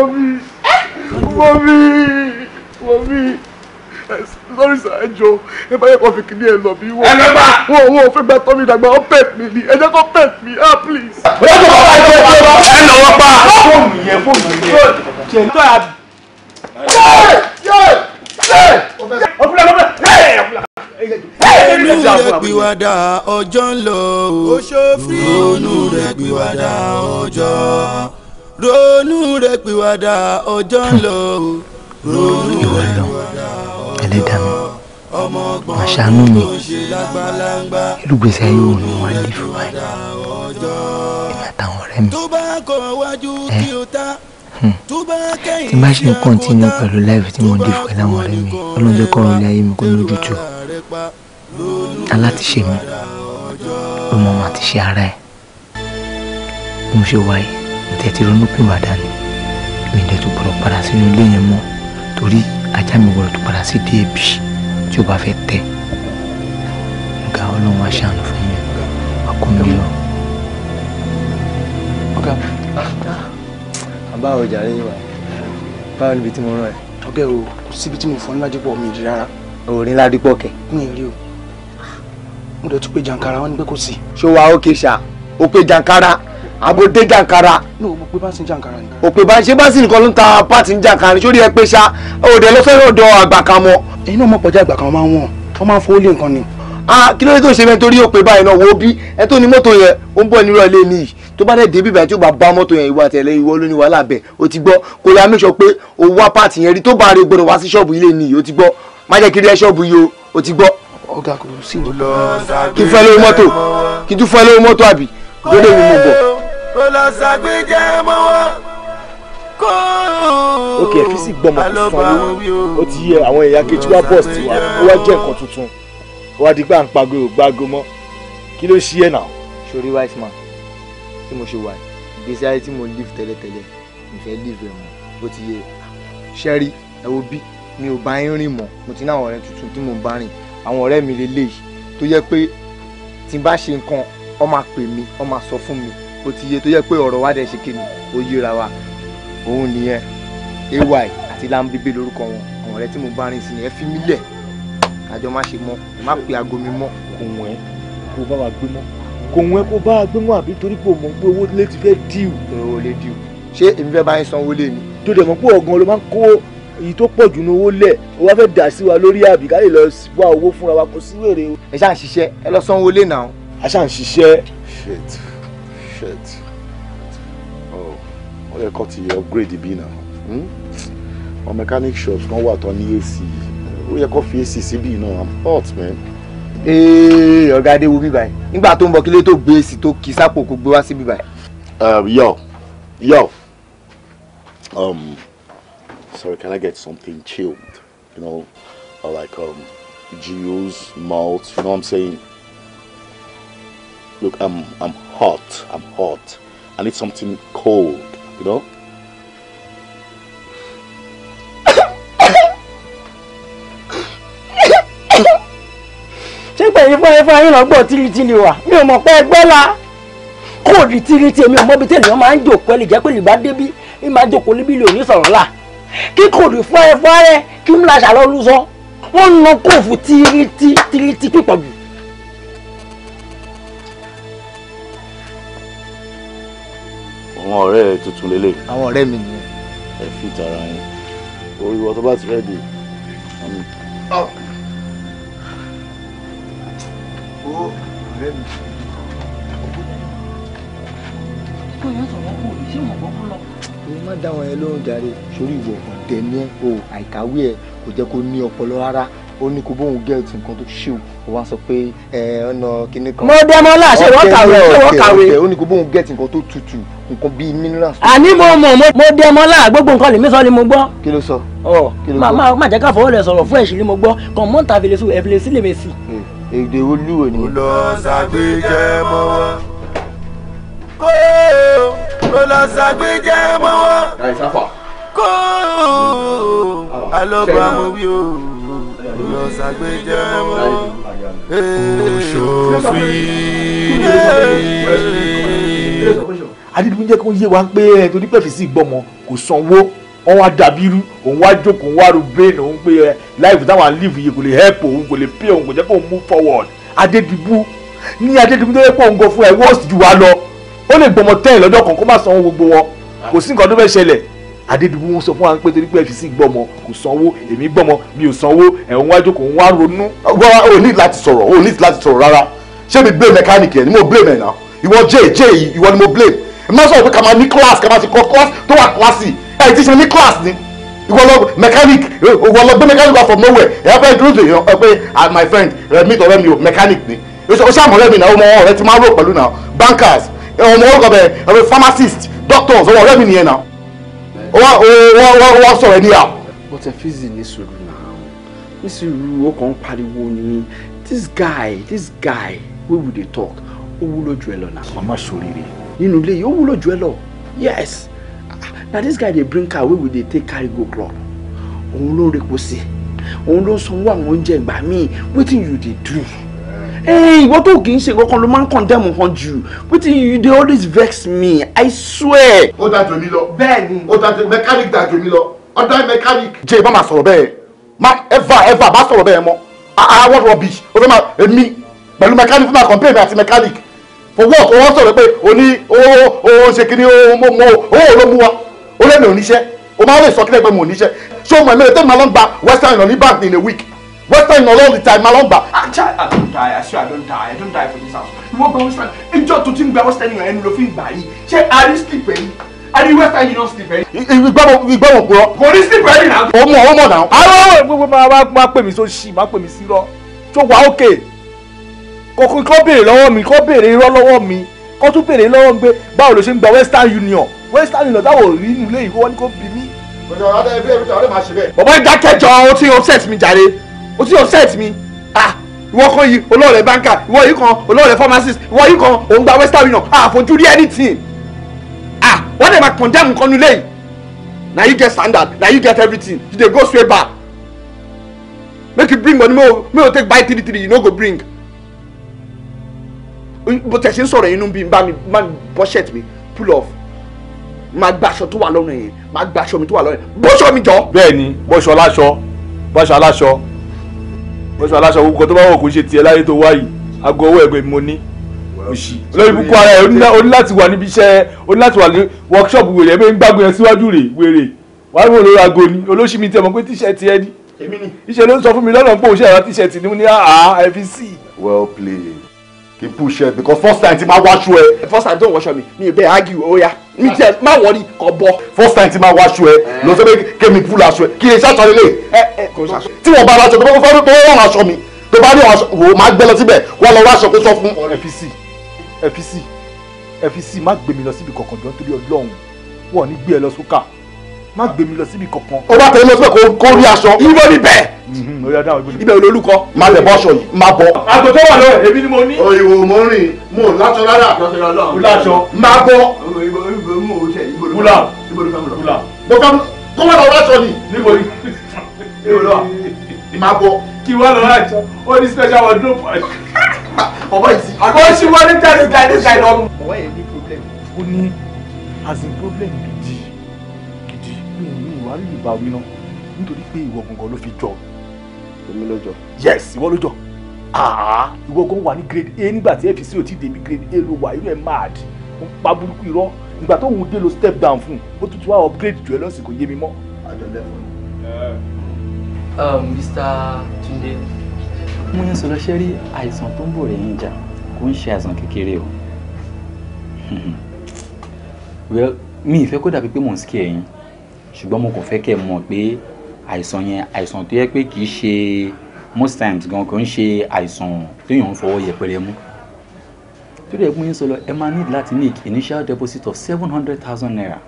ọmọ ọmọ ọmọ wọ́n rí lórí ṣáájú ẹ bá yẹ kó fi kìnìún ẹ lọ bí wọ́n. ẹ lọ bá. wọ́n wọ́n fẹ́ gba tọ́mí dàgbà ó pet mi ni ẹ jẹ́ kó pet mi ah please. bóyá kò bá ẹjọ́ ẹjọ́ lọ. ẹ nà wọ́n pa. fóònù yẹn fóònù yẹn. tiẹ̀ tó yà. yé yé yé. ọ̀fúnlẹ̀ ọ̀fúnlẹ̀ ọ̀fúnlẹ̀ ronú rẹ̀ gbìwàdà ọjọ́ ń lọ ronú rẹ̀ gbìwàdà ọjọ́ ronú rẹ̀ gbìwàdà ọjọ́ ń lọ ìwọ lọ ẹlẹ́dàá mi mà ṣàánú mi irúgbèsè ayé òun ni wọ́n á lè fún wa yìí èmi àtàwọn mi ẹ hmm, tí bá ṣe ń kọ́ntínú pẹ̀lú láìfì tí mo ń fún àwọn ọ̀rẹ́ mi ọlọ́run jẹ́ kọ́run ayé mi kó lójútu aláti ṣe mi ọmọ mà ti ṣe ara ẹ̀ bí mo ṣe wáyé mo ronú pìwàdà ni mi dẹ̀ tún padà sínú ilé yẹn mọ́ torí ajá mi wọ̀rọ̀ tó padà sí dé ebi tí o bá fẹ́ tẹ̀ ọ̀gá ọlọ́run aṣàánú fún mi ọkọ mi lọ. ọ̀gá àbá ọjà rẹ yìí wà báwo níbi tí mo rán ẹ. ọ̀gá o kò síbi tí mo fọ́ nílájúpọ̀ mi rí rárá. òòrìn ládùúgbò kẹ. mi rí o mo dẹ̀ tún pé jàǹkàrà wọn ni pé kò sí. ṣé wàá ó kè ṣá o pé jàǹkàrà àbòdé jàǹkàrà. ní o pé báńsì ń jàǹkàrà ni. o pé báńsì báńsì nìkan ló ń ta pàtì ń jàǹkàrà ni sórí ẹ pé ṣá òde ló fẹ́ràn ọ̀dọ̀ àgbà kan mọ́. ẹyin náà mọ̀ pọ̀já àgbà kan máa ń wọ̀n wọ́n máa ń fowó lé nǹkan ni. a kí ló dé tó ṣe bẹ́ẹ̀ torí o pé báyìí náà wo bí ẹ tó ní mọ́tò yẹn ó ń bọ̀ nírọ̀ ilé nìyí tó bá dẹ̀ débi báyìí tí ó bá bá mọ́tò yẹn ìwà tẹ̀lé ìwọ ló ní wàhálà bẹ̀ o ti gbọ́ kó yá make sure pé o wá pàtì yẹn rí tó bá rí gbọ́dọ̀ wá sí ṣọ́ọ̀bù ilé nìyí o ti gbọ́ má jẹ́ kiri ẹ ṣọ́ọ̀bù yìí o ti gbọ́. ọ̀gá kò sí ìwọ. kí fẹ́ lórí mọ́tò kí tún fẹ́ lórí mọ́tò àbí lóde mi mo bọ̀ kò lọ sàgbéjẹ́ mọ́wọ́ kó ok ẹ fi sí gbọmọ fún sanwó ó ti yẹ àwọn ẹ̀yà kejì wá bọ́ọ̀sì tiwa ó wá jẹ́ nǹkan tuntun ó wá di gbà ò gbágo mọ́ kí ló ṣí ẹ̀ náà. sori wise man tí mo ṣe wà ìgbésí ayé tí mo live tẹ́lẹ̀tẹ́lẹ̀ ìfẹ́ live ẹ̀ mọ́ ó ti yẹ ṣẹ́rí ẹ wo bí mi ò bá ń rìn mọ́ mo ti ní àwọn ọ̀rẹ́ tuntun tí mo bá rìn àwọn ọ̀rẹ́ mi lélẹ́yìí tó yẹ pé tí n bá ṣe nǹkan ó máa pè mí ó máa sọ fún mi ó ti yé tó yẹ pé ọ̀rọ̀ wa dẹ̀ ṣe kíni ó yíra wa òun nìyẹn ay àti lambebe lórúkọ wọn àwọn ọ̀rẹ́ tí mo bá rìn sí ẹ fi mí lẹ̀ àjọ má ṣe mọ́ ẹ má pe aago mi mọ́ kò wọ́n ẹ kó bá wa gbé mọ́ kò wọ́n ẹ kó bá wa gbé mọ́ àbí torí pé o mọ̀ pé owó lè ti fẹ́ díù. owó lè díù ṣé èmi fẹ́ bá yín sanwó lé mi. tó dẹ̀ mọ̀ pé ọ̀gán ló máa ń kó èyí tó pọ̀ jù ní owó lẹ̀ o wá fẹ́ dà sí wa lórí àbí ká lè lọ wá owó fúnra wa kó sí wèrè o. ẹ ṣáà ń ṣiṣẹ́ ẹ lọ sanwó lé náà. a ṣáà ń ṣiṣẹ́. shit shit oh ó yẹ kó ti upgrade bí náà hmm? wọn mechanic shops kan wà tán ní AC ó yẹ kó fi AC síbí náà i'm hot man. ee ọ̀gá adéwu bíbáyìí nígbà tó ń bọ̀ kílé tó gbé AC tó kì í sápò kó gbé wá sí bíbáyìí. yọ um, yọ um, sorry, can I get something chilled? You know, like um, juice, malt, you know what I'm saying? look, I'm, I'm hot. I'm hot. I need something cold, you know? ṣé pẹ̀lú fún ẹ̀fọ́ ayé lọ́gbọ́ tìrìtìrì wà mi ò mọ̀ pé ẹgbẹ́ la kò rí tìrìtì èmi ò mọ̀ bí tẹ̀lé máa ń jòkó ẹ lè jẹ́ pé lè bá débi ẹ máa jòkó níbi lè òní sọ̀rọ̀ là kí kò rí fún ẹ̀fọ́ ayé kí n la ṣàlọ́ lu sọ wọ́n na kóòfù tìrìtì tìrìtì pípọ̀ jù. àwọn ọ̀rẹ́ tuntun lélẹ̀. àwọn ọ̀rẹ́ mi nìyẹn. ẹ fi tara yín orí wọn tó bá ti rẹ́ẹ̀dì. ó ọ̀rẹ́ mi. kó yẹn sọ̀rọ̀ kó ìṣe dá wọn yẹn lóhùn jàre sórí ìwọ ọ̀dẹ̀ ni ẹ o àìkàwé ẹ kò jẹ́ kó ní ọpọlọ rárá ó ní kó bóun gẹ́ẹ̀tì nǹkan tó ṣe ò wá sọ pé ọ̀nà kinní kan. mo dẹ mọ́lá ṣé wọ́n kàwé ṣé wọ́n kàwé. ó ní kó bóun gẹ́ẹ̀tì nǹkan tó tutù nǹkan bíi minerals. àní mo mọ̀ mo dẹ mọ́lá gbogbo nǹkan lèmi sọ ni mo gbọ́. kí ló sọ. ọ máa máa jẹ́ ká fọwọ́ rẹ̀ sọ̀rọ̀ fún ẹ̀ṣin ni mo gbọ́ kàn mọ́ta fèrèsé ẹ̀fẹ̀lẹ̀sí lèmi sí. èdè olúwo ni. lọ sàgbéjẹ́ mọ́ wọn kó ló lọ sàgbéjẹ́ mọ́ wọn kó alọ́gbàmù bí o. Ah, lọ ṣàgbéjẹ mọ́ ṣòfin. adídùn jẹ́ kó yé wa pé ẹ torí pẹ̀fì sí gbọ́mọ kò sanwó wọ́n wá dàbírú òun wá jókòó òun wá ru brain òun pé ẹ láìpẹ́ táwọn àlìfù yìí kò lè help òun kò lè pay òun kò jẹ́ kó move forward adédìbú ní adédìbú tó yẹ kó ń gọ fún ẹ worst jù wá lọ ó lè gbọmọ tẹ́yìn lọ́jọ́ kan kó má sanwó gbogbo wọn kò sí nǹkan tó fẹ́ ṣẹlẹ̀ adédìbò wọn sọ fún wa pé torí pé ẹ fi sí gbọmọ kò sanwó èmi gbọmọ mi ò sanwó ẹ̀hún wájú kò ń wá ronú. wá o ní láti sọ̀rọ̀ o ní láti sọ̀rọ̀ rárá ṣé mi blame mechanic yẹn ni mo blame ẹ̀ náà ìwọ jẹ́ jẹ́ yìí ìwọ ni mo blame ẹ̀ má sọ̀rọ̀ pé ká máa ní class ká máa ti kọ́ class tó wà classy ẹ̀ ti ṣe ní class ni ìwọ lọ mechanic ìwọ lọ gbé mechanic wa from nowhere ẹ̀ fẹ́ dúró dè yàn pé ah, my friend remi tọ̀rẹ́ mi o mechanic ni o ṣàmọ̀rẹ́ mi náà ọmọ ọ̀rẹ́ ti máa rò pẹ̀lú náà bankers ọmọ orúkọ bẹ̀ pharmacist doctors ọmọ ọ̀rẹ́ mi nìyẹn náà wọ́n sọ̀rọ̀ ẹni à. but efizi ní sùúrù náà ní sùúrù ó kàn ń pariwo ni this guy this guy wey we dey talk ó wúlò jù ẹ lọ náà. mama sorire. nínú ilé yìí ó wúlò jù ẹ lọ yes na this guy dey bring car wey we dey take carry go club òun ló ń repo sí òun ló ń sanwó àwọn oúnjẹ ìgbà míì wetin you dey do. Hey, what do you í ṣe kankan ló máa ń condemn nǹkan jù. Wetin you they always vex me, I swear. Ó da jòmí lọ. Ben. Ó that jòmí mechanic that da jòmí lọ. Ọ̀dà mechanic. Jẹ́ ìbá máa sọ̀rọ̀ bẹ́ẹ̀. Má ever ever bá sọ̀rọ̀ mo. mọ́. Ah, ah what rubbish. O that me? But the mechanic fún ma complain àti mechanic. For work, oh, wọ́n sọ̀rọ̀ oh, o oh, oh, o oh, kí ni o mo mo oh, ò ló oh, wa. O lẹ́nu oníṣẹ́. oh, máa lè sọ kí lẹ́gbẹ̀ẹ́ mo oníṣẹ́. Ṣé o mọ̀ ẹ̀mẹ́rẹ́ tẹ́lẹ̀ máa lọ gba Western Union ní bank in a week? western all the time malongba. acha ah, i don die i swear i don die i don die for this house iwọ gba western ijọ tuntun gba western yẹn ẹni ló fi gbà yìí ṣé ari sleep ẹyin ari western yìí no sleep ẹyin. ìgbọ́mọ̀ kúrọ́. kò ní sleep ẹyin náà. o mọ̀ o mọ̀ náà. àwọn gbogbo máa wá máa pè mí sóṣì máa pè mí sí rọ tó wà ókè kò kò béèrè lọ́wọ́ mi kò béèrè irọ́ lọ́wọ́ mi kò tún béèrè lọ́wọ́ mi pé báwo ló ṣe ń gba western union western union táwọn ò rí nílé ìkó wọn ni kò bí mí. bọ̀dọ̀ ọ̀dọ̀ ẹgbẹ́ mi tọ̀ ọ́ lè máa ìdákẹ́jọ́ ohun tí o set mi jàre o ti upset mi ah ìwọ kan yìí olóòrè banker ìwọ yìí kan olóòrè pharmacist ìwọ yìí kan òun gba western union ah àfojú rí anything ah wọ́n dẹ̀ máa condemn nǹkan nulẹ̀ yìí na you get standard na you get everything you dey go straight back make you bring money may you take buy three three you no go bring bó tẹ̀ sí ń sọ̀rọ̀ inú bí n bá mi bá mi bọ́ mi pull off máa gba aṣọ tó wà lọ́rùn yẹn máa gba aṣọ mi tó wà lọ́rùn yẹn bọ́ṣọ mi jọ. bẹ́ẹ̀ni bọ́ṣọ aláṣọ bọ́ṣọ aláṣọ wọ́n sọ aláṣọ owó kan tó bá wọ̀ kó ṣe tiẹ̀ láyé tó wáyìí aago owó ẹgbẹ́ mo ní òṣì lórí ibùkún ara ẹ̀ o ní láti wà níbi iṣẹ́ o ní láti wà ní workshop wèrè ẹ̀mí gbàgbé yẹn síwájú rè wèrè wàá wò lórí aago ni olóṣì mi tiẹ̀ mọ̀ pé tíṣẹ̀tì ẹ ní iṣẹ́ ló ń sọ fún mi lọ́nà pé òṣì àrà tíṣẹ̀tì ni mo ní àá ah, ah, ẹ̀fí sí. well played keep pushing because first time ti ma wáṣọ ẹ. first time don wáṣọ mi mi ò bẹ́ẹ̀ argue ó yá mi tiẹ̀ má wọrí kọ bọ. first time ti máa wá aṣọ ẹ eh. lọ sọ pé kémi pull aṣọ ẹ kí ni sátọ nílé ẹ tí wọn bá aṣọ tó bá fẹ́ tó wọ́n aṣọ mi tó bá ní aṣọ wò má gbẹ lọ síbẹ̀ wọ́n lọ wá aṣọ kó sọ fún. fc e fc e fc e má gbé mi lọ síbi kọ̀ọ̀kan jọ nítorí ọlọ́run wọn ò ní má gbé mi lọ síbi kankan. ó bá tẹ̀lé lọ kó rí aṣọ. ibo ni bẹ́ẹ̀. Mhm, ibẹ̀ olólùkọ́. má lè bọ́ aṣọ yìí má bọ́. àgbo tó wà lọ́wọ́ èmi ni mo ní. òyìnbó mo rìn mo láṣọ rárá. láṣọ má bọ́. wúlà wúlà. kó má lọ láṣọ ni. níbo ni. má bọ́. kí wọ́n lọ láṣọ ó ní special wardrobe. ọ̀bọ̀ ìsìn. àkọ́ṣe wọn ní tẹ́lifíà ní ìsìn. ọ̀bọ̀ yẹn ní problem. ó ní as in problem bí wàá rí ìbá omi náà nítorí pé ìwọ gangan ló fi jọ. èmi ló jọ. yes ìwọ ló jọ ìwọ gan wà ní grade a nígbà tí fc ò ti dèbí grade a ló wà irú ẹ mad ó ń pa burúkú irọ́ nígbà tó òun dé ló step down fún un ó tuntun wá upgrade jù ẹ lọ́sìn kò yé mi mọ́. Mr. Um, Tunde mo ní sọlọ ṣe rí àìsàn tó ń bò rẹ̀ yín jà kò ń ṣe àìsàn kékeré o well mi ìfẹ́ kó dàbí pé mò ń sikẹ́ ẹ̀yìn ṣùgbọ́n mo kàn fẹ́ kẹ́ ẹ mọ̀ pé àìsàn yẹn àìsàn tó yẹ pé kì í ṣe most times gan kò ń ṣe àìsàn téèyàn ń fọwọ́ yẹpẹrẹ mú tó dẹ̀ gbóyún sọ lọ ẹ need láti ní initial deposit of seven hundred thousand naira.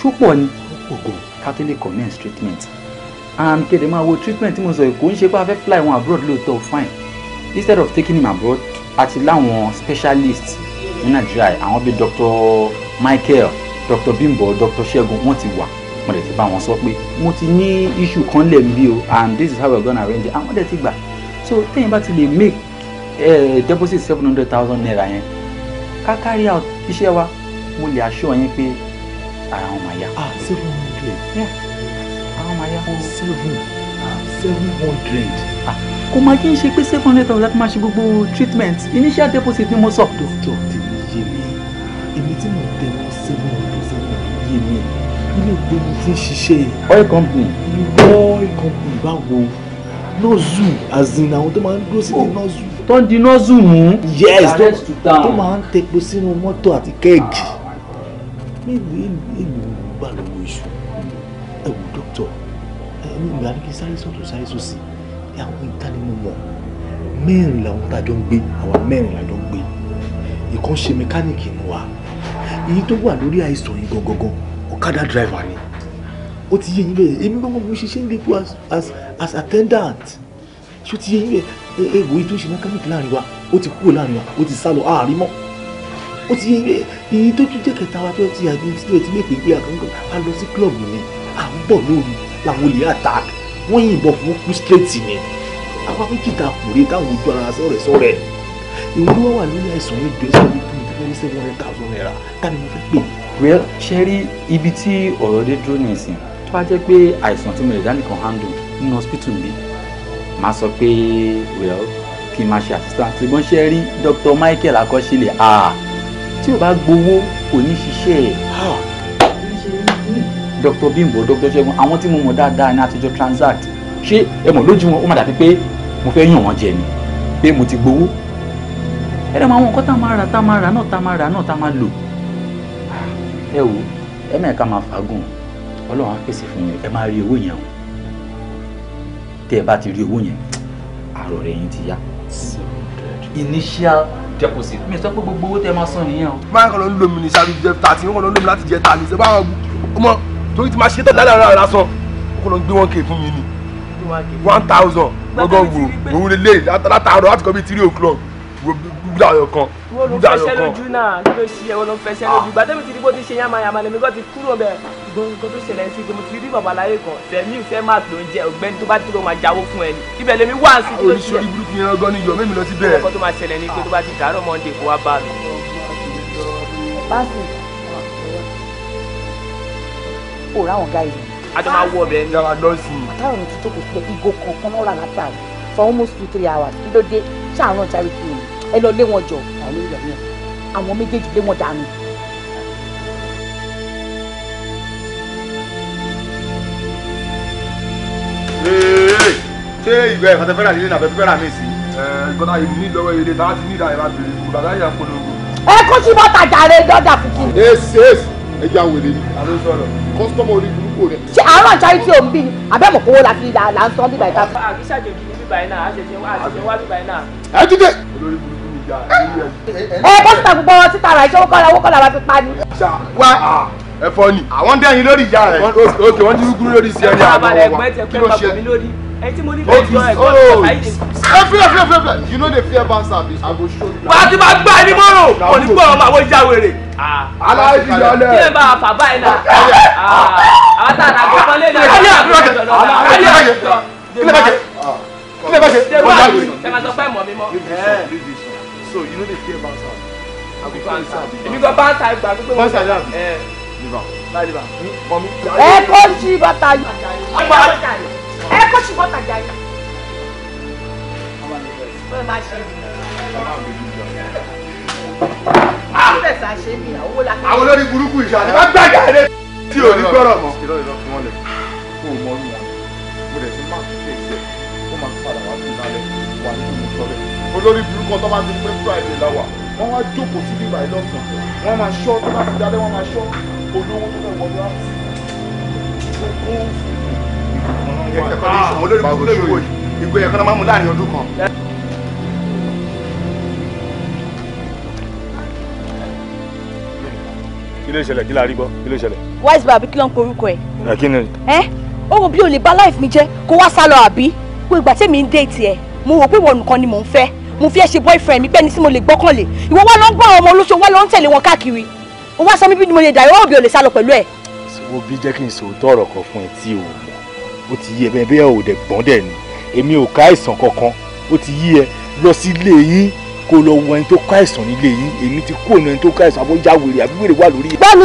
ṣùpọ̀ ni oògùn catholic commence treatment and kéde máa wo treatment tí mo sọ kò ń ṣe pé a fẹ́ fly one abroad lóòótọ́ fine instead of taking him abroad àti láwọn specialists ní nàìjíríà àwọn bíi Dr. Michael dr bimbo dr segun wọn ti wà wọn dẹ̀ ti bá wọn sọ pé mo ti ní issue kan lẹ̀ ń bí o and this is how we gonna arrange it àwọn dẹ̀ ti gbà so tẹ́yìn bá ti lè make uh, deposit seven hundred thousand naira yẹn ká carry out iṣẹ́ wa mo lè assure yín pé ara wọn máa yá. ah seven hundred. ara wọn máa yá. seven ah, seven hundred. Ah, kò máa kí n ṣe pé seven hundred thousand láti máa ṣe gbogbo treatment initial deposit ni mo sọ. doctor ti ní yé mi èmi tí mo tẹnu seven ọdún seven ọdún yé mi ilé ìgbé mo ti ṣiṣẹ́ oil company ìwọ oil company báwo nọ́ọ̀zù àzìn àwọn tó máa ń dúró síbi oh. nọ́ọ̀zù. tó ń di nọ́ọ̀zù mú. yes tó máa ń tepo sínú mọ́tò àti kẹ́ẹ̀gì. mélòó èlò gbà lọ́wọ́ iṣu ẹ wò dókítà ẹni ìgbà ní kí sáré sọ́tún sáré sọ́sì ẹ àwọn ìtànímọ̀ mọ̀ mẹ́rin làwọn tá a jọ ń gbé àwa mẹ́rin la jọ ń gbé ìkànṣe mẹkáníìkì ni wa èyí tó wà lórí àìsàn yìí gangan ọ̀kadà driver ni ó ti yé yín bẹ́ẹ̀ èmi gbọ́ngàn mo ṣiṣẹ́ nílé fún as as attendant ṣó ti yé yín bẹ́ẹ̀ egbò yìí tó ń ṣe mechanic láàrin wa ó ti kúrò láàrin wa ó ti sá lọ àárín mọ́ ó ti yé yín bẹ́ẹ̀ èyí tó tún jẹ́ kẹta wa tó ti àgbẹ̀ sílẹ̀ ti lè pè pé àkànkàn á lọ sí club ni à ń bọ̀ lóru làwọn olè attack wọ́n yìnbọn fún kú straight ni àwa méjì ta kùrẹ́ táwọn ojú ní seven hundred thousand naira ká mo fẹ́ pè. well ṣe rí ibi tí ọ̀rọ̀ dé dúró ní ìsìn tó bá jẹ́ pé àìsàn tí mo lè dání handle nínú hospital mi máa sọ pé well kí n máa ṣe assistant ṣùgbọ́n ṣe rí Dr. Michael akọ́ṣílẹ̀ ah tí o bá gbowó kò ní ṣiṣẹ́ ẹ̀ Dr. Bimbo Dr. Ṣẹ́gun àwọn tí mo mọ̀ dáadáa ní àtijọ́ transact ṣé ẹ mọ̀ lójú wọn ó má dàbí pé mo fẹ́ yàn wọ́n jẹ ni pé mo ti gbowó ẹ dẹ̀ mọ àwọn nǹkan tá a máa rà tá a máa rà náà tá a máa rà náà tá a máa lò ẹ wò ẹ mẹ́ẹ̀ká máa fagùn ọlọ́run á pèsè fún yín ẹ máa rí owó yẹn o tí ẹ bá ti rí owó yẹn àrò rẹ yín ti yá. initial deposit mi sọ pé gbogbo owó tẹ máa san nìyẹn o. báyọ̀ kan ló ń lo mi ní sáré jẹ tàtí wọn kan ló ń láti jẹ tàní ṣe báwọn ọmọ torí ti máa ṣe tó dáadáa rárá ó kọ́ ló gbé one k fún mi ni one thousand gbọ́dọ̀ wò òun lè lè látàárọ̀ láti kọ́ bí three o'clock dayọ̀ kan dayọ̀ kan. lójú náà kí ló ṣe ẹ̀wọ̀n ló fẹsẹ̀ ah. lójú gbàtẹ́ mi ti rí bó ti ṣe yamayama lèmi kò ti kúrò bẹ́ẹ̀ gbọ̀ngàn tó ṣẹlẹ̀ sí gbọ̀ngàn ti rí babaláyé kan sẹ́mi ìfẹ́ máa tó ń jẹ ọ̀gbẹ́ni tó bá ti rò máa jáwó fún ẹni ibẹ̀ lèmi wá sí kí oríṣiríṣi burúkú yẹn gan ni yọ mẹ́mi lọ sí bẹ́ẹ̀. ọkọ tó máa ṣẹlẹ̀ for almost two three hours kí ló dé ṣáà náà jáwé kiri ẹ lọ lé wọn jọ àwọn méjèèjì lé wọn dànù. ṣé ìgbẹ́ ìfọ̀tẹ́ fẹ́ràn ilé nàbẹ́ fẹ́ràn mi sí. ìkọ́tà ìlú nílọ́wọ́ ilé tá a ti ní ìdá ìlà bèrè kù bàbá ìyá polongo. ẹ kó sí bọ́tà jàre dọ́dà fúkì. èsì èsì ẹja wèrè ni. àló sọ̀rọ̀. kọ́sítọ́mù orí burúkú rẹ̀. ṣé àárọ̀ charity ò ń bí abẹ́mọ̀ kówó la fi là ń sọ bíbá àbí ṣàjèjì ní bíbá iná àṣẹṣe wá bíbá iná. ẹ ẹ bọ́ síta gbogbo ọ̀rọ̀ síta rà iṣẹ́ owó kọ́ra owó kọ́ra wa fi pa ni. wá ẹ̀fọ́ ni àwọn dẹ́yìn lórí ìyá rẹ̀ òkè wọ́n ti rúgú lórí sí ẹni àwọn ọmọ wa kí ló ṣe ẹtí mo ní bẹ́ẹ̀ jọ ẹ̀gbọ́n bàbá yìí. ẹ fẹ́ fẹ́ fẹ́ fẹ́ you know the fear ban service i go show you. wàá ti máa gbá ẹni mọ́rò kò ní gbọ́ ọmọ àwọn ìjà wèrè. aláìsí yọlẹ. kí lè bá a fà báyìí náà. àwọn tá a nà gbọ́ lé lọ. kí lè bá jẹ kí lè bá jẹ kí lè bá jẹ. ṣé wàá sọ pé mọ̀ mi mọ́ so you no dey fear bouncer. àbí bouncer àbí. èmi gan bouncer àgbà pípé wọn. bouncer àbí. ẹ liba. liba mi mọ mi. ẹ kó ṣí bàtà yìí. ẹ kó ṣí bàtà yìí. wọ́n máa ṣe é. àwọn olórí burúkú ìṣá ni wọ́n gbàgbà ẹ̀rẹ́ tí ò ní gbọ́rọ̀ mọ́. ìrọ̀ ìrọ̀ fún wọn lẹ̀ kó o mọ̀ ọ́nù wọn. mo dẹ̀ ti máa fi fèsì ẹ̀ kó máa padà wá fún ìdálẹ́ wà nínú ìṣọ́lẹ̀ olórí burúkú tó bá ti pé friday la wà wọ́n wá jókòó síbi ìbàdí lọ́sàn wọ́n máa ṣọ́ tó bá ti dalẹ́ wọ́n máa ṣọ́ olówó tó lọ wọlé wá sí i. ẹ̀kọ́ ní máa mú láàrin ọdún kan. kí ló ṣẹlẹ̀ kí la rí gbọ́ kí ló ṣẹlẹ̀. wise baby kí ló ń korúkọ ẹ. ẹ kí ni. ẹ ó wo bí o bá life jẹ kó wá sá àbí gbogbo ìgbà tèmi ń dé tiẹ̀ mo wò pé wọn nìkan ni mò ń fẹ́ mo fi ẹ́ ṣe boyfriend mi bẹ́ni tí mo lè gbọ́kànlé ìwọ wá lọ ń gbọ́ àwọn ọmọ olóṣò wá lọ ń tẹ̀lé wọn káàkiri ó wá sọ mí bí mo lè dàrú òbí ò lè sá lọ pẹ̀lú ẹ̀. wo bí jẹ́ kí n sòótọ́ ọ̀rọ̀ kan fún ẹ tí o mọ̀ ó ti yí ẹ bẹ́ẹ̀ bẹ́ẹ̀ ò dẹ̀ gbọ́n dẹ̀ ni èmi ò ká àìsàn kankan ó ti yí ẹ lọ sí ilé yín kó lọ wo ẹni tó ká àìsàn nílé yín èmi ti kó ẹni tó ká àìsàn àbójá wèrè àbí wèrè wà lórí. gbọ́nu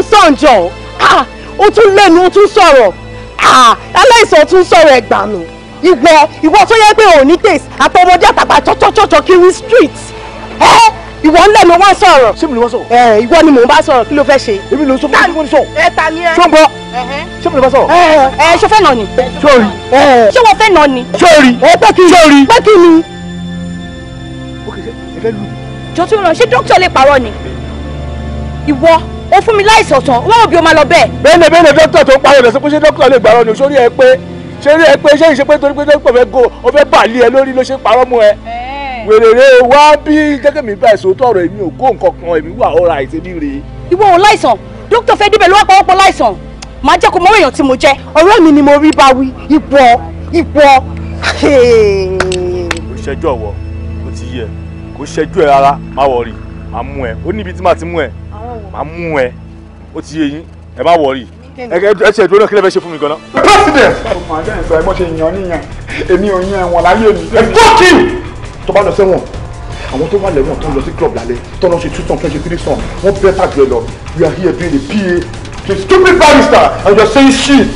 ah, sọ̀njọ́ ìwọ ìwọ tó yẹ pé òní tèsí àtọmọdé àtàgbà tọ́tọ́tọ́tọ́ kiri street ẹ ìwọ ń lẹ́nu wá sọ̀rọ̀. sẹ́mi ni wọ́n sọ̀rọ̀. ẹ ìwọ ni mò ń bá sọ̀rọ̀ kí ló fẹ́ ṣe. èmi ló ń sọ fún mi wọ́n sọ. ẹ ta ni ẹ. sọ́nbọ sẹ́mi ni wọ́n sọ̀rọ̀. ẹ ẹ ṣe fẹ́ nà ni. sórí. ṣé wọ́n fẹ́ nà ni. sórí. ẹ pé kí ni. sórí. pé kí ni. ok ẹ fẹ́ lù. jọ tún ràn ṣé dókítà lè pààrọ̀ ni. ìwọ ó fún mi láìsọ̀tàn wọ́n ò bí o máa lọ bẹ́ẹ̀. bẹ́ẹ̀ ni bẹ́ẹ̀ ni dókítà tó pààrọ̀ rẹ̀ sọ pé ṣé dókítà lè gbàrọ̀ ni òṣèré ẹ pé ṣé rí ẹ pé ṣé ìṣe pé torí pé tó pọ̀ fẹ́ go ó fẹ́ bàálí ẹ lórí ló ṣe parọ́ mọ́ ẹ wèrèrè wá bí gẹ́gẹ́ mi bá ẹ̀sọ́ tọrọ èmi ò kó nǹkan kan èmi wà ọ̀rọ̀ àìsè mi rèé. ìwọ ò láìsàn dókítà fẹ́ débẹ̀ ló wá pawọ́pọ̀ láìsàn màá jẹ́ kó mọ èèyàn tí mo jẹ́ ọ̀rẹ́ mi ni mo rí bá wí ipò ipò. kò ṣẹjú ọwọ kò ti yẹ kò ṣẹjú ẹ rárá má wọrí má mú ẹ ó níbi tí má ti mú ẹ má mú ẹ ó ti yẹ yín ẹ má wọrí ẹ ṣe ìdúró náà kí lè fẹ́ ṣe fún mi gan-an. president. ọmọ àgbẹ̀ ìgbà ẹ̀gbọ́n ṣe yàn níyàn èmi ò yan ẹ̀wọ̀n láyé mi. ẹ gbọ́kì. tó bá lọ sẹ́wọ̀n àwọn tó wà lẹ́wọ̀n tó ń lọ sí club lálẹ́ tó lọ ṣe two song twenty three song wọ́n bẹ́ tàgbẹ́ lọ you are here being a PA to stupid barrister and you are saying shit.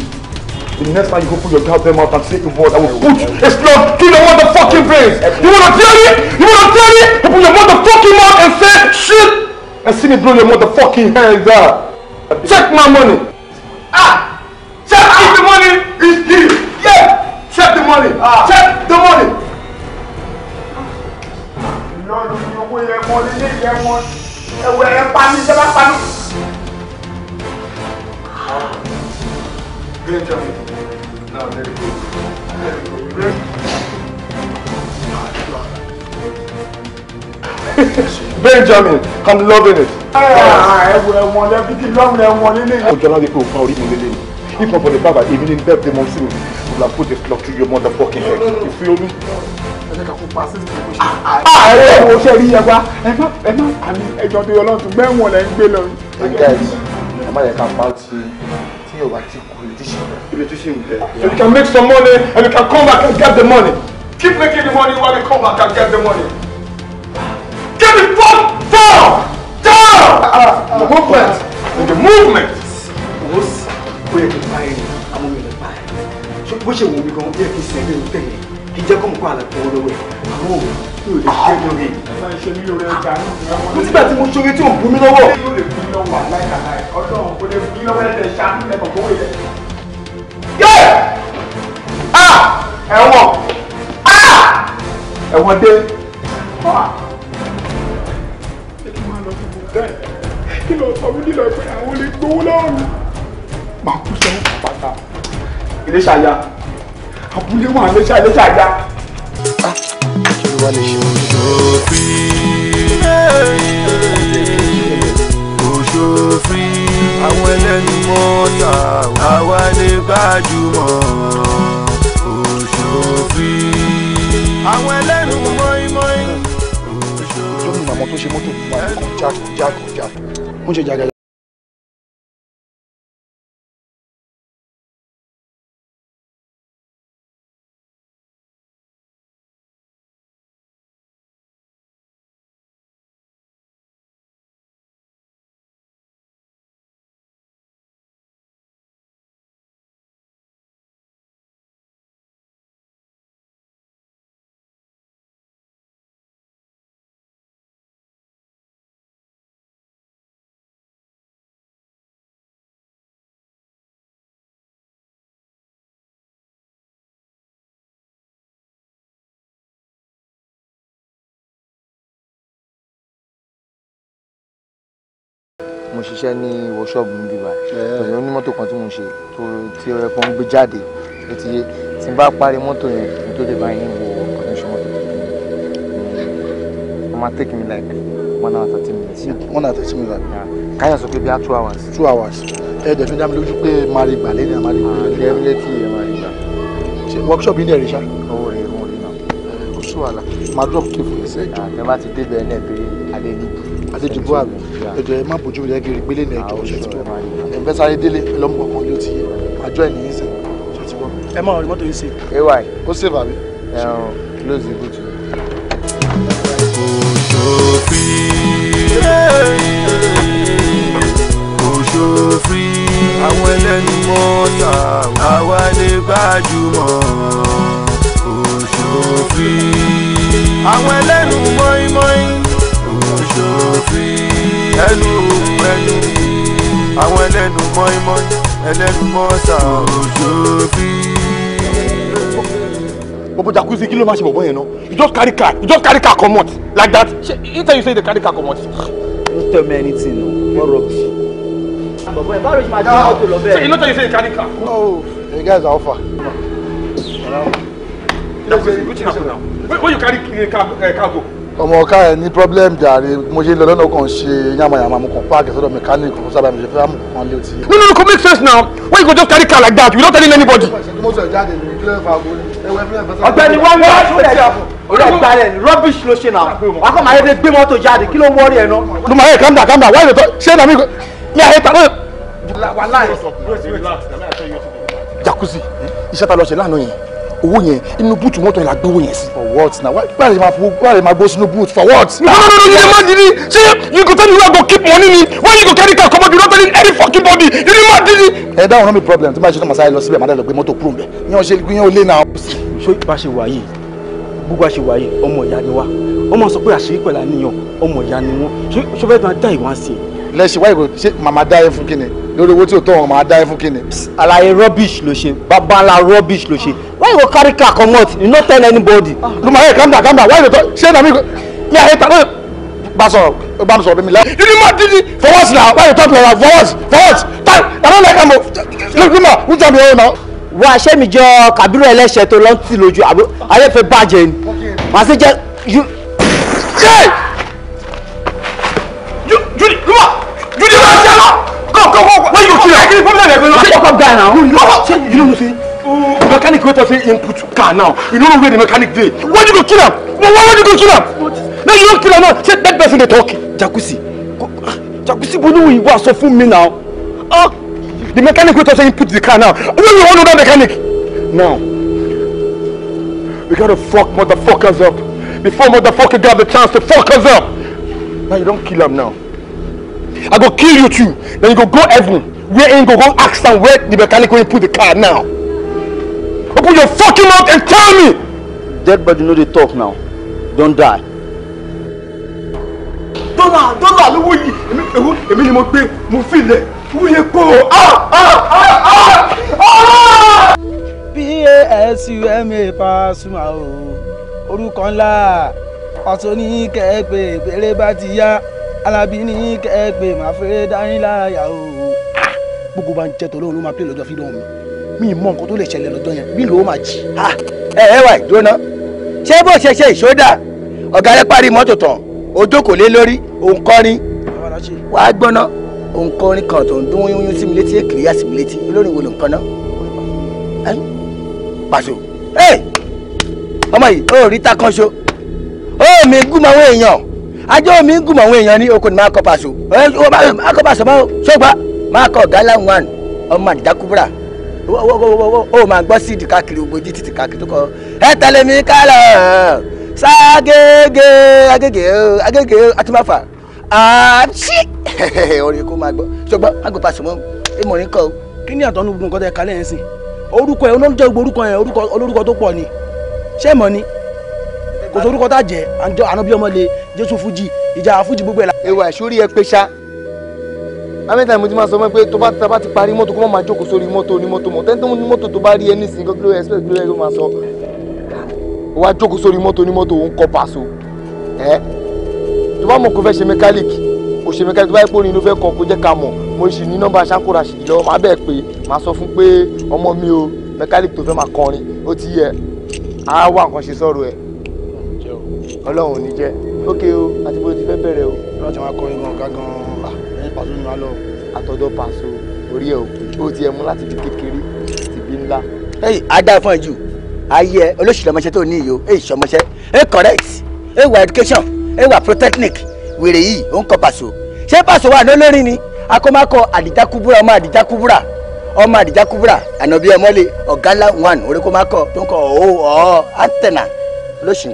The next time you go put your goddamn mouth and say a word, I will put a slug through your motherfucking brains. You wanna tell it? You wanna tell it? You put your motherfucking mouth and say shit and see me blow your motherfucking head out. my money. Ah! Check ah. if the money is here. Yeah. Check the money. Ah! Check the money. Lọ́dún ni owó yẹn mọ nílé yẹn mọ. Ẹ̀wẹ̀ ẹ̀ pa ní ìjọba panú. Great job. Now let it go. Let it go. Benjamin I'm loving it. ẹwọ ẹwọn lẹbi kí lọrun ẹwọn lélẹ. ọjọ́ náà rí pé o fa orí if not for the baba èmi ni bẹ́ẹ̀ bí mo sí mi I will put the clock to your motherfucking head you feel me. ààrẹ ah, ah, ah, wo ṣe rí yẹn wá ẹ má ẹ má àmì ẹjọ́ tó yọ lọ́tún gbẹ̀wọ̀n lẹ́ ń gbé lọ. guys ẹ má yẹ ká pa ti tí yóò wá ti kú ìdíṣẹ́ rẹ̀. ìdíṣẹ́ rẹ̀. so you can make some money and you can come back and get the money. keep making the money while you come back and get the money. Get the fuck down! Down! The movement! The movement! What's where the fire? I'm going to fire. Bó ṣe wò mí gan, bí ẹ fi sẹ́gbẹ́ ló tẹ̀lé, kì í jẹ́ kó mú kó àlàkùn wọn lọ́wọ́ ẹ̀. Àwọn òun yóò lè ṣe lórí. Mo ti gbà tí mo ṣoore tí ò ń bú mi lọ́wọ́. Yóò lè fún lọ́wọ́ aláìkàlà ọ̀dọ́ òun Ah! Ẹ̀wọ̀n! Ah! Ẹ̀wọ̀n dé! Ah! time kí lọ sọ mí nílò pé àwọn olè gbowó lọ́wọ́ mi máa kú sẹ́wọ̀n pàpàtà iléṣàyà abúlé wà iléṣà iléṣàyà. òṣòfin àwọn ẹlẹ́nu mọ́ta àwa lè gbájúmọ̀ òṣòfin àwọn ẹlẹ́nu àwọn tó ṣe mọ́tò fún wa jákèjádò. ṣiṣẹ́ ní wọ́ṣọ́ọ̀bù mi bíbá pẹ̀lú onímọ́tò kan tí mo ṣe tó tí ó yẹ kó ń gbé jáde tó ti yé tí n bá parí mọ́tò yẹn kí n tó lè bá yín wo connection mọ́tò tó kí n máa take me like one hour thirty minutes. one hour thirty minutes. káyà sọ pé bí a two hours. two hours ẹ dẹ̀ fi dá mi lójú pé máa rí gbà lẹ́yìn àmàlẹ́. àti ẹ̀ ń gbà. Ah, workshop yìí dẹ̀ rí sá. owó rẹ̀ sí wàhálà máa drop kí fún ẹsẹ̀ ìjọ. àgbẹ̀ bá ti débẹ̀ ẹ̀ pé adédìbò. adédìbò àbí ẹjọ ẹ má bójú mi lẹ́gẹ̀rẹ́ gbélé ní ẹjọ ṣe ti bọ̀ ẹ fẹ́ sáré lọ́mọ kan yóò ti yé àjọ ẹ̀ nìyí sẹ̀ ṣe ti bọ̀. ẹ máa rí mọ́tò yìí save. ay ó save àbí. ẹ̀rùn close the boot. kò ṣòfin àwọn ẹlẹ́nu mọ́ta àwa lè gbájúmọ́ òṣòfin. àwọn ẹlẹ́nu mọ́ínmọ́ín òṣòfin. ẹnu ẹnu àwọn ẹlẹ́nu mọ́ínmọ́ín ẹlẹ́nu mọ́sà òṣòfin. Bobo Jacuzzi kí ló máa ṣe bọ̀bọ̀ yẹn náà? You just carry car, you just carry car comot like that. He tell you say you dey carry car comot. Don't tell me anything o, what rubbish. Bọ̀bọ̀ ẹ̀ báwo ló ṣe máa jẹ́ auto ah. lọ bẹ́ẹ̀? So you no tell you say you carry car? No, oh, you guys are offer. No where you carry cargo. ọmọ ọ̀ka ẹ̀ ní problem jàre mo ṣe lọ lọ́nà kan ṣe yamayama mo kàn páàkì sọ́dọ̀ mechanic kò sábà mi ṣe fẹ́ àmọ̀ kan létí. no no no come make sense now why you go just carry car like that without telling anybody. ọ̀gbẹ́ni wọn wá ṣọlẹ orí ẹgbẹ́ rẹ ni rubbish ló ṣe náà wàá kọ́ máa yẹ gbé mọ́tò jáde kí ló ń wọ́ọ́rì ẹ̀ náà. lùmọ̀ ẹ̀ calm down calm down why you talk ṣé na mi mi àyè ta lóye. jacuzzi iṣẹ́ ta lọ ṣe lánàá yẹn owó yẹn inú búùtù mọ́tò yẹn la gbé owó yẹn sí. for what na why why ma why ma go sínú búùtù for what. no no no you dey mad didi ṣé you go tell me where i go keep money ni why you go carry car comot you no tell me any fokin body you dey mad didi. ẹ dáhùn náà mi problem tí bá ṣe tó màsáyé lọ síbẹ̀ màdá lọ gbé mọ́tò kúrò mbẹ̀ yẹn ṣe yẹn ò lé náà. ṣé bá ṣe wà yìí gbogbo àṣẹ wà yìí ọmọ ìyá ni wá ọmọ sọ pé àṣírí pẹ̀lú àníyàn ọmọ ìyá ni wọ́n ṣé ṣọ́fẹ́ máa dá ìwà sí i lẹ́sìn wáyé kò ṣe màmá dá yẹn fún kíni lórí owó tí ò tọ́ wọn màmá dá yẹn fún kíni. àlàyé rubbish ló ṣe babalá rubbish ló ṣe why you go carry car comot you no tell anybody. Ah. lùmọ̀ ẹ̀ calm down calm down why you talk ṣé na mi mi àyè tàbí bá sọ̀rọ̀ bá sọ̀rọ̀ bí mi láyé. you dey mad didi for what na why you talk like that for what for what time i no like am o lùmọ̀ which one now. wọ́n àṣẹ mi jọ kàbírù ẹlẹ́ṣẹ̀ tó lọ́n ti lójú àbí ayé fẹ́ bàjẹ́ ni màá sì jẹ́ you. Hey! You, Julie, come You didn't want to tell her. Go, go, go. Why you kill her? I give you problem. Shut the fuck down now. You know what? You know what I'm saying? The Mechanic wait for say input car now. You know where the mechanic dey. Why you go kill him? Why why you go kill him? No, you don't kill him now. Say that person dey talk. Jacuzzi. Jacuzzi bo you igbo aso fún me now. Ah. The mechanic wait for say input the car now. Where you want that mechanic? Now. We gotta fuck motherfuckers up before motherfucker got the chance to fuck us up. Now you don't kill him now. I go kill you too. Then you go go heaven. Where ain't go go ask them where the mechanic will put the car now. Open your fucking mouth and tell me. Dead body know they talk now. Don't die. Dọ́là dọ́là lówó yìí èmi èwo èmi ni mo gbé mo fi lẹ̀ mo yẹ kó o ah ah ah ah ah. PASUMA Pasuma o orúkọ ńlá ọ̀tún ní kẹ́ẹ̀pẹ́ ìpèrè bá ti yá alábí ní kẹ́gbẹ́ máa fẹ́ dání láyà o. gbogbo bá ń jẹ́ tọ́lọ́run ló máa pè lọ́jọ́ fídọ̀ mi mi mọ nǹkan tó lè ṣẹlẹ̀ lọ́jọ́ yẹn bí lòó máa jì. ẹ ẹ wà ìdóná ṣé bó ṣe ṣe ìṣódà ọ̀gá rẹ parí mọ́tò tán ojó kò lé lórí òun kọrin wàá gbọ́ná òun kọrin kan tó ń dún yún sí mi létí èkìrí yá sí mi létí olórin wo ló ń kaná. pàṣọ ọmọ yìí ó rí takanṣo ó mi gún mọ́ àwọn èèyàn ajọ́ mi ń gùnmọ̀ àwọn èèyàn ní okùn máa kọ pàṣọ máa kọ pàṣọ máa ṣọgbà máa kọ gala one ọmọ àdìdákúbúrà ó máa gbọ́ sí ìdìkákiri ògbójì títí kákiri tó kọ ẹ tẹ̀lé mi kálọ̀ ságége agége agége atúmáfà àti orin kó máa gbọ́ ṣọgbà máa kọ pàṣọ mọ́ ìmọ̀rin kọ́ kí ni àtọ́nu gbogbo nǹkan tẹ kálẹ̀ ẹ̀ sìn orúkọ ẹ̀ olóńjẹ́ gbogbo orúkọ ẹ̀ olórúkọ tó pọ̀ ni ṣé mọ̀ ni kò sórúkọ tá jẹ́ àná bí ọmọ le jésù fújì ìjà fújì gbogbo ẹ̀ la. ewa ìṣòrí ẹ pé ṣá amẹ́ta mo máa sọ fún ẹ pé tó bá ti parí mọ́tò kó má máa jókòó sórí mọ́tò onímọ́tò mọ́ tẹ́ntẹ́ mọ́tò tó bá rí ẹ nísìnyí kó kíló ẹ ló máa sọ wá jókòó sórí mọ́tò onímọ́tò òun kọ́ pàṣọ ẹ tó bá mọ̀ kó fẹ́ ṣe mẹkáníìkì kò ṣe mẹkáníìkì tó bá yẹ pé orin ló fẹ́ kọ́ kó jẹ́ ká mọ̀ mo sì ní nọ́mbà ṣàkóra sì lọ má bẹ́ẹ̀ pé máa sọ fún pé ọmọ mi o mẹkáníìkì tó fẹ́ ókè o àti bó ti fẹ́ bẹ̀rẹ̀ o. lọ́wọ́ tí wọ́n á kọrin gan ọ̀gá gan ah. ẹ̀yìn pàṣẹ nínú alọ́. àtọ̀dọ̀ pàṣẹ orí ẹ̀ o ó ti ẹ̀ mú láti di kékeré ti bí ńlá. ẹyìn adá fún ẹ jù ayé olóṣèlú ọmọọṣẹ tó ní ìyó èyí ṣọmọṣẹ ẹ correct ẹ wà education ẹ wà protechnic wèrè yìí ó ń kọ pàṣọ ṣé pàṣọ wà lólórin ni akọmakọ àdìjákúbúrà ọmọ àdìjákúbúrà ọmọ àdìjákúbúrà ànàbí ọmọlé ọgá one orí kọmakọ tó ń kọ oh, oh, antenna lóṣù.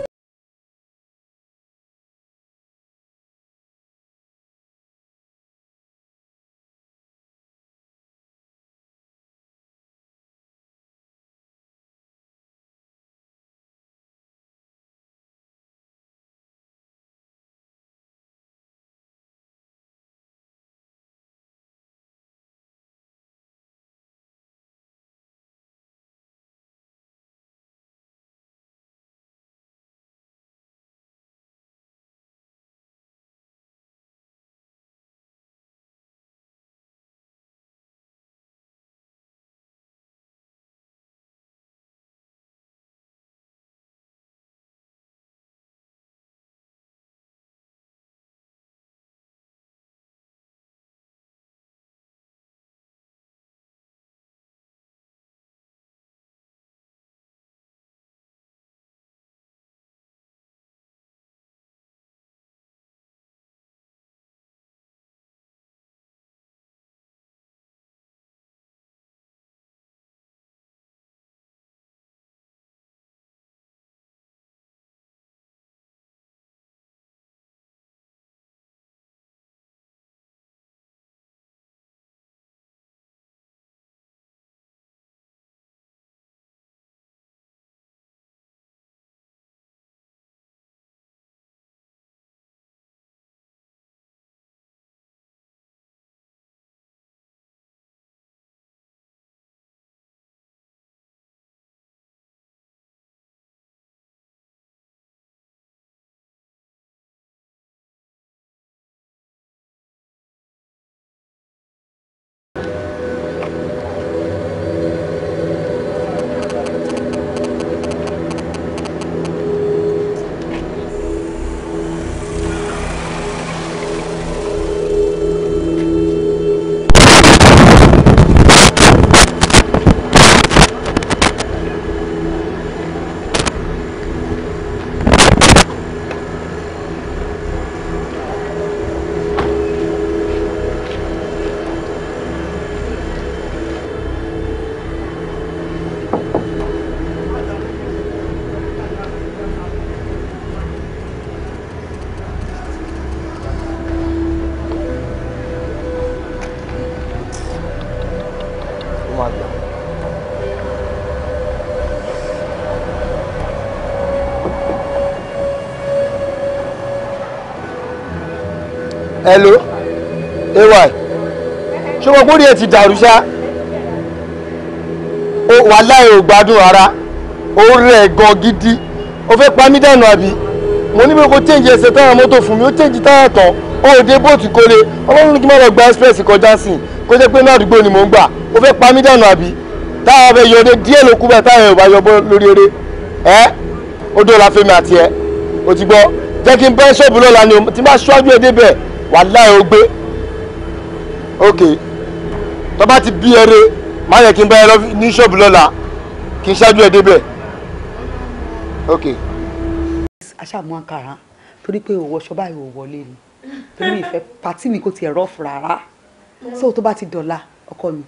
hello ay ṣé mo kúrò ẹ ti dàrú ṣá wàláì ò gbádùn ara ó rẹ̀ gan gidi ó fẹ́ pa mí dànù àbí mo ní kò change ẹsẹ̀ táyà mọ́tò fún mi ó change táyà tán ó dé bóòtù kọ́lé ọlọ́run kí n má lọ gba express kọjá sí i kó jẹ́ pé ní àdúgbò ni mò ń gbà ó fẹ́ pa mí dànù àbí táyà bẹ yọ ọdẹ díẹ̀ ló kú bẹ́ẹ̀ táyà ò bá yọ bọ́ lórí eré ẹ́ ó dóòlà fẹ́mi àti ẹ ó ti gbọ́ jẹ́ kí n bẹ́ ṣọ́ọ̀bù lọ́la ni tí n bá ṣọ́ọ́jú ẹ wàláhì ó gbé ok tó ti bí ẹrẹ má yẹ kí n bá ẹ lọ ní ṣọ́ọ̀bù lọ́la kí n ṣáájú ẹ débẹ̀ ok. aṣáàmú àkàrà torí pé òwò ọṣọ báyìí ò wọlé ni torí ìfẹ́ pàtí mi kò tiẹ̀ rọ́ọ̀fù rárá so tó bá ti dọ̀la ọkọ mi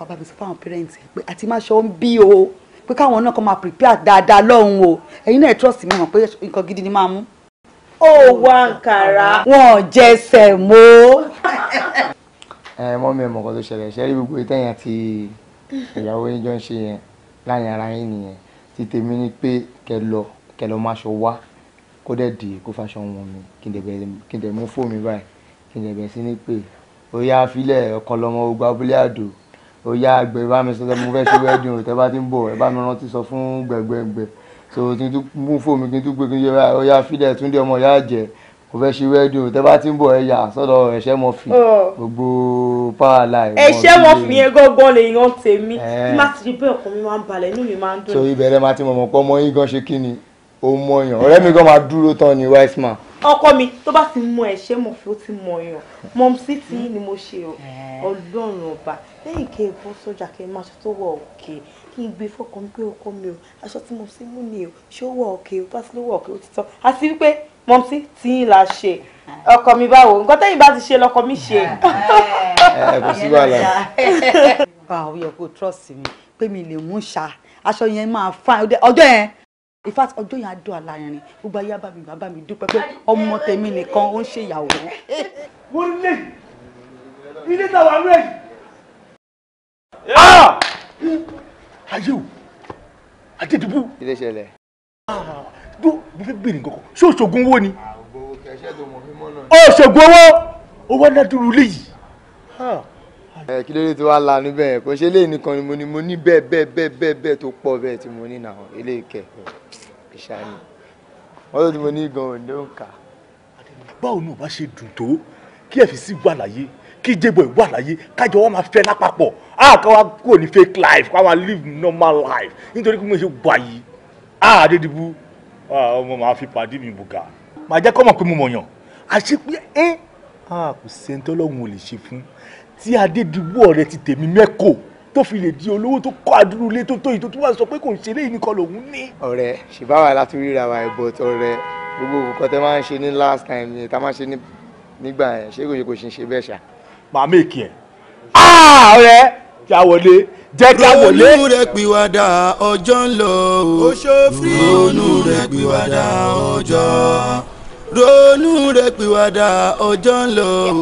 bàbá mi sọ fáwọn pẹrẹǹtì pé àti má ṣọ ń bí o pé káwọn náà kọ́ máa prepare dáadáa lọ́hùn-ún o ẹ̀yin náà ẹ̀ trust mi mọ̀ pé nǹkan gidi ni máa mú òwò àǹkàrà wọn ò jẹsẹ̀ mọ́. ẹ mọ mi mọ nǹkan tó ṣẹlẹ̀ ṣe rí gbogbo ìtẹ̀yìn àti ìyàwó yín jọ ń ṣe yẹn láàrin ara yín nìyẹn ti tèmi ni pé kẹ lọ kẹ lọ máṣọ wá kó dẹ̀ dì kó fàṣọ wọn mi kí n dẹ̀ mú fóònù mi báyìí kí n dẹ̀ bẹ̀ sí ní pé ó yá afílẹ̀ ọkọ lọmọ ogun abúlé àdó ó yá àgbẹ̀ bá mi sọ mo fẹ́ ṣe wẹ́ẹ́dùn òtẹ́ bá ti ń bọ̀ ẹ bá mi rántí sọ fún gbẹ̀gbẹ̀gbẹ̀ so kí n tún mú fóònù kí n tún gbé kí n yẹra ah, ọyá fílẹ̀ túndé ọmọ ìyá àjẹ́ kò fẹ́ ṣe wẹ́ẹ́dì o tẹ́ bá ti ń bọ̀ ẹ yà sọ́dọ̀ ẹ̀ṣẹ́ mọ́ fi oh. gbogbo power line. ẹ̀ṣẹ́ mọ́ fi yẹn gángan lè yan tèmi má ti rí bẹ́ẹ̀ ọkàn mi máa ń balẹ̀ inú mi máa ń dùn. so ìbẹ̀rẹ̀ máa ti mọ̀ mọ̀ pọ́ mọ́ yín gan ṣe kí ni ó mọ̀ yàn ọ̀rẹ́ mi gan máa dúró tán ni wise man ọkọ mi tó bá ti mọ ẹ̀ṣẹ̀ mọ̀ fún ó ti mọ èèyàn mọ sí ti ni mo ṣe ọlọ́run ọba lẹ́yìn kí n bọ́ sójà kí n máa ṣe tó wọ òkè kí n gbé fọkàn mi pé ọkọ mi o aṣọ tí mo sí mú ni o ṣé ó wọ ọkẹ o pásítọ wọ ọkẹ o ti tán àti wípé mọmsí tí ń la ṣe ọkọ mi báwo nǹkan tẹ́yìn bá ti ṣe lọkọ mi ṣe. ẹ eh, eh, kò sí wàhálà. báwo ah, yẹ kó trust mi pé mi lè mú ṣá aṣọ yẹn máa fà ọjọ́ yẹn in fact ọjọ́ yẹn á dùn alárinrin gbogbo ayé bá mi bàbá mi dúpẹ́ pé ọmọ tèmi nìkan ó ń ṣèyàwó. wọ́n lè ilé tàwa rẹ̀ ayé o àjẹdìbò. ilé ìṣẹ̀lẹ̀. Ah, dó mo fẹ́ béèrè nǹkan kan ṣé oṣogun owó ni. Ah, oṣogun owó owó aládùúrú léyìí. ẹ ah. eh, kí ló dé tó wá la níbẹ̀ kò ṣe eléyìí nìkan ni mo ní mo ní bẹ́ẹ̀ bẹ́ẹ̀ bẹ́ẹ̀ bẹ́ẹ̀ bẹ́ẹ̀ tó pọ̀ bẹ́ẹ̀ tí mo ní nà ọ́ eléyìí kẹ̀ ìṣàní wọ́n tó ti mo ní gan-an ló ń kà. báwo ni ò bá ṣe dùn tó kí ẹ fi sí wà láyé kí jébọ̀ ìwà láyé kájọ wọn máa fẹ́ lápapọ̀ á ká wá kúrò ní fake life ká wá live normal life nítorí kí mo ṣe gbà yìí á Adédìbú ọmọ màá fi pàdé mi bùgà màá jẹ́ kọ́ mọ̀ pé mo mọ̀ yàn àṣepé ẹ́ kò sẹ́ńtọ́ lọ́hùn ò lè ṣe fún tí Adédìbú ọ̀rẹ́ ti tèmi mẹ́kọ̀ọ́ tó fi lè di olówó tó kọ́ àdúrú ilé tó tó yìí tó tún wá sọ pé kò ń ṣe léyìí nìkan lòún ní. ọ̀rẹ́ ṣèbáwá láti ríra wa ẹbọ tọrẹ gbogbo nǹkan tẹ máa ń ṣe ní last time yẹn tá máa ṣe nígbà yẹn ṣé kò ṣe kò ṣe ń ṣe bẹ́ẹ̀ ṣá màá mèkì ẹ̀ ààrẹ ah, já wọlé jẹ́ ká wọlé. ronú rẹ̀ pìwàdà ọjọ́ ń lọ o ronú rẹ̀ pìwàdà ọjọ́ ronú rẹ̀ pìwàdà ọjọ́ ń lọ o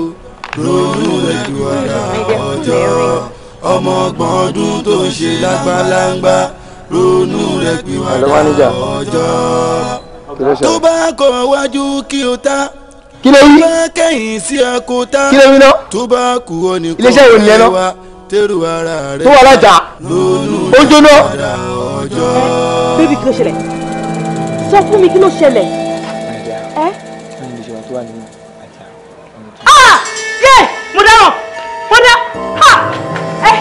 ronú rẹ̀ pìwàdà ọjọ́ ọmọ ọgbọ̀n ọdún tó ń ṣe lágbàlágbà ronú rẹ̀ pìwàdà ọjọ́ tó bá kọ̀ wájú kí o ta kí ló wí kí ló wí náà iléeṣẹ́ ìròyìn yẹn náà tó wà lájà ó jóná. bébí kí ló ṣẹlẹ̀ sọ fún mi kí ló ṣẹlẹ̀ ah yé mo dáràn mo dá ẹ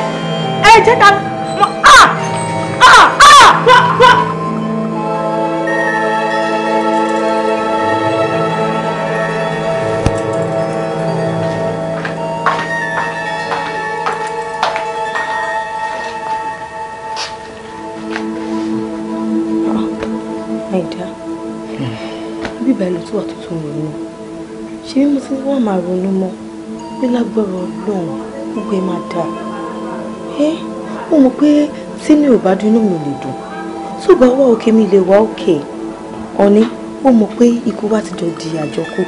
ẹ jẹ́ ká. sì wà tuntun ronú ṣé bí mo ti wà máa ronú mọ́ pé lágbára ọlọ́run gbogbo ẹ máa dáa ẹ mo mọ̀ pé tí mi ò bá dùn inú mi ò lè dùn tó bá wà òkè mi lè wà òkè ọ̀ní mo mọ̀ pé ikú wa ti jọ di àjọkú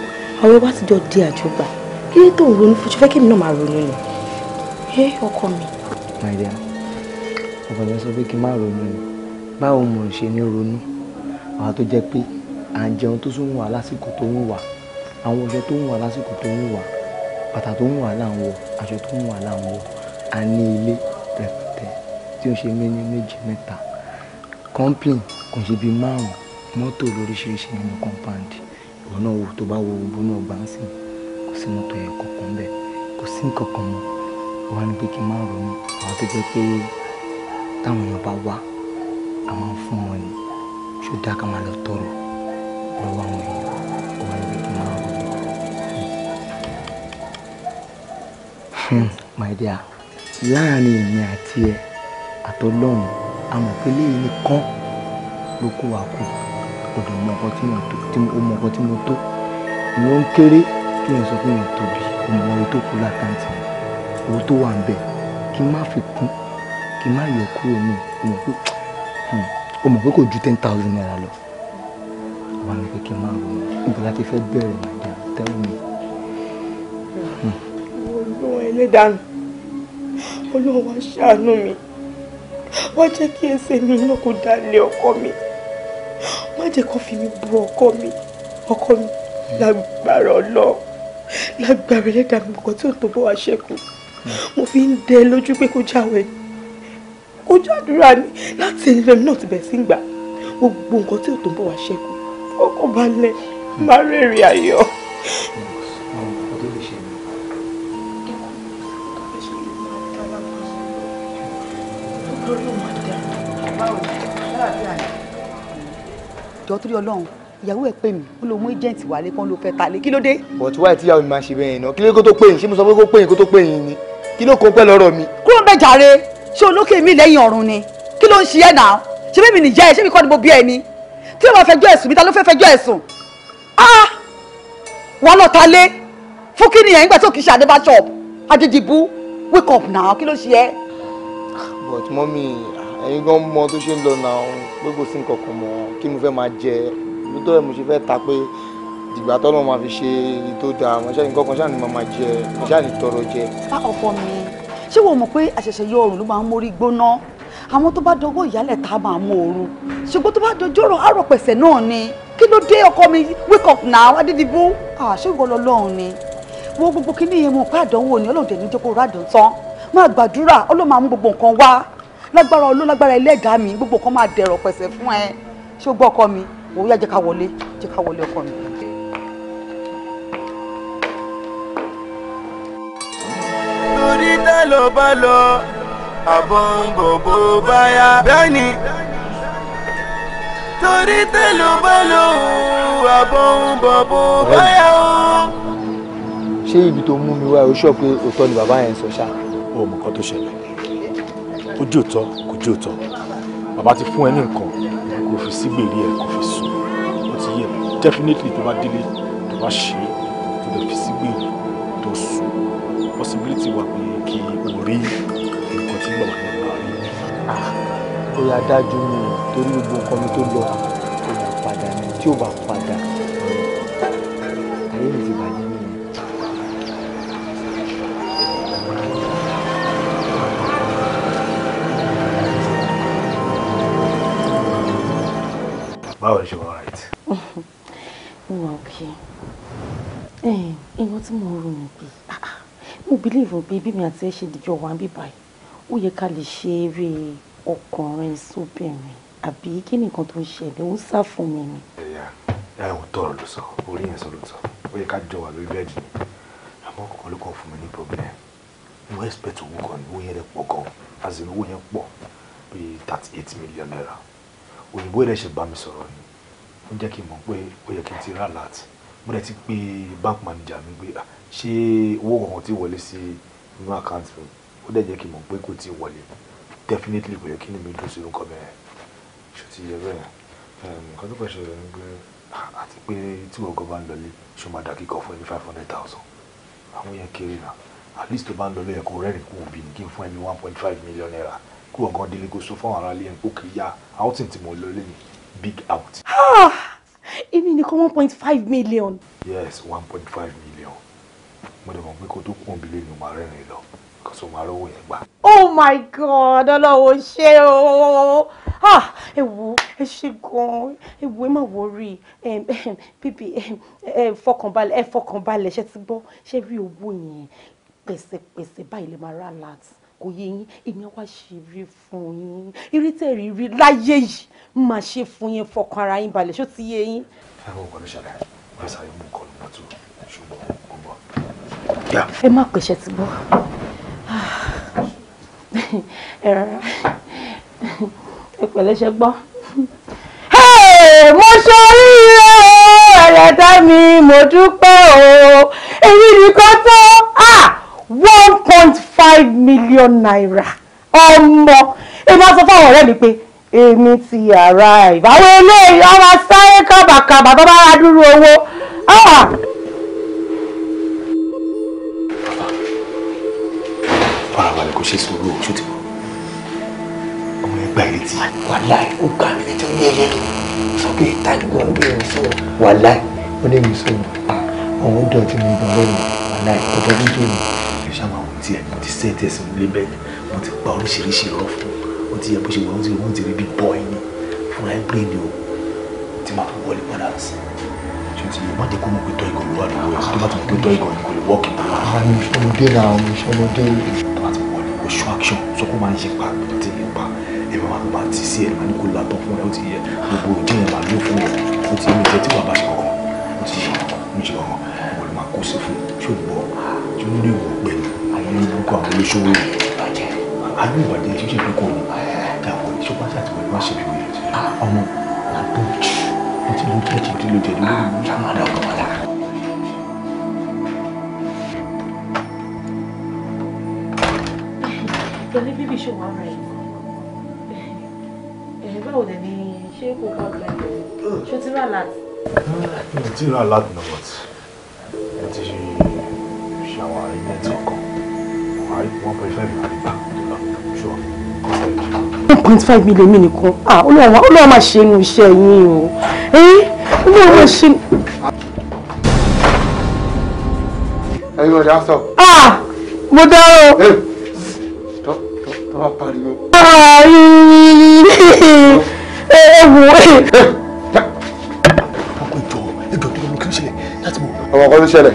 àwẹ̀ wa ti jọ di àjọgbà kí ló tó ń ronú fún ṣọfẹ́ kí mi náà máa ronú ni ẹ ọkọ mi. my dear sọ pé kí n má ronú ni báwo mo ṣe ní ronú àwa tó jẹ́ pé à ń jẹun tó tún wà lásìkò tó ń wà àwọn ọjọ́ tó ń wà lásìkò tó ń wà bàtà tó ń wà láwọn aṣọ tó ń wà láwọn a ní ilé rẹpẹtẹ tí ó ṣe méní méjì mẹ́ta complain kò ṣe bíi márùn mọ́tò lóríṣiríṣi nínú compound ìwọ náà wò tó bá wo gbogbo náà gbà ń sìn kò sí mọ́tò yẹn kankan bẹ́ẹ̀ kò sí kankan mọ́ wà ní pé kí n má ronú àwọn tó jẹ́ pé táwọn èèyàn bá wá àwọn fún wọn ni ṣó dáa ká máa lọ tọrọ pẹ̀lú àwọn èèyàn kó wá níbi kí n máa rọ̀ my dear láàrin èmi àti ẹ àtọlọ́run amọ̀pẹ́lẹ́ yìí nìkan ló kó wa kù ọ̀dọ̀ mọ ọkọ tí mo tó ó mọ ọkọ tí mo tó ìwọ ń kéré kí n sọ pé mo tóbi ọmọ orí tó kú lákàntì owó tó wà ń bẹ kí n má fi kún kí n má yọ kúrò ní ọmọ hmm, pé kò ju ten thousand naira lọ wà ní kékeré máa wọ ibi láti fẹ́ bẹ̀rẹ̀ my dear tell me. olóhùn ẹlẹ́dàánù olóhùn wá ṣàánú mi wá jẹ́ kí ẹsẹ̀ mi náà kó dalẹ̀ ọkọ mi má jẹ́ kó fi mi bu ọkọ mi ọkọ mi lágbára ọlọ́ lágbára ẹlẹ́dàá mi kò tí ò tó bọ́ wá ṣẹ́kù mo fi ń dẹ lójú pé kó jáwé kó jádùúrà ni láti ẹni lẹ́nu náà ti bẹ̀ sí gbà gbogbo nǹkan tí ò tó bọ̀ wá ṣẹ́kù ọkàn balẹ̀ má rèrè ayọ̀. jọ torí Ọlọ́run ìyàwó ẹ pè mí ó lọ mú ẹjẹǹtì wálé kan ló fẹ́ ta lé kí ló dé. bọ̀tú wáyé tíyàwó mi máa ṣe bẹ́ẹ̀ náà kí ló kó tó pè yín ṣé mo sọ pé kó pè yín kó tó pè yín ni kí ló kó pẹ́ lọ́rọ̀ mi. kúrò ń bẹ jàre ṣé olókè mi lẹ́yìn ọ̀run ni kí ló ń ṣe ẹ̀ náà ṣé bẹ́ẹ̀ mi nìyá ẹ ṣé mi kọ́ ni mo bí ẹ ni kí ló máa fẹjọ́ ẹ̀sùn mi ta ló fẹ́ fẹjọ́ ẹ̀sùn ah wọn lọ ta lé fún kí nìyẹn nígbà tó kì í ṣe àdébá shop adédìbú wake up now kí ló ṣe ẹ́. but mọ́mí ẹ̀yin gan mọ tó ṣe ń lọ náà pé kò sí nǹkan kan mọ́ kí mo fẹ́ máa jẹ nítorí mo ṣe fẹ́ ta pé dìgbà tọ́lọ́ máa fi ṣe èyí tó dáa mo ṣáà ní kọ́kọ́ ṣáà ní mo máa jẹ mo ṣáà ní tọrọ jẹ. ọkọ mi ṣé wo mọ̀ pé àṣẹ̀ṣẹ̀ yọ ọrùn ló máa ń mórí gbóná àwọn tó bá dọwọ́ ìyálẹ̀ tá a máa mọ ooru ṣùgbọ́n tó bá dojọ́rọ̀ àròpẹ̀sẹ̀ náà ni kí ló dé ọkọ mi wake up now adédìbò àṣewọ́ lọ́lọ́run ni wo gbogbo kí ni ìyẹn mo pa àdánwò ni ọlọ́dẹ ní jẹ́kọ̀ọ́ rádùn tán máa gbàdúrà ọlọ́mọ àwọn gbogbo nǹkan wá lágbára olólágbára ẹlẹ́gàá mi gbogbo nǹkan máa dẹ̀rọ̀ pẹ̀sẹ̀ fún ẹ ṣé o gbọ́ ọkọ mi òun yá jẹ́ ká wọlé jẹ́ ká wọlé ọkọ mi. orí bá lọ àbọ̀ǹbòbò báyà. bẹ́ẹ̀ni torí tẹ́lò bá lòun àbọ̀ǹbòbò báyà o. ṣé ibi tó mú mi wá o sọ pé òótọ́ ni bàbá yẹn sọ ṣá. o mọ̀ nǹkan tó ṣẹlẹ̀ ojú òótọ́ kò jú òótọ́ bàbá ti fún ẹ ní nǹkan kò fi sígbèrè ẹ kò fi sùn ó ti yẹ definitely tó bá délé tó bá ṣe tó lè fi sígbèrè tó sùn possibility wà pé kí o rí lọ. ó yà dájú ni torí gbogbo nǹkan mi tó lọ kò yà padà ni tí ò bá padà ayé mi ti bàjẹ́ nìyẹn. báwo ni ṣe wọ́n right. wọ́n òkè ìwọ tí mo rò ní pé ah, ah, mo believe pé bí mi àti ẹ ṣe dìjọ wà ń bí báyìí ó yẹ ká lè ṣe eré ọkùnrin sóbìnrin àbí kí nìkan tó ń ṣẹlẹ̀ ó ń sá fún mi ni. ẹ̀yà ẹ̀yà ò tọrọ ló sọ orí yẹn sọ ló sọ ó yẹ ká jọ wà lórí bẹ́ẹ̀dì ni àmọ́ kọ̀ọ̀kan ló kàn fún mi ní problem mo expect owó kan ní owó yẹn lè gan as in owó yẹn pọ̀ bíi thirty eight million naira òyìnbó rẹ̀ ṣe bá mi sọ̀rọ̀ ni ó jẹ́ kí n mọ̀ pé ó yẹ kí n ti rà láti mo dẹ̀ ti pe bank manager mi pé ṣé owó kankan ti wọlé sí inú àkáǹtì mi ó dẹ̀ jẹ́ kí n mọ̀ pé kò tí ì wọlé definitely kò yẹ kí ni mi dùn sí orúkọ bẹ́ẹ̀ ṣó ti yẹ bẹ́ẹ̀ nǹkan tó pẹ̀ṣẹ̀ rẹ̀ ni pé àti pé tí ọgọ́ bá ń lọlé ṣó máa dà kíkọ fún ẹni five hundred thousand àwọn yẹn kéré náà at least tó bá ń lọlé yẹn kó rẹ́rìn kó òbí ni kí n fún ẹni one point five million naira kó ọ̀gán délé kó so fáwọn aráalé yẹn kó kì í ya outing tí mo lọlé ni big out. Ah! èmi nìkan one point five million. yes one point five million mo dẹ̀ mọ̀ pé kó tó kún òbí lé ni mo máa rẹ́rìn lọ kan tó máa rówó yẹn gbà. oh my god ọlọ́wọ́ ṣe o ẹ wo ẹ ṣe gan-an ẹ wo ẹ má wọrí bíbí ẹ fọkànbalẹ̀ ẹ fọkànbalẹ̀ ṣe ti gbọ́ ṣe rí owó yẹn pèsèpèsè báyìí lè máa rà láti kò yé yín èmi wá ṣe rí fún yín irí tẹ̀ rí rí láyé yìí máa ṣe fún yín fọkàn ara yín balẹ̀ ṣó ti yé yín. àwọn ọ̀gá ló ṣàlàyé wọ́n ṣàyẹ̀wò kọ́ ló bá gbogbo. ẹ má pèsè ti gbọ́. ẹ̀rọ ìpẹ̀lẹ́ ṣe gbọ́. mo ṣe oríire o ẹ̀rẹ̀dá mi mo dúpẹ́ o èyí nìkan tó ah, one point five million naira ọmọ èmi á sọ fún àwọn ọ̀rẹ́ mi pé èmi ti arrive àwọn eléyìí ọmọ sáré kábàkàbà bàbá adúrú owó. Ah, farabalẹ̀ kò ṣe sùúrù oṣù tí wọ́n ọmọ yẹn gba ìrètí. wàláì ó gba ìrètí ó yẹ lẹ́nu sọ pé ìtàdúgbò ń bí mi sọ̀rọ̀ wàláì ó lé mi sọ̀rọ̀ àwọn ọdọ tí mo gbọ́ lẹ́nu wàláì ọ̀dọ́ ní tó ní. ẹ ṣáà àwọn tiẹ̀ mo ti sẹ́ tẹ̀sí mi lé bẹ́ẹ̀ mo ti pa oríṣiríṣi rọ fún mo ti yẹ bó ṣe wọ́n ti wọ́n ti rí bí bọ́ ẹni fún ẹ́bírì ni o ti máa fi wọlé padà sí ti má jẹ́ kó mọ̀ pé tọ́ ìgò ló wà lọ́wọ́ ẹ̀ tó bá ti mọ̀ pé tọ́ ìgò ìgò lè wọ́ọ̀kì. àwọn ìṣọmọdé náà àwọn ìṣọmọdé oṣù action sọ pé ó máa ń ṣe pa àgbẹ̀dọ̀ tí yẹn pa ẹ máa ló ti sí ẹ máa ní kó látọ̀ fún ẹ ó ti yẹ gbogbo òdì yẹn máa ló fún ẹ ó ti yẹ tí wàá ṣe kankan ó ti ṣe ó ṣe kankan mo lè máa kó sí fún ṣùgbọ́n tí ó lè wò pẹ̀ àwọn olùkọ́ àwọn olóṣòwò bàjẹ́ ayé ìbàdàn ṣíṣe ìdókòwò ni ìyàwó ìṣọba ṣàtìwọ̀n má ṣe bí ọmọ àdóòjì ó ti lójú ẹ̀jẹ̀ ó ti lójú ẹ̀jẹ̀ ó ti lójú ẹ̀jẹ̀ pẹ̀lú bíbí ṣe wà rẹ̀ ẹ̀yìn báwo dẹ̀ ni ṣé kò bá gbà ṣó ti rà láti. mi ò tí ì rà láti náà but ẹ ti ṣe àwọn arrangement kan wọ́n pè fẹ́ mi àrígbà lọ ṣọ́ one point five million mi nìkan ah, olúwa máa ṣe inú iṣẹ́ yín o eh? olúwa máa ṣe. ẹ̀yin ọ̀dà sọ. mo dá o máa pariwo. ewu. ọkọ ìjọ ìjọ tó lọ́mọ kí ló ṣẹlẹ̀ láti mọ̀. ọmọ kan ló ṣẹlẹ̀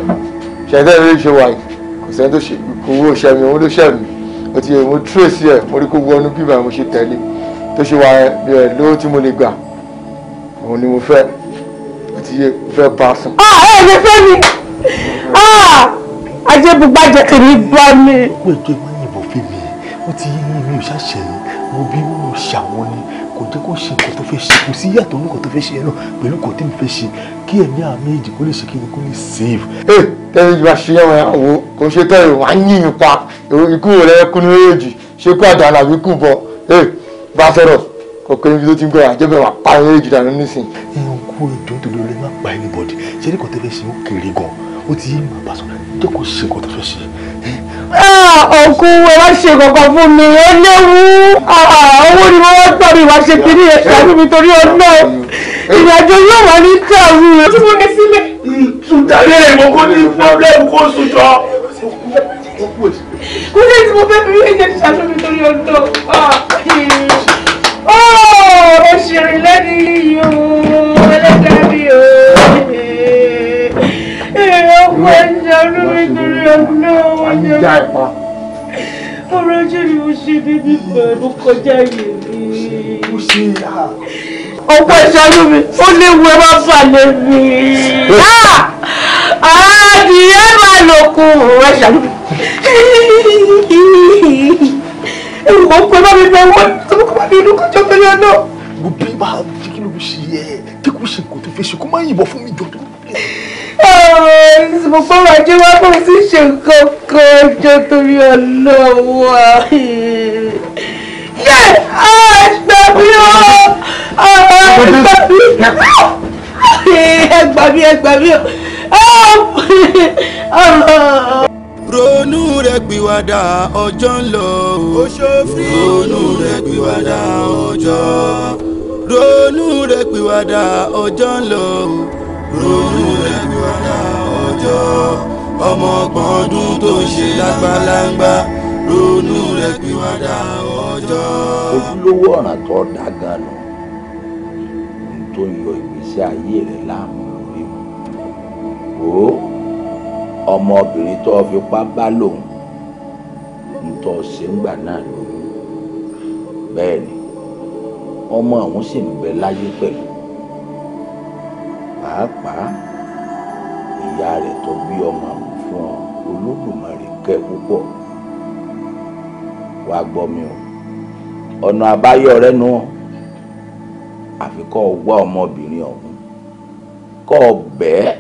ṣẹ̀dá ìlú ìṣe wáyé kò sẹ́ni tó ṣe owó ṣẹ́ mi òun ló ṣẹ́ mi mo ti mo trace ẹ̀ mo rí kó wọnú bíbá mo ṣe tẹ̀lé tó ṣe wáyé mi ẹ̀ lówó tí mo lè gbà òun ni mo fẹ́ mo ti yé fẹ́ bá a sùn. Ah, ẹ ẹ lè fẹ́ mi ajébùgbàjẹ kì í gbọ́ mi ó ti yí mi ò ṣàṣẹ mi mo bí mo ṣàwọn ni kò jẹ́ kó ṣe nǹkan tó fẹ́ ṣe kò sí yàtọ̀ nǹkan tó fẹ́ ṣe náà pẹ̀lú nǹkan tí fẹ́ ṣe kí ẹ̀mí àmì èjì kó lè ṣe kí ni kó lè save. ẹ tẹ́lẹ̀ ìgbà ṣe yẹn àwọn kò ṣe tẹ́ ìwà ń yìn pa ikú rẹ̀ kún ní èjì ṣé kó àdá àlàbí kù bọ̀ ẹ bá sọ̀rọ̀ ọkọ ibi tó ti ń gbọ́ àjẹbẹ̀ wà pa ọ̀kú ẹ wá ṣe kankan fún mi ó léwu owó ni mo wá tọ̀ mi wá ṣe kiri ẹ̀ṣẹ̀ mi torí ọ̀nà ìrìnàjò yóò wá ní tààrù. tí mo ní sílẹ̀. ìtúntàlẹ́ rẹ̀ mo kó ní pọ́blẹ́mù kó sùn jọ. kó lè tí mo fẹ́ fi wíṣẹ́ ti ṣàṣọ mi torí ọ̀nà. ó ṣèrè lẹ́nu yìí o ẹlẹ́dàá mi o ìlú ẹ̀ wọ́n ti já ẹ̀pọ̀. ọ̀rọ̀ ajé ni mo ṣe bíbí pẹ̀lú kọjá yìí. mo ṣe ọ̀pọ̀ ìṣẹ́jú mi ó léwu ẹ máa fà lé mi. adìyẹ máa lò kù ọ̀rọ̀ ìṣẹ́jú mi. ewu kò pé bá mi bẹ wọ́n tó kọ́ bá mi inú kọjọ́ pẹ̀lú ọ̀nà. gbogbo ìbá kí ló ń mo gbọ́rọ̀ ajé wá kó o sì ṣe nǹkan kan ọjọ́ torí ọlọ́wọ́ yẹ ẹgbà mi ọ ẹgbà mi ẹgbà mi ẹgbà mi ọ. ronú rẹ gbìwàdà ọjọ́ ń lọ ronú rẹ gbìwàdà ọjọ́ ronú rẹ gbìwàdà ọjọ́ ń lọ àwùjọ ọmọ ọgbọ̀n ọdún tó ń ṣe lágbàlágbà ronú rẹ̀ pìwàdà ọjọ́. ojúlówó ọ̀nà tó dá gan nù ohun tó ń yọ ìgbésí ayé rẹ̀ láàmú lórí mu wò ó ọmọbìnrin tó fipá bá lòun ń tọ́ ṣe ń gbà náà lóyún bẹ́ẹ̀ ni ọmọ àwọn sì ń bẹ láyé pẹ̀lú pàápàá ìyá rẹ̀ tó bí ọmọ mi fún ọ olódùmarè kẹ́ púpọ̀ wàá gbọ́ mi o ọ̀nà àbáyọ rẹ nù ọ́ àfi kọ́ ọ wá ọmọbìnrin ọ̀hún kọ́ ọ bẹ́ẹ̀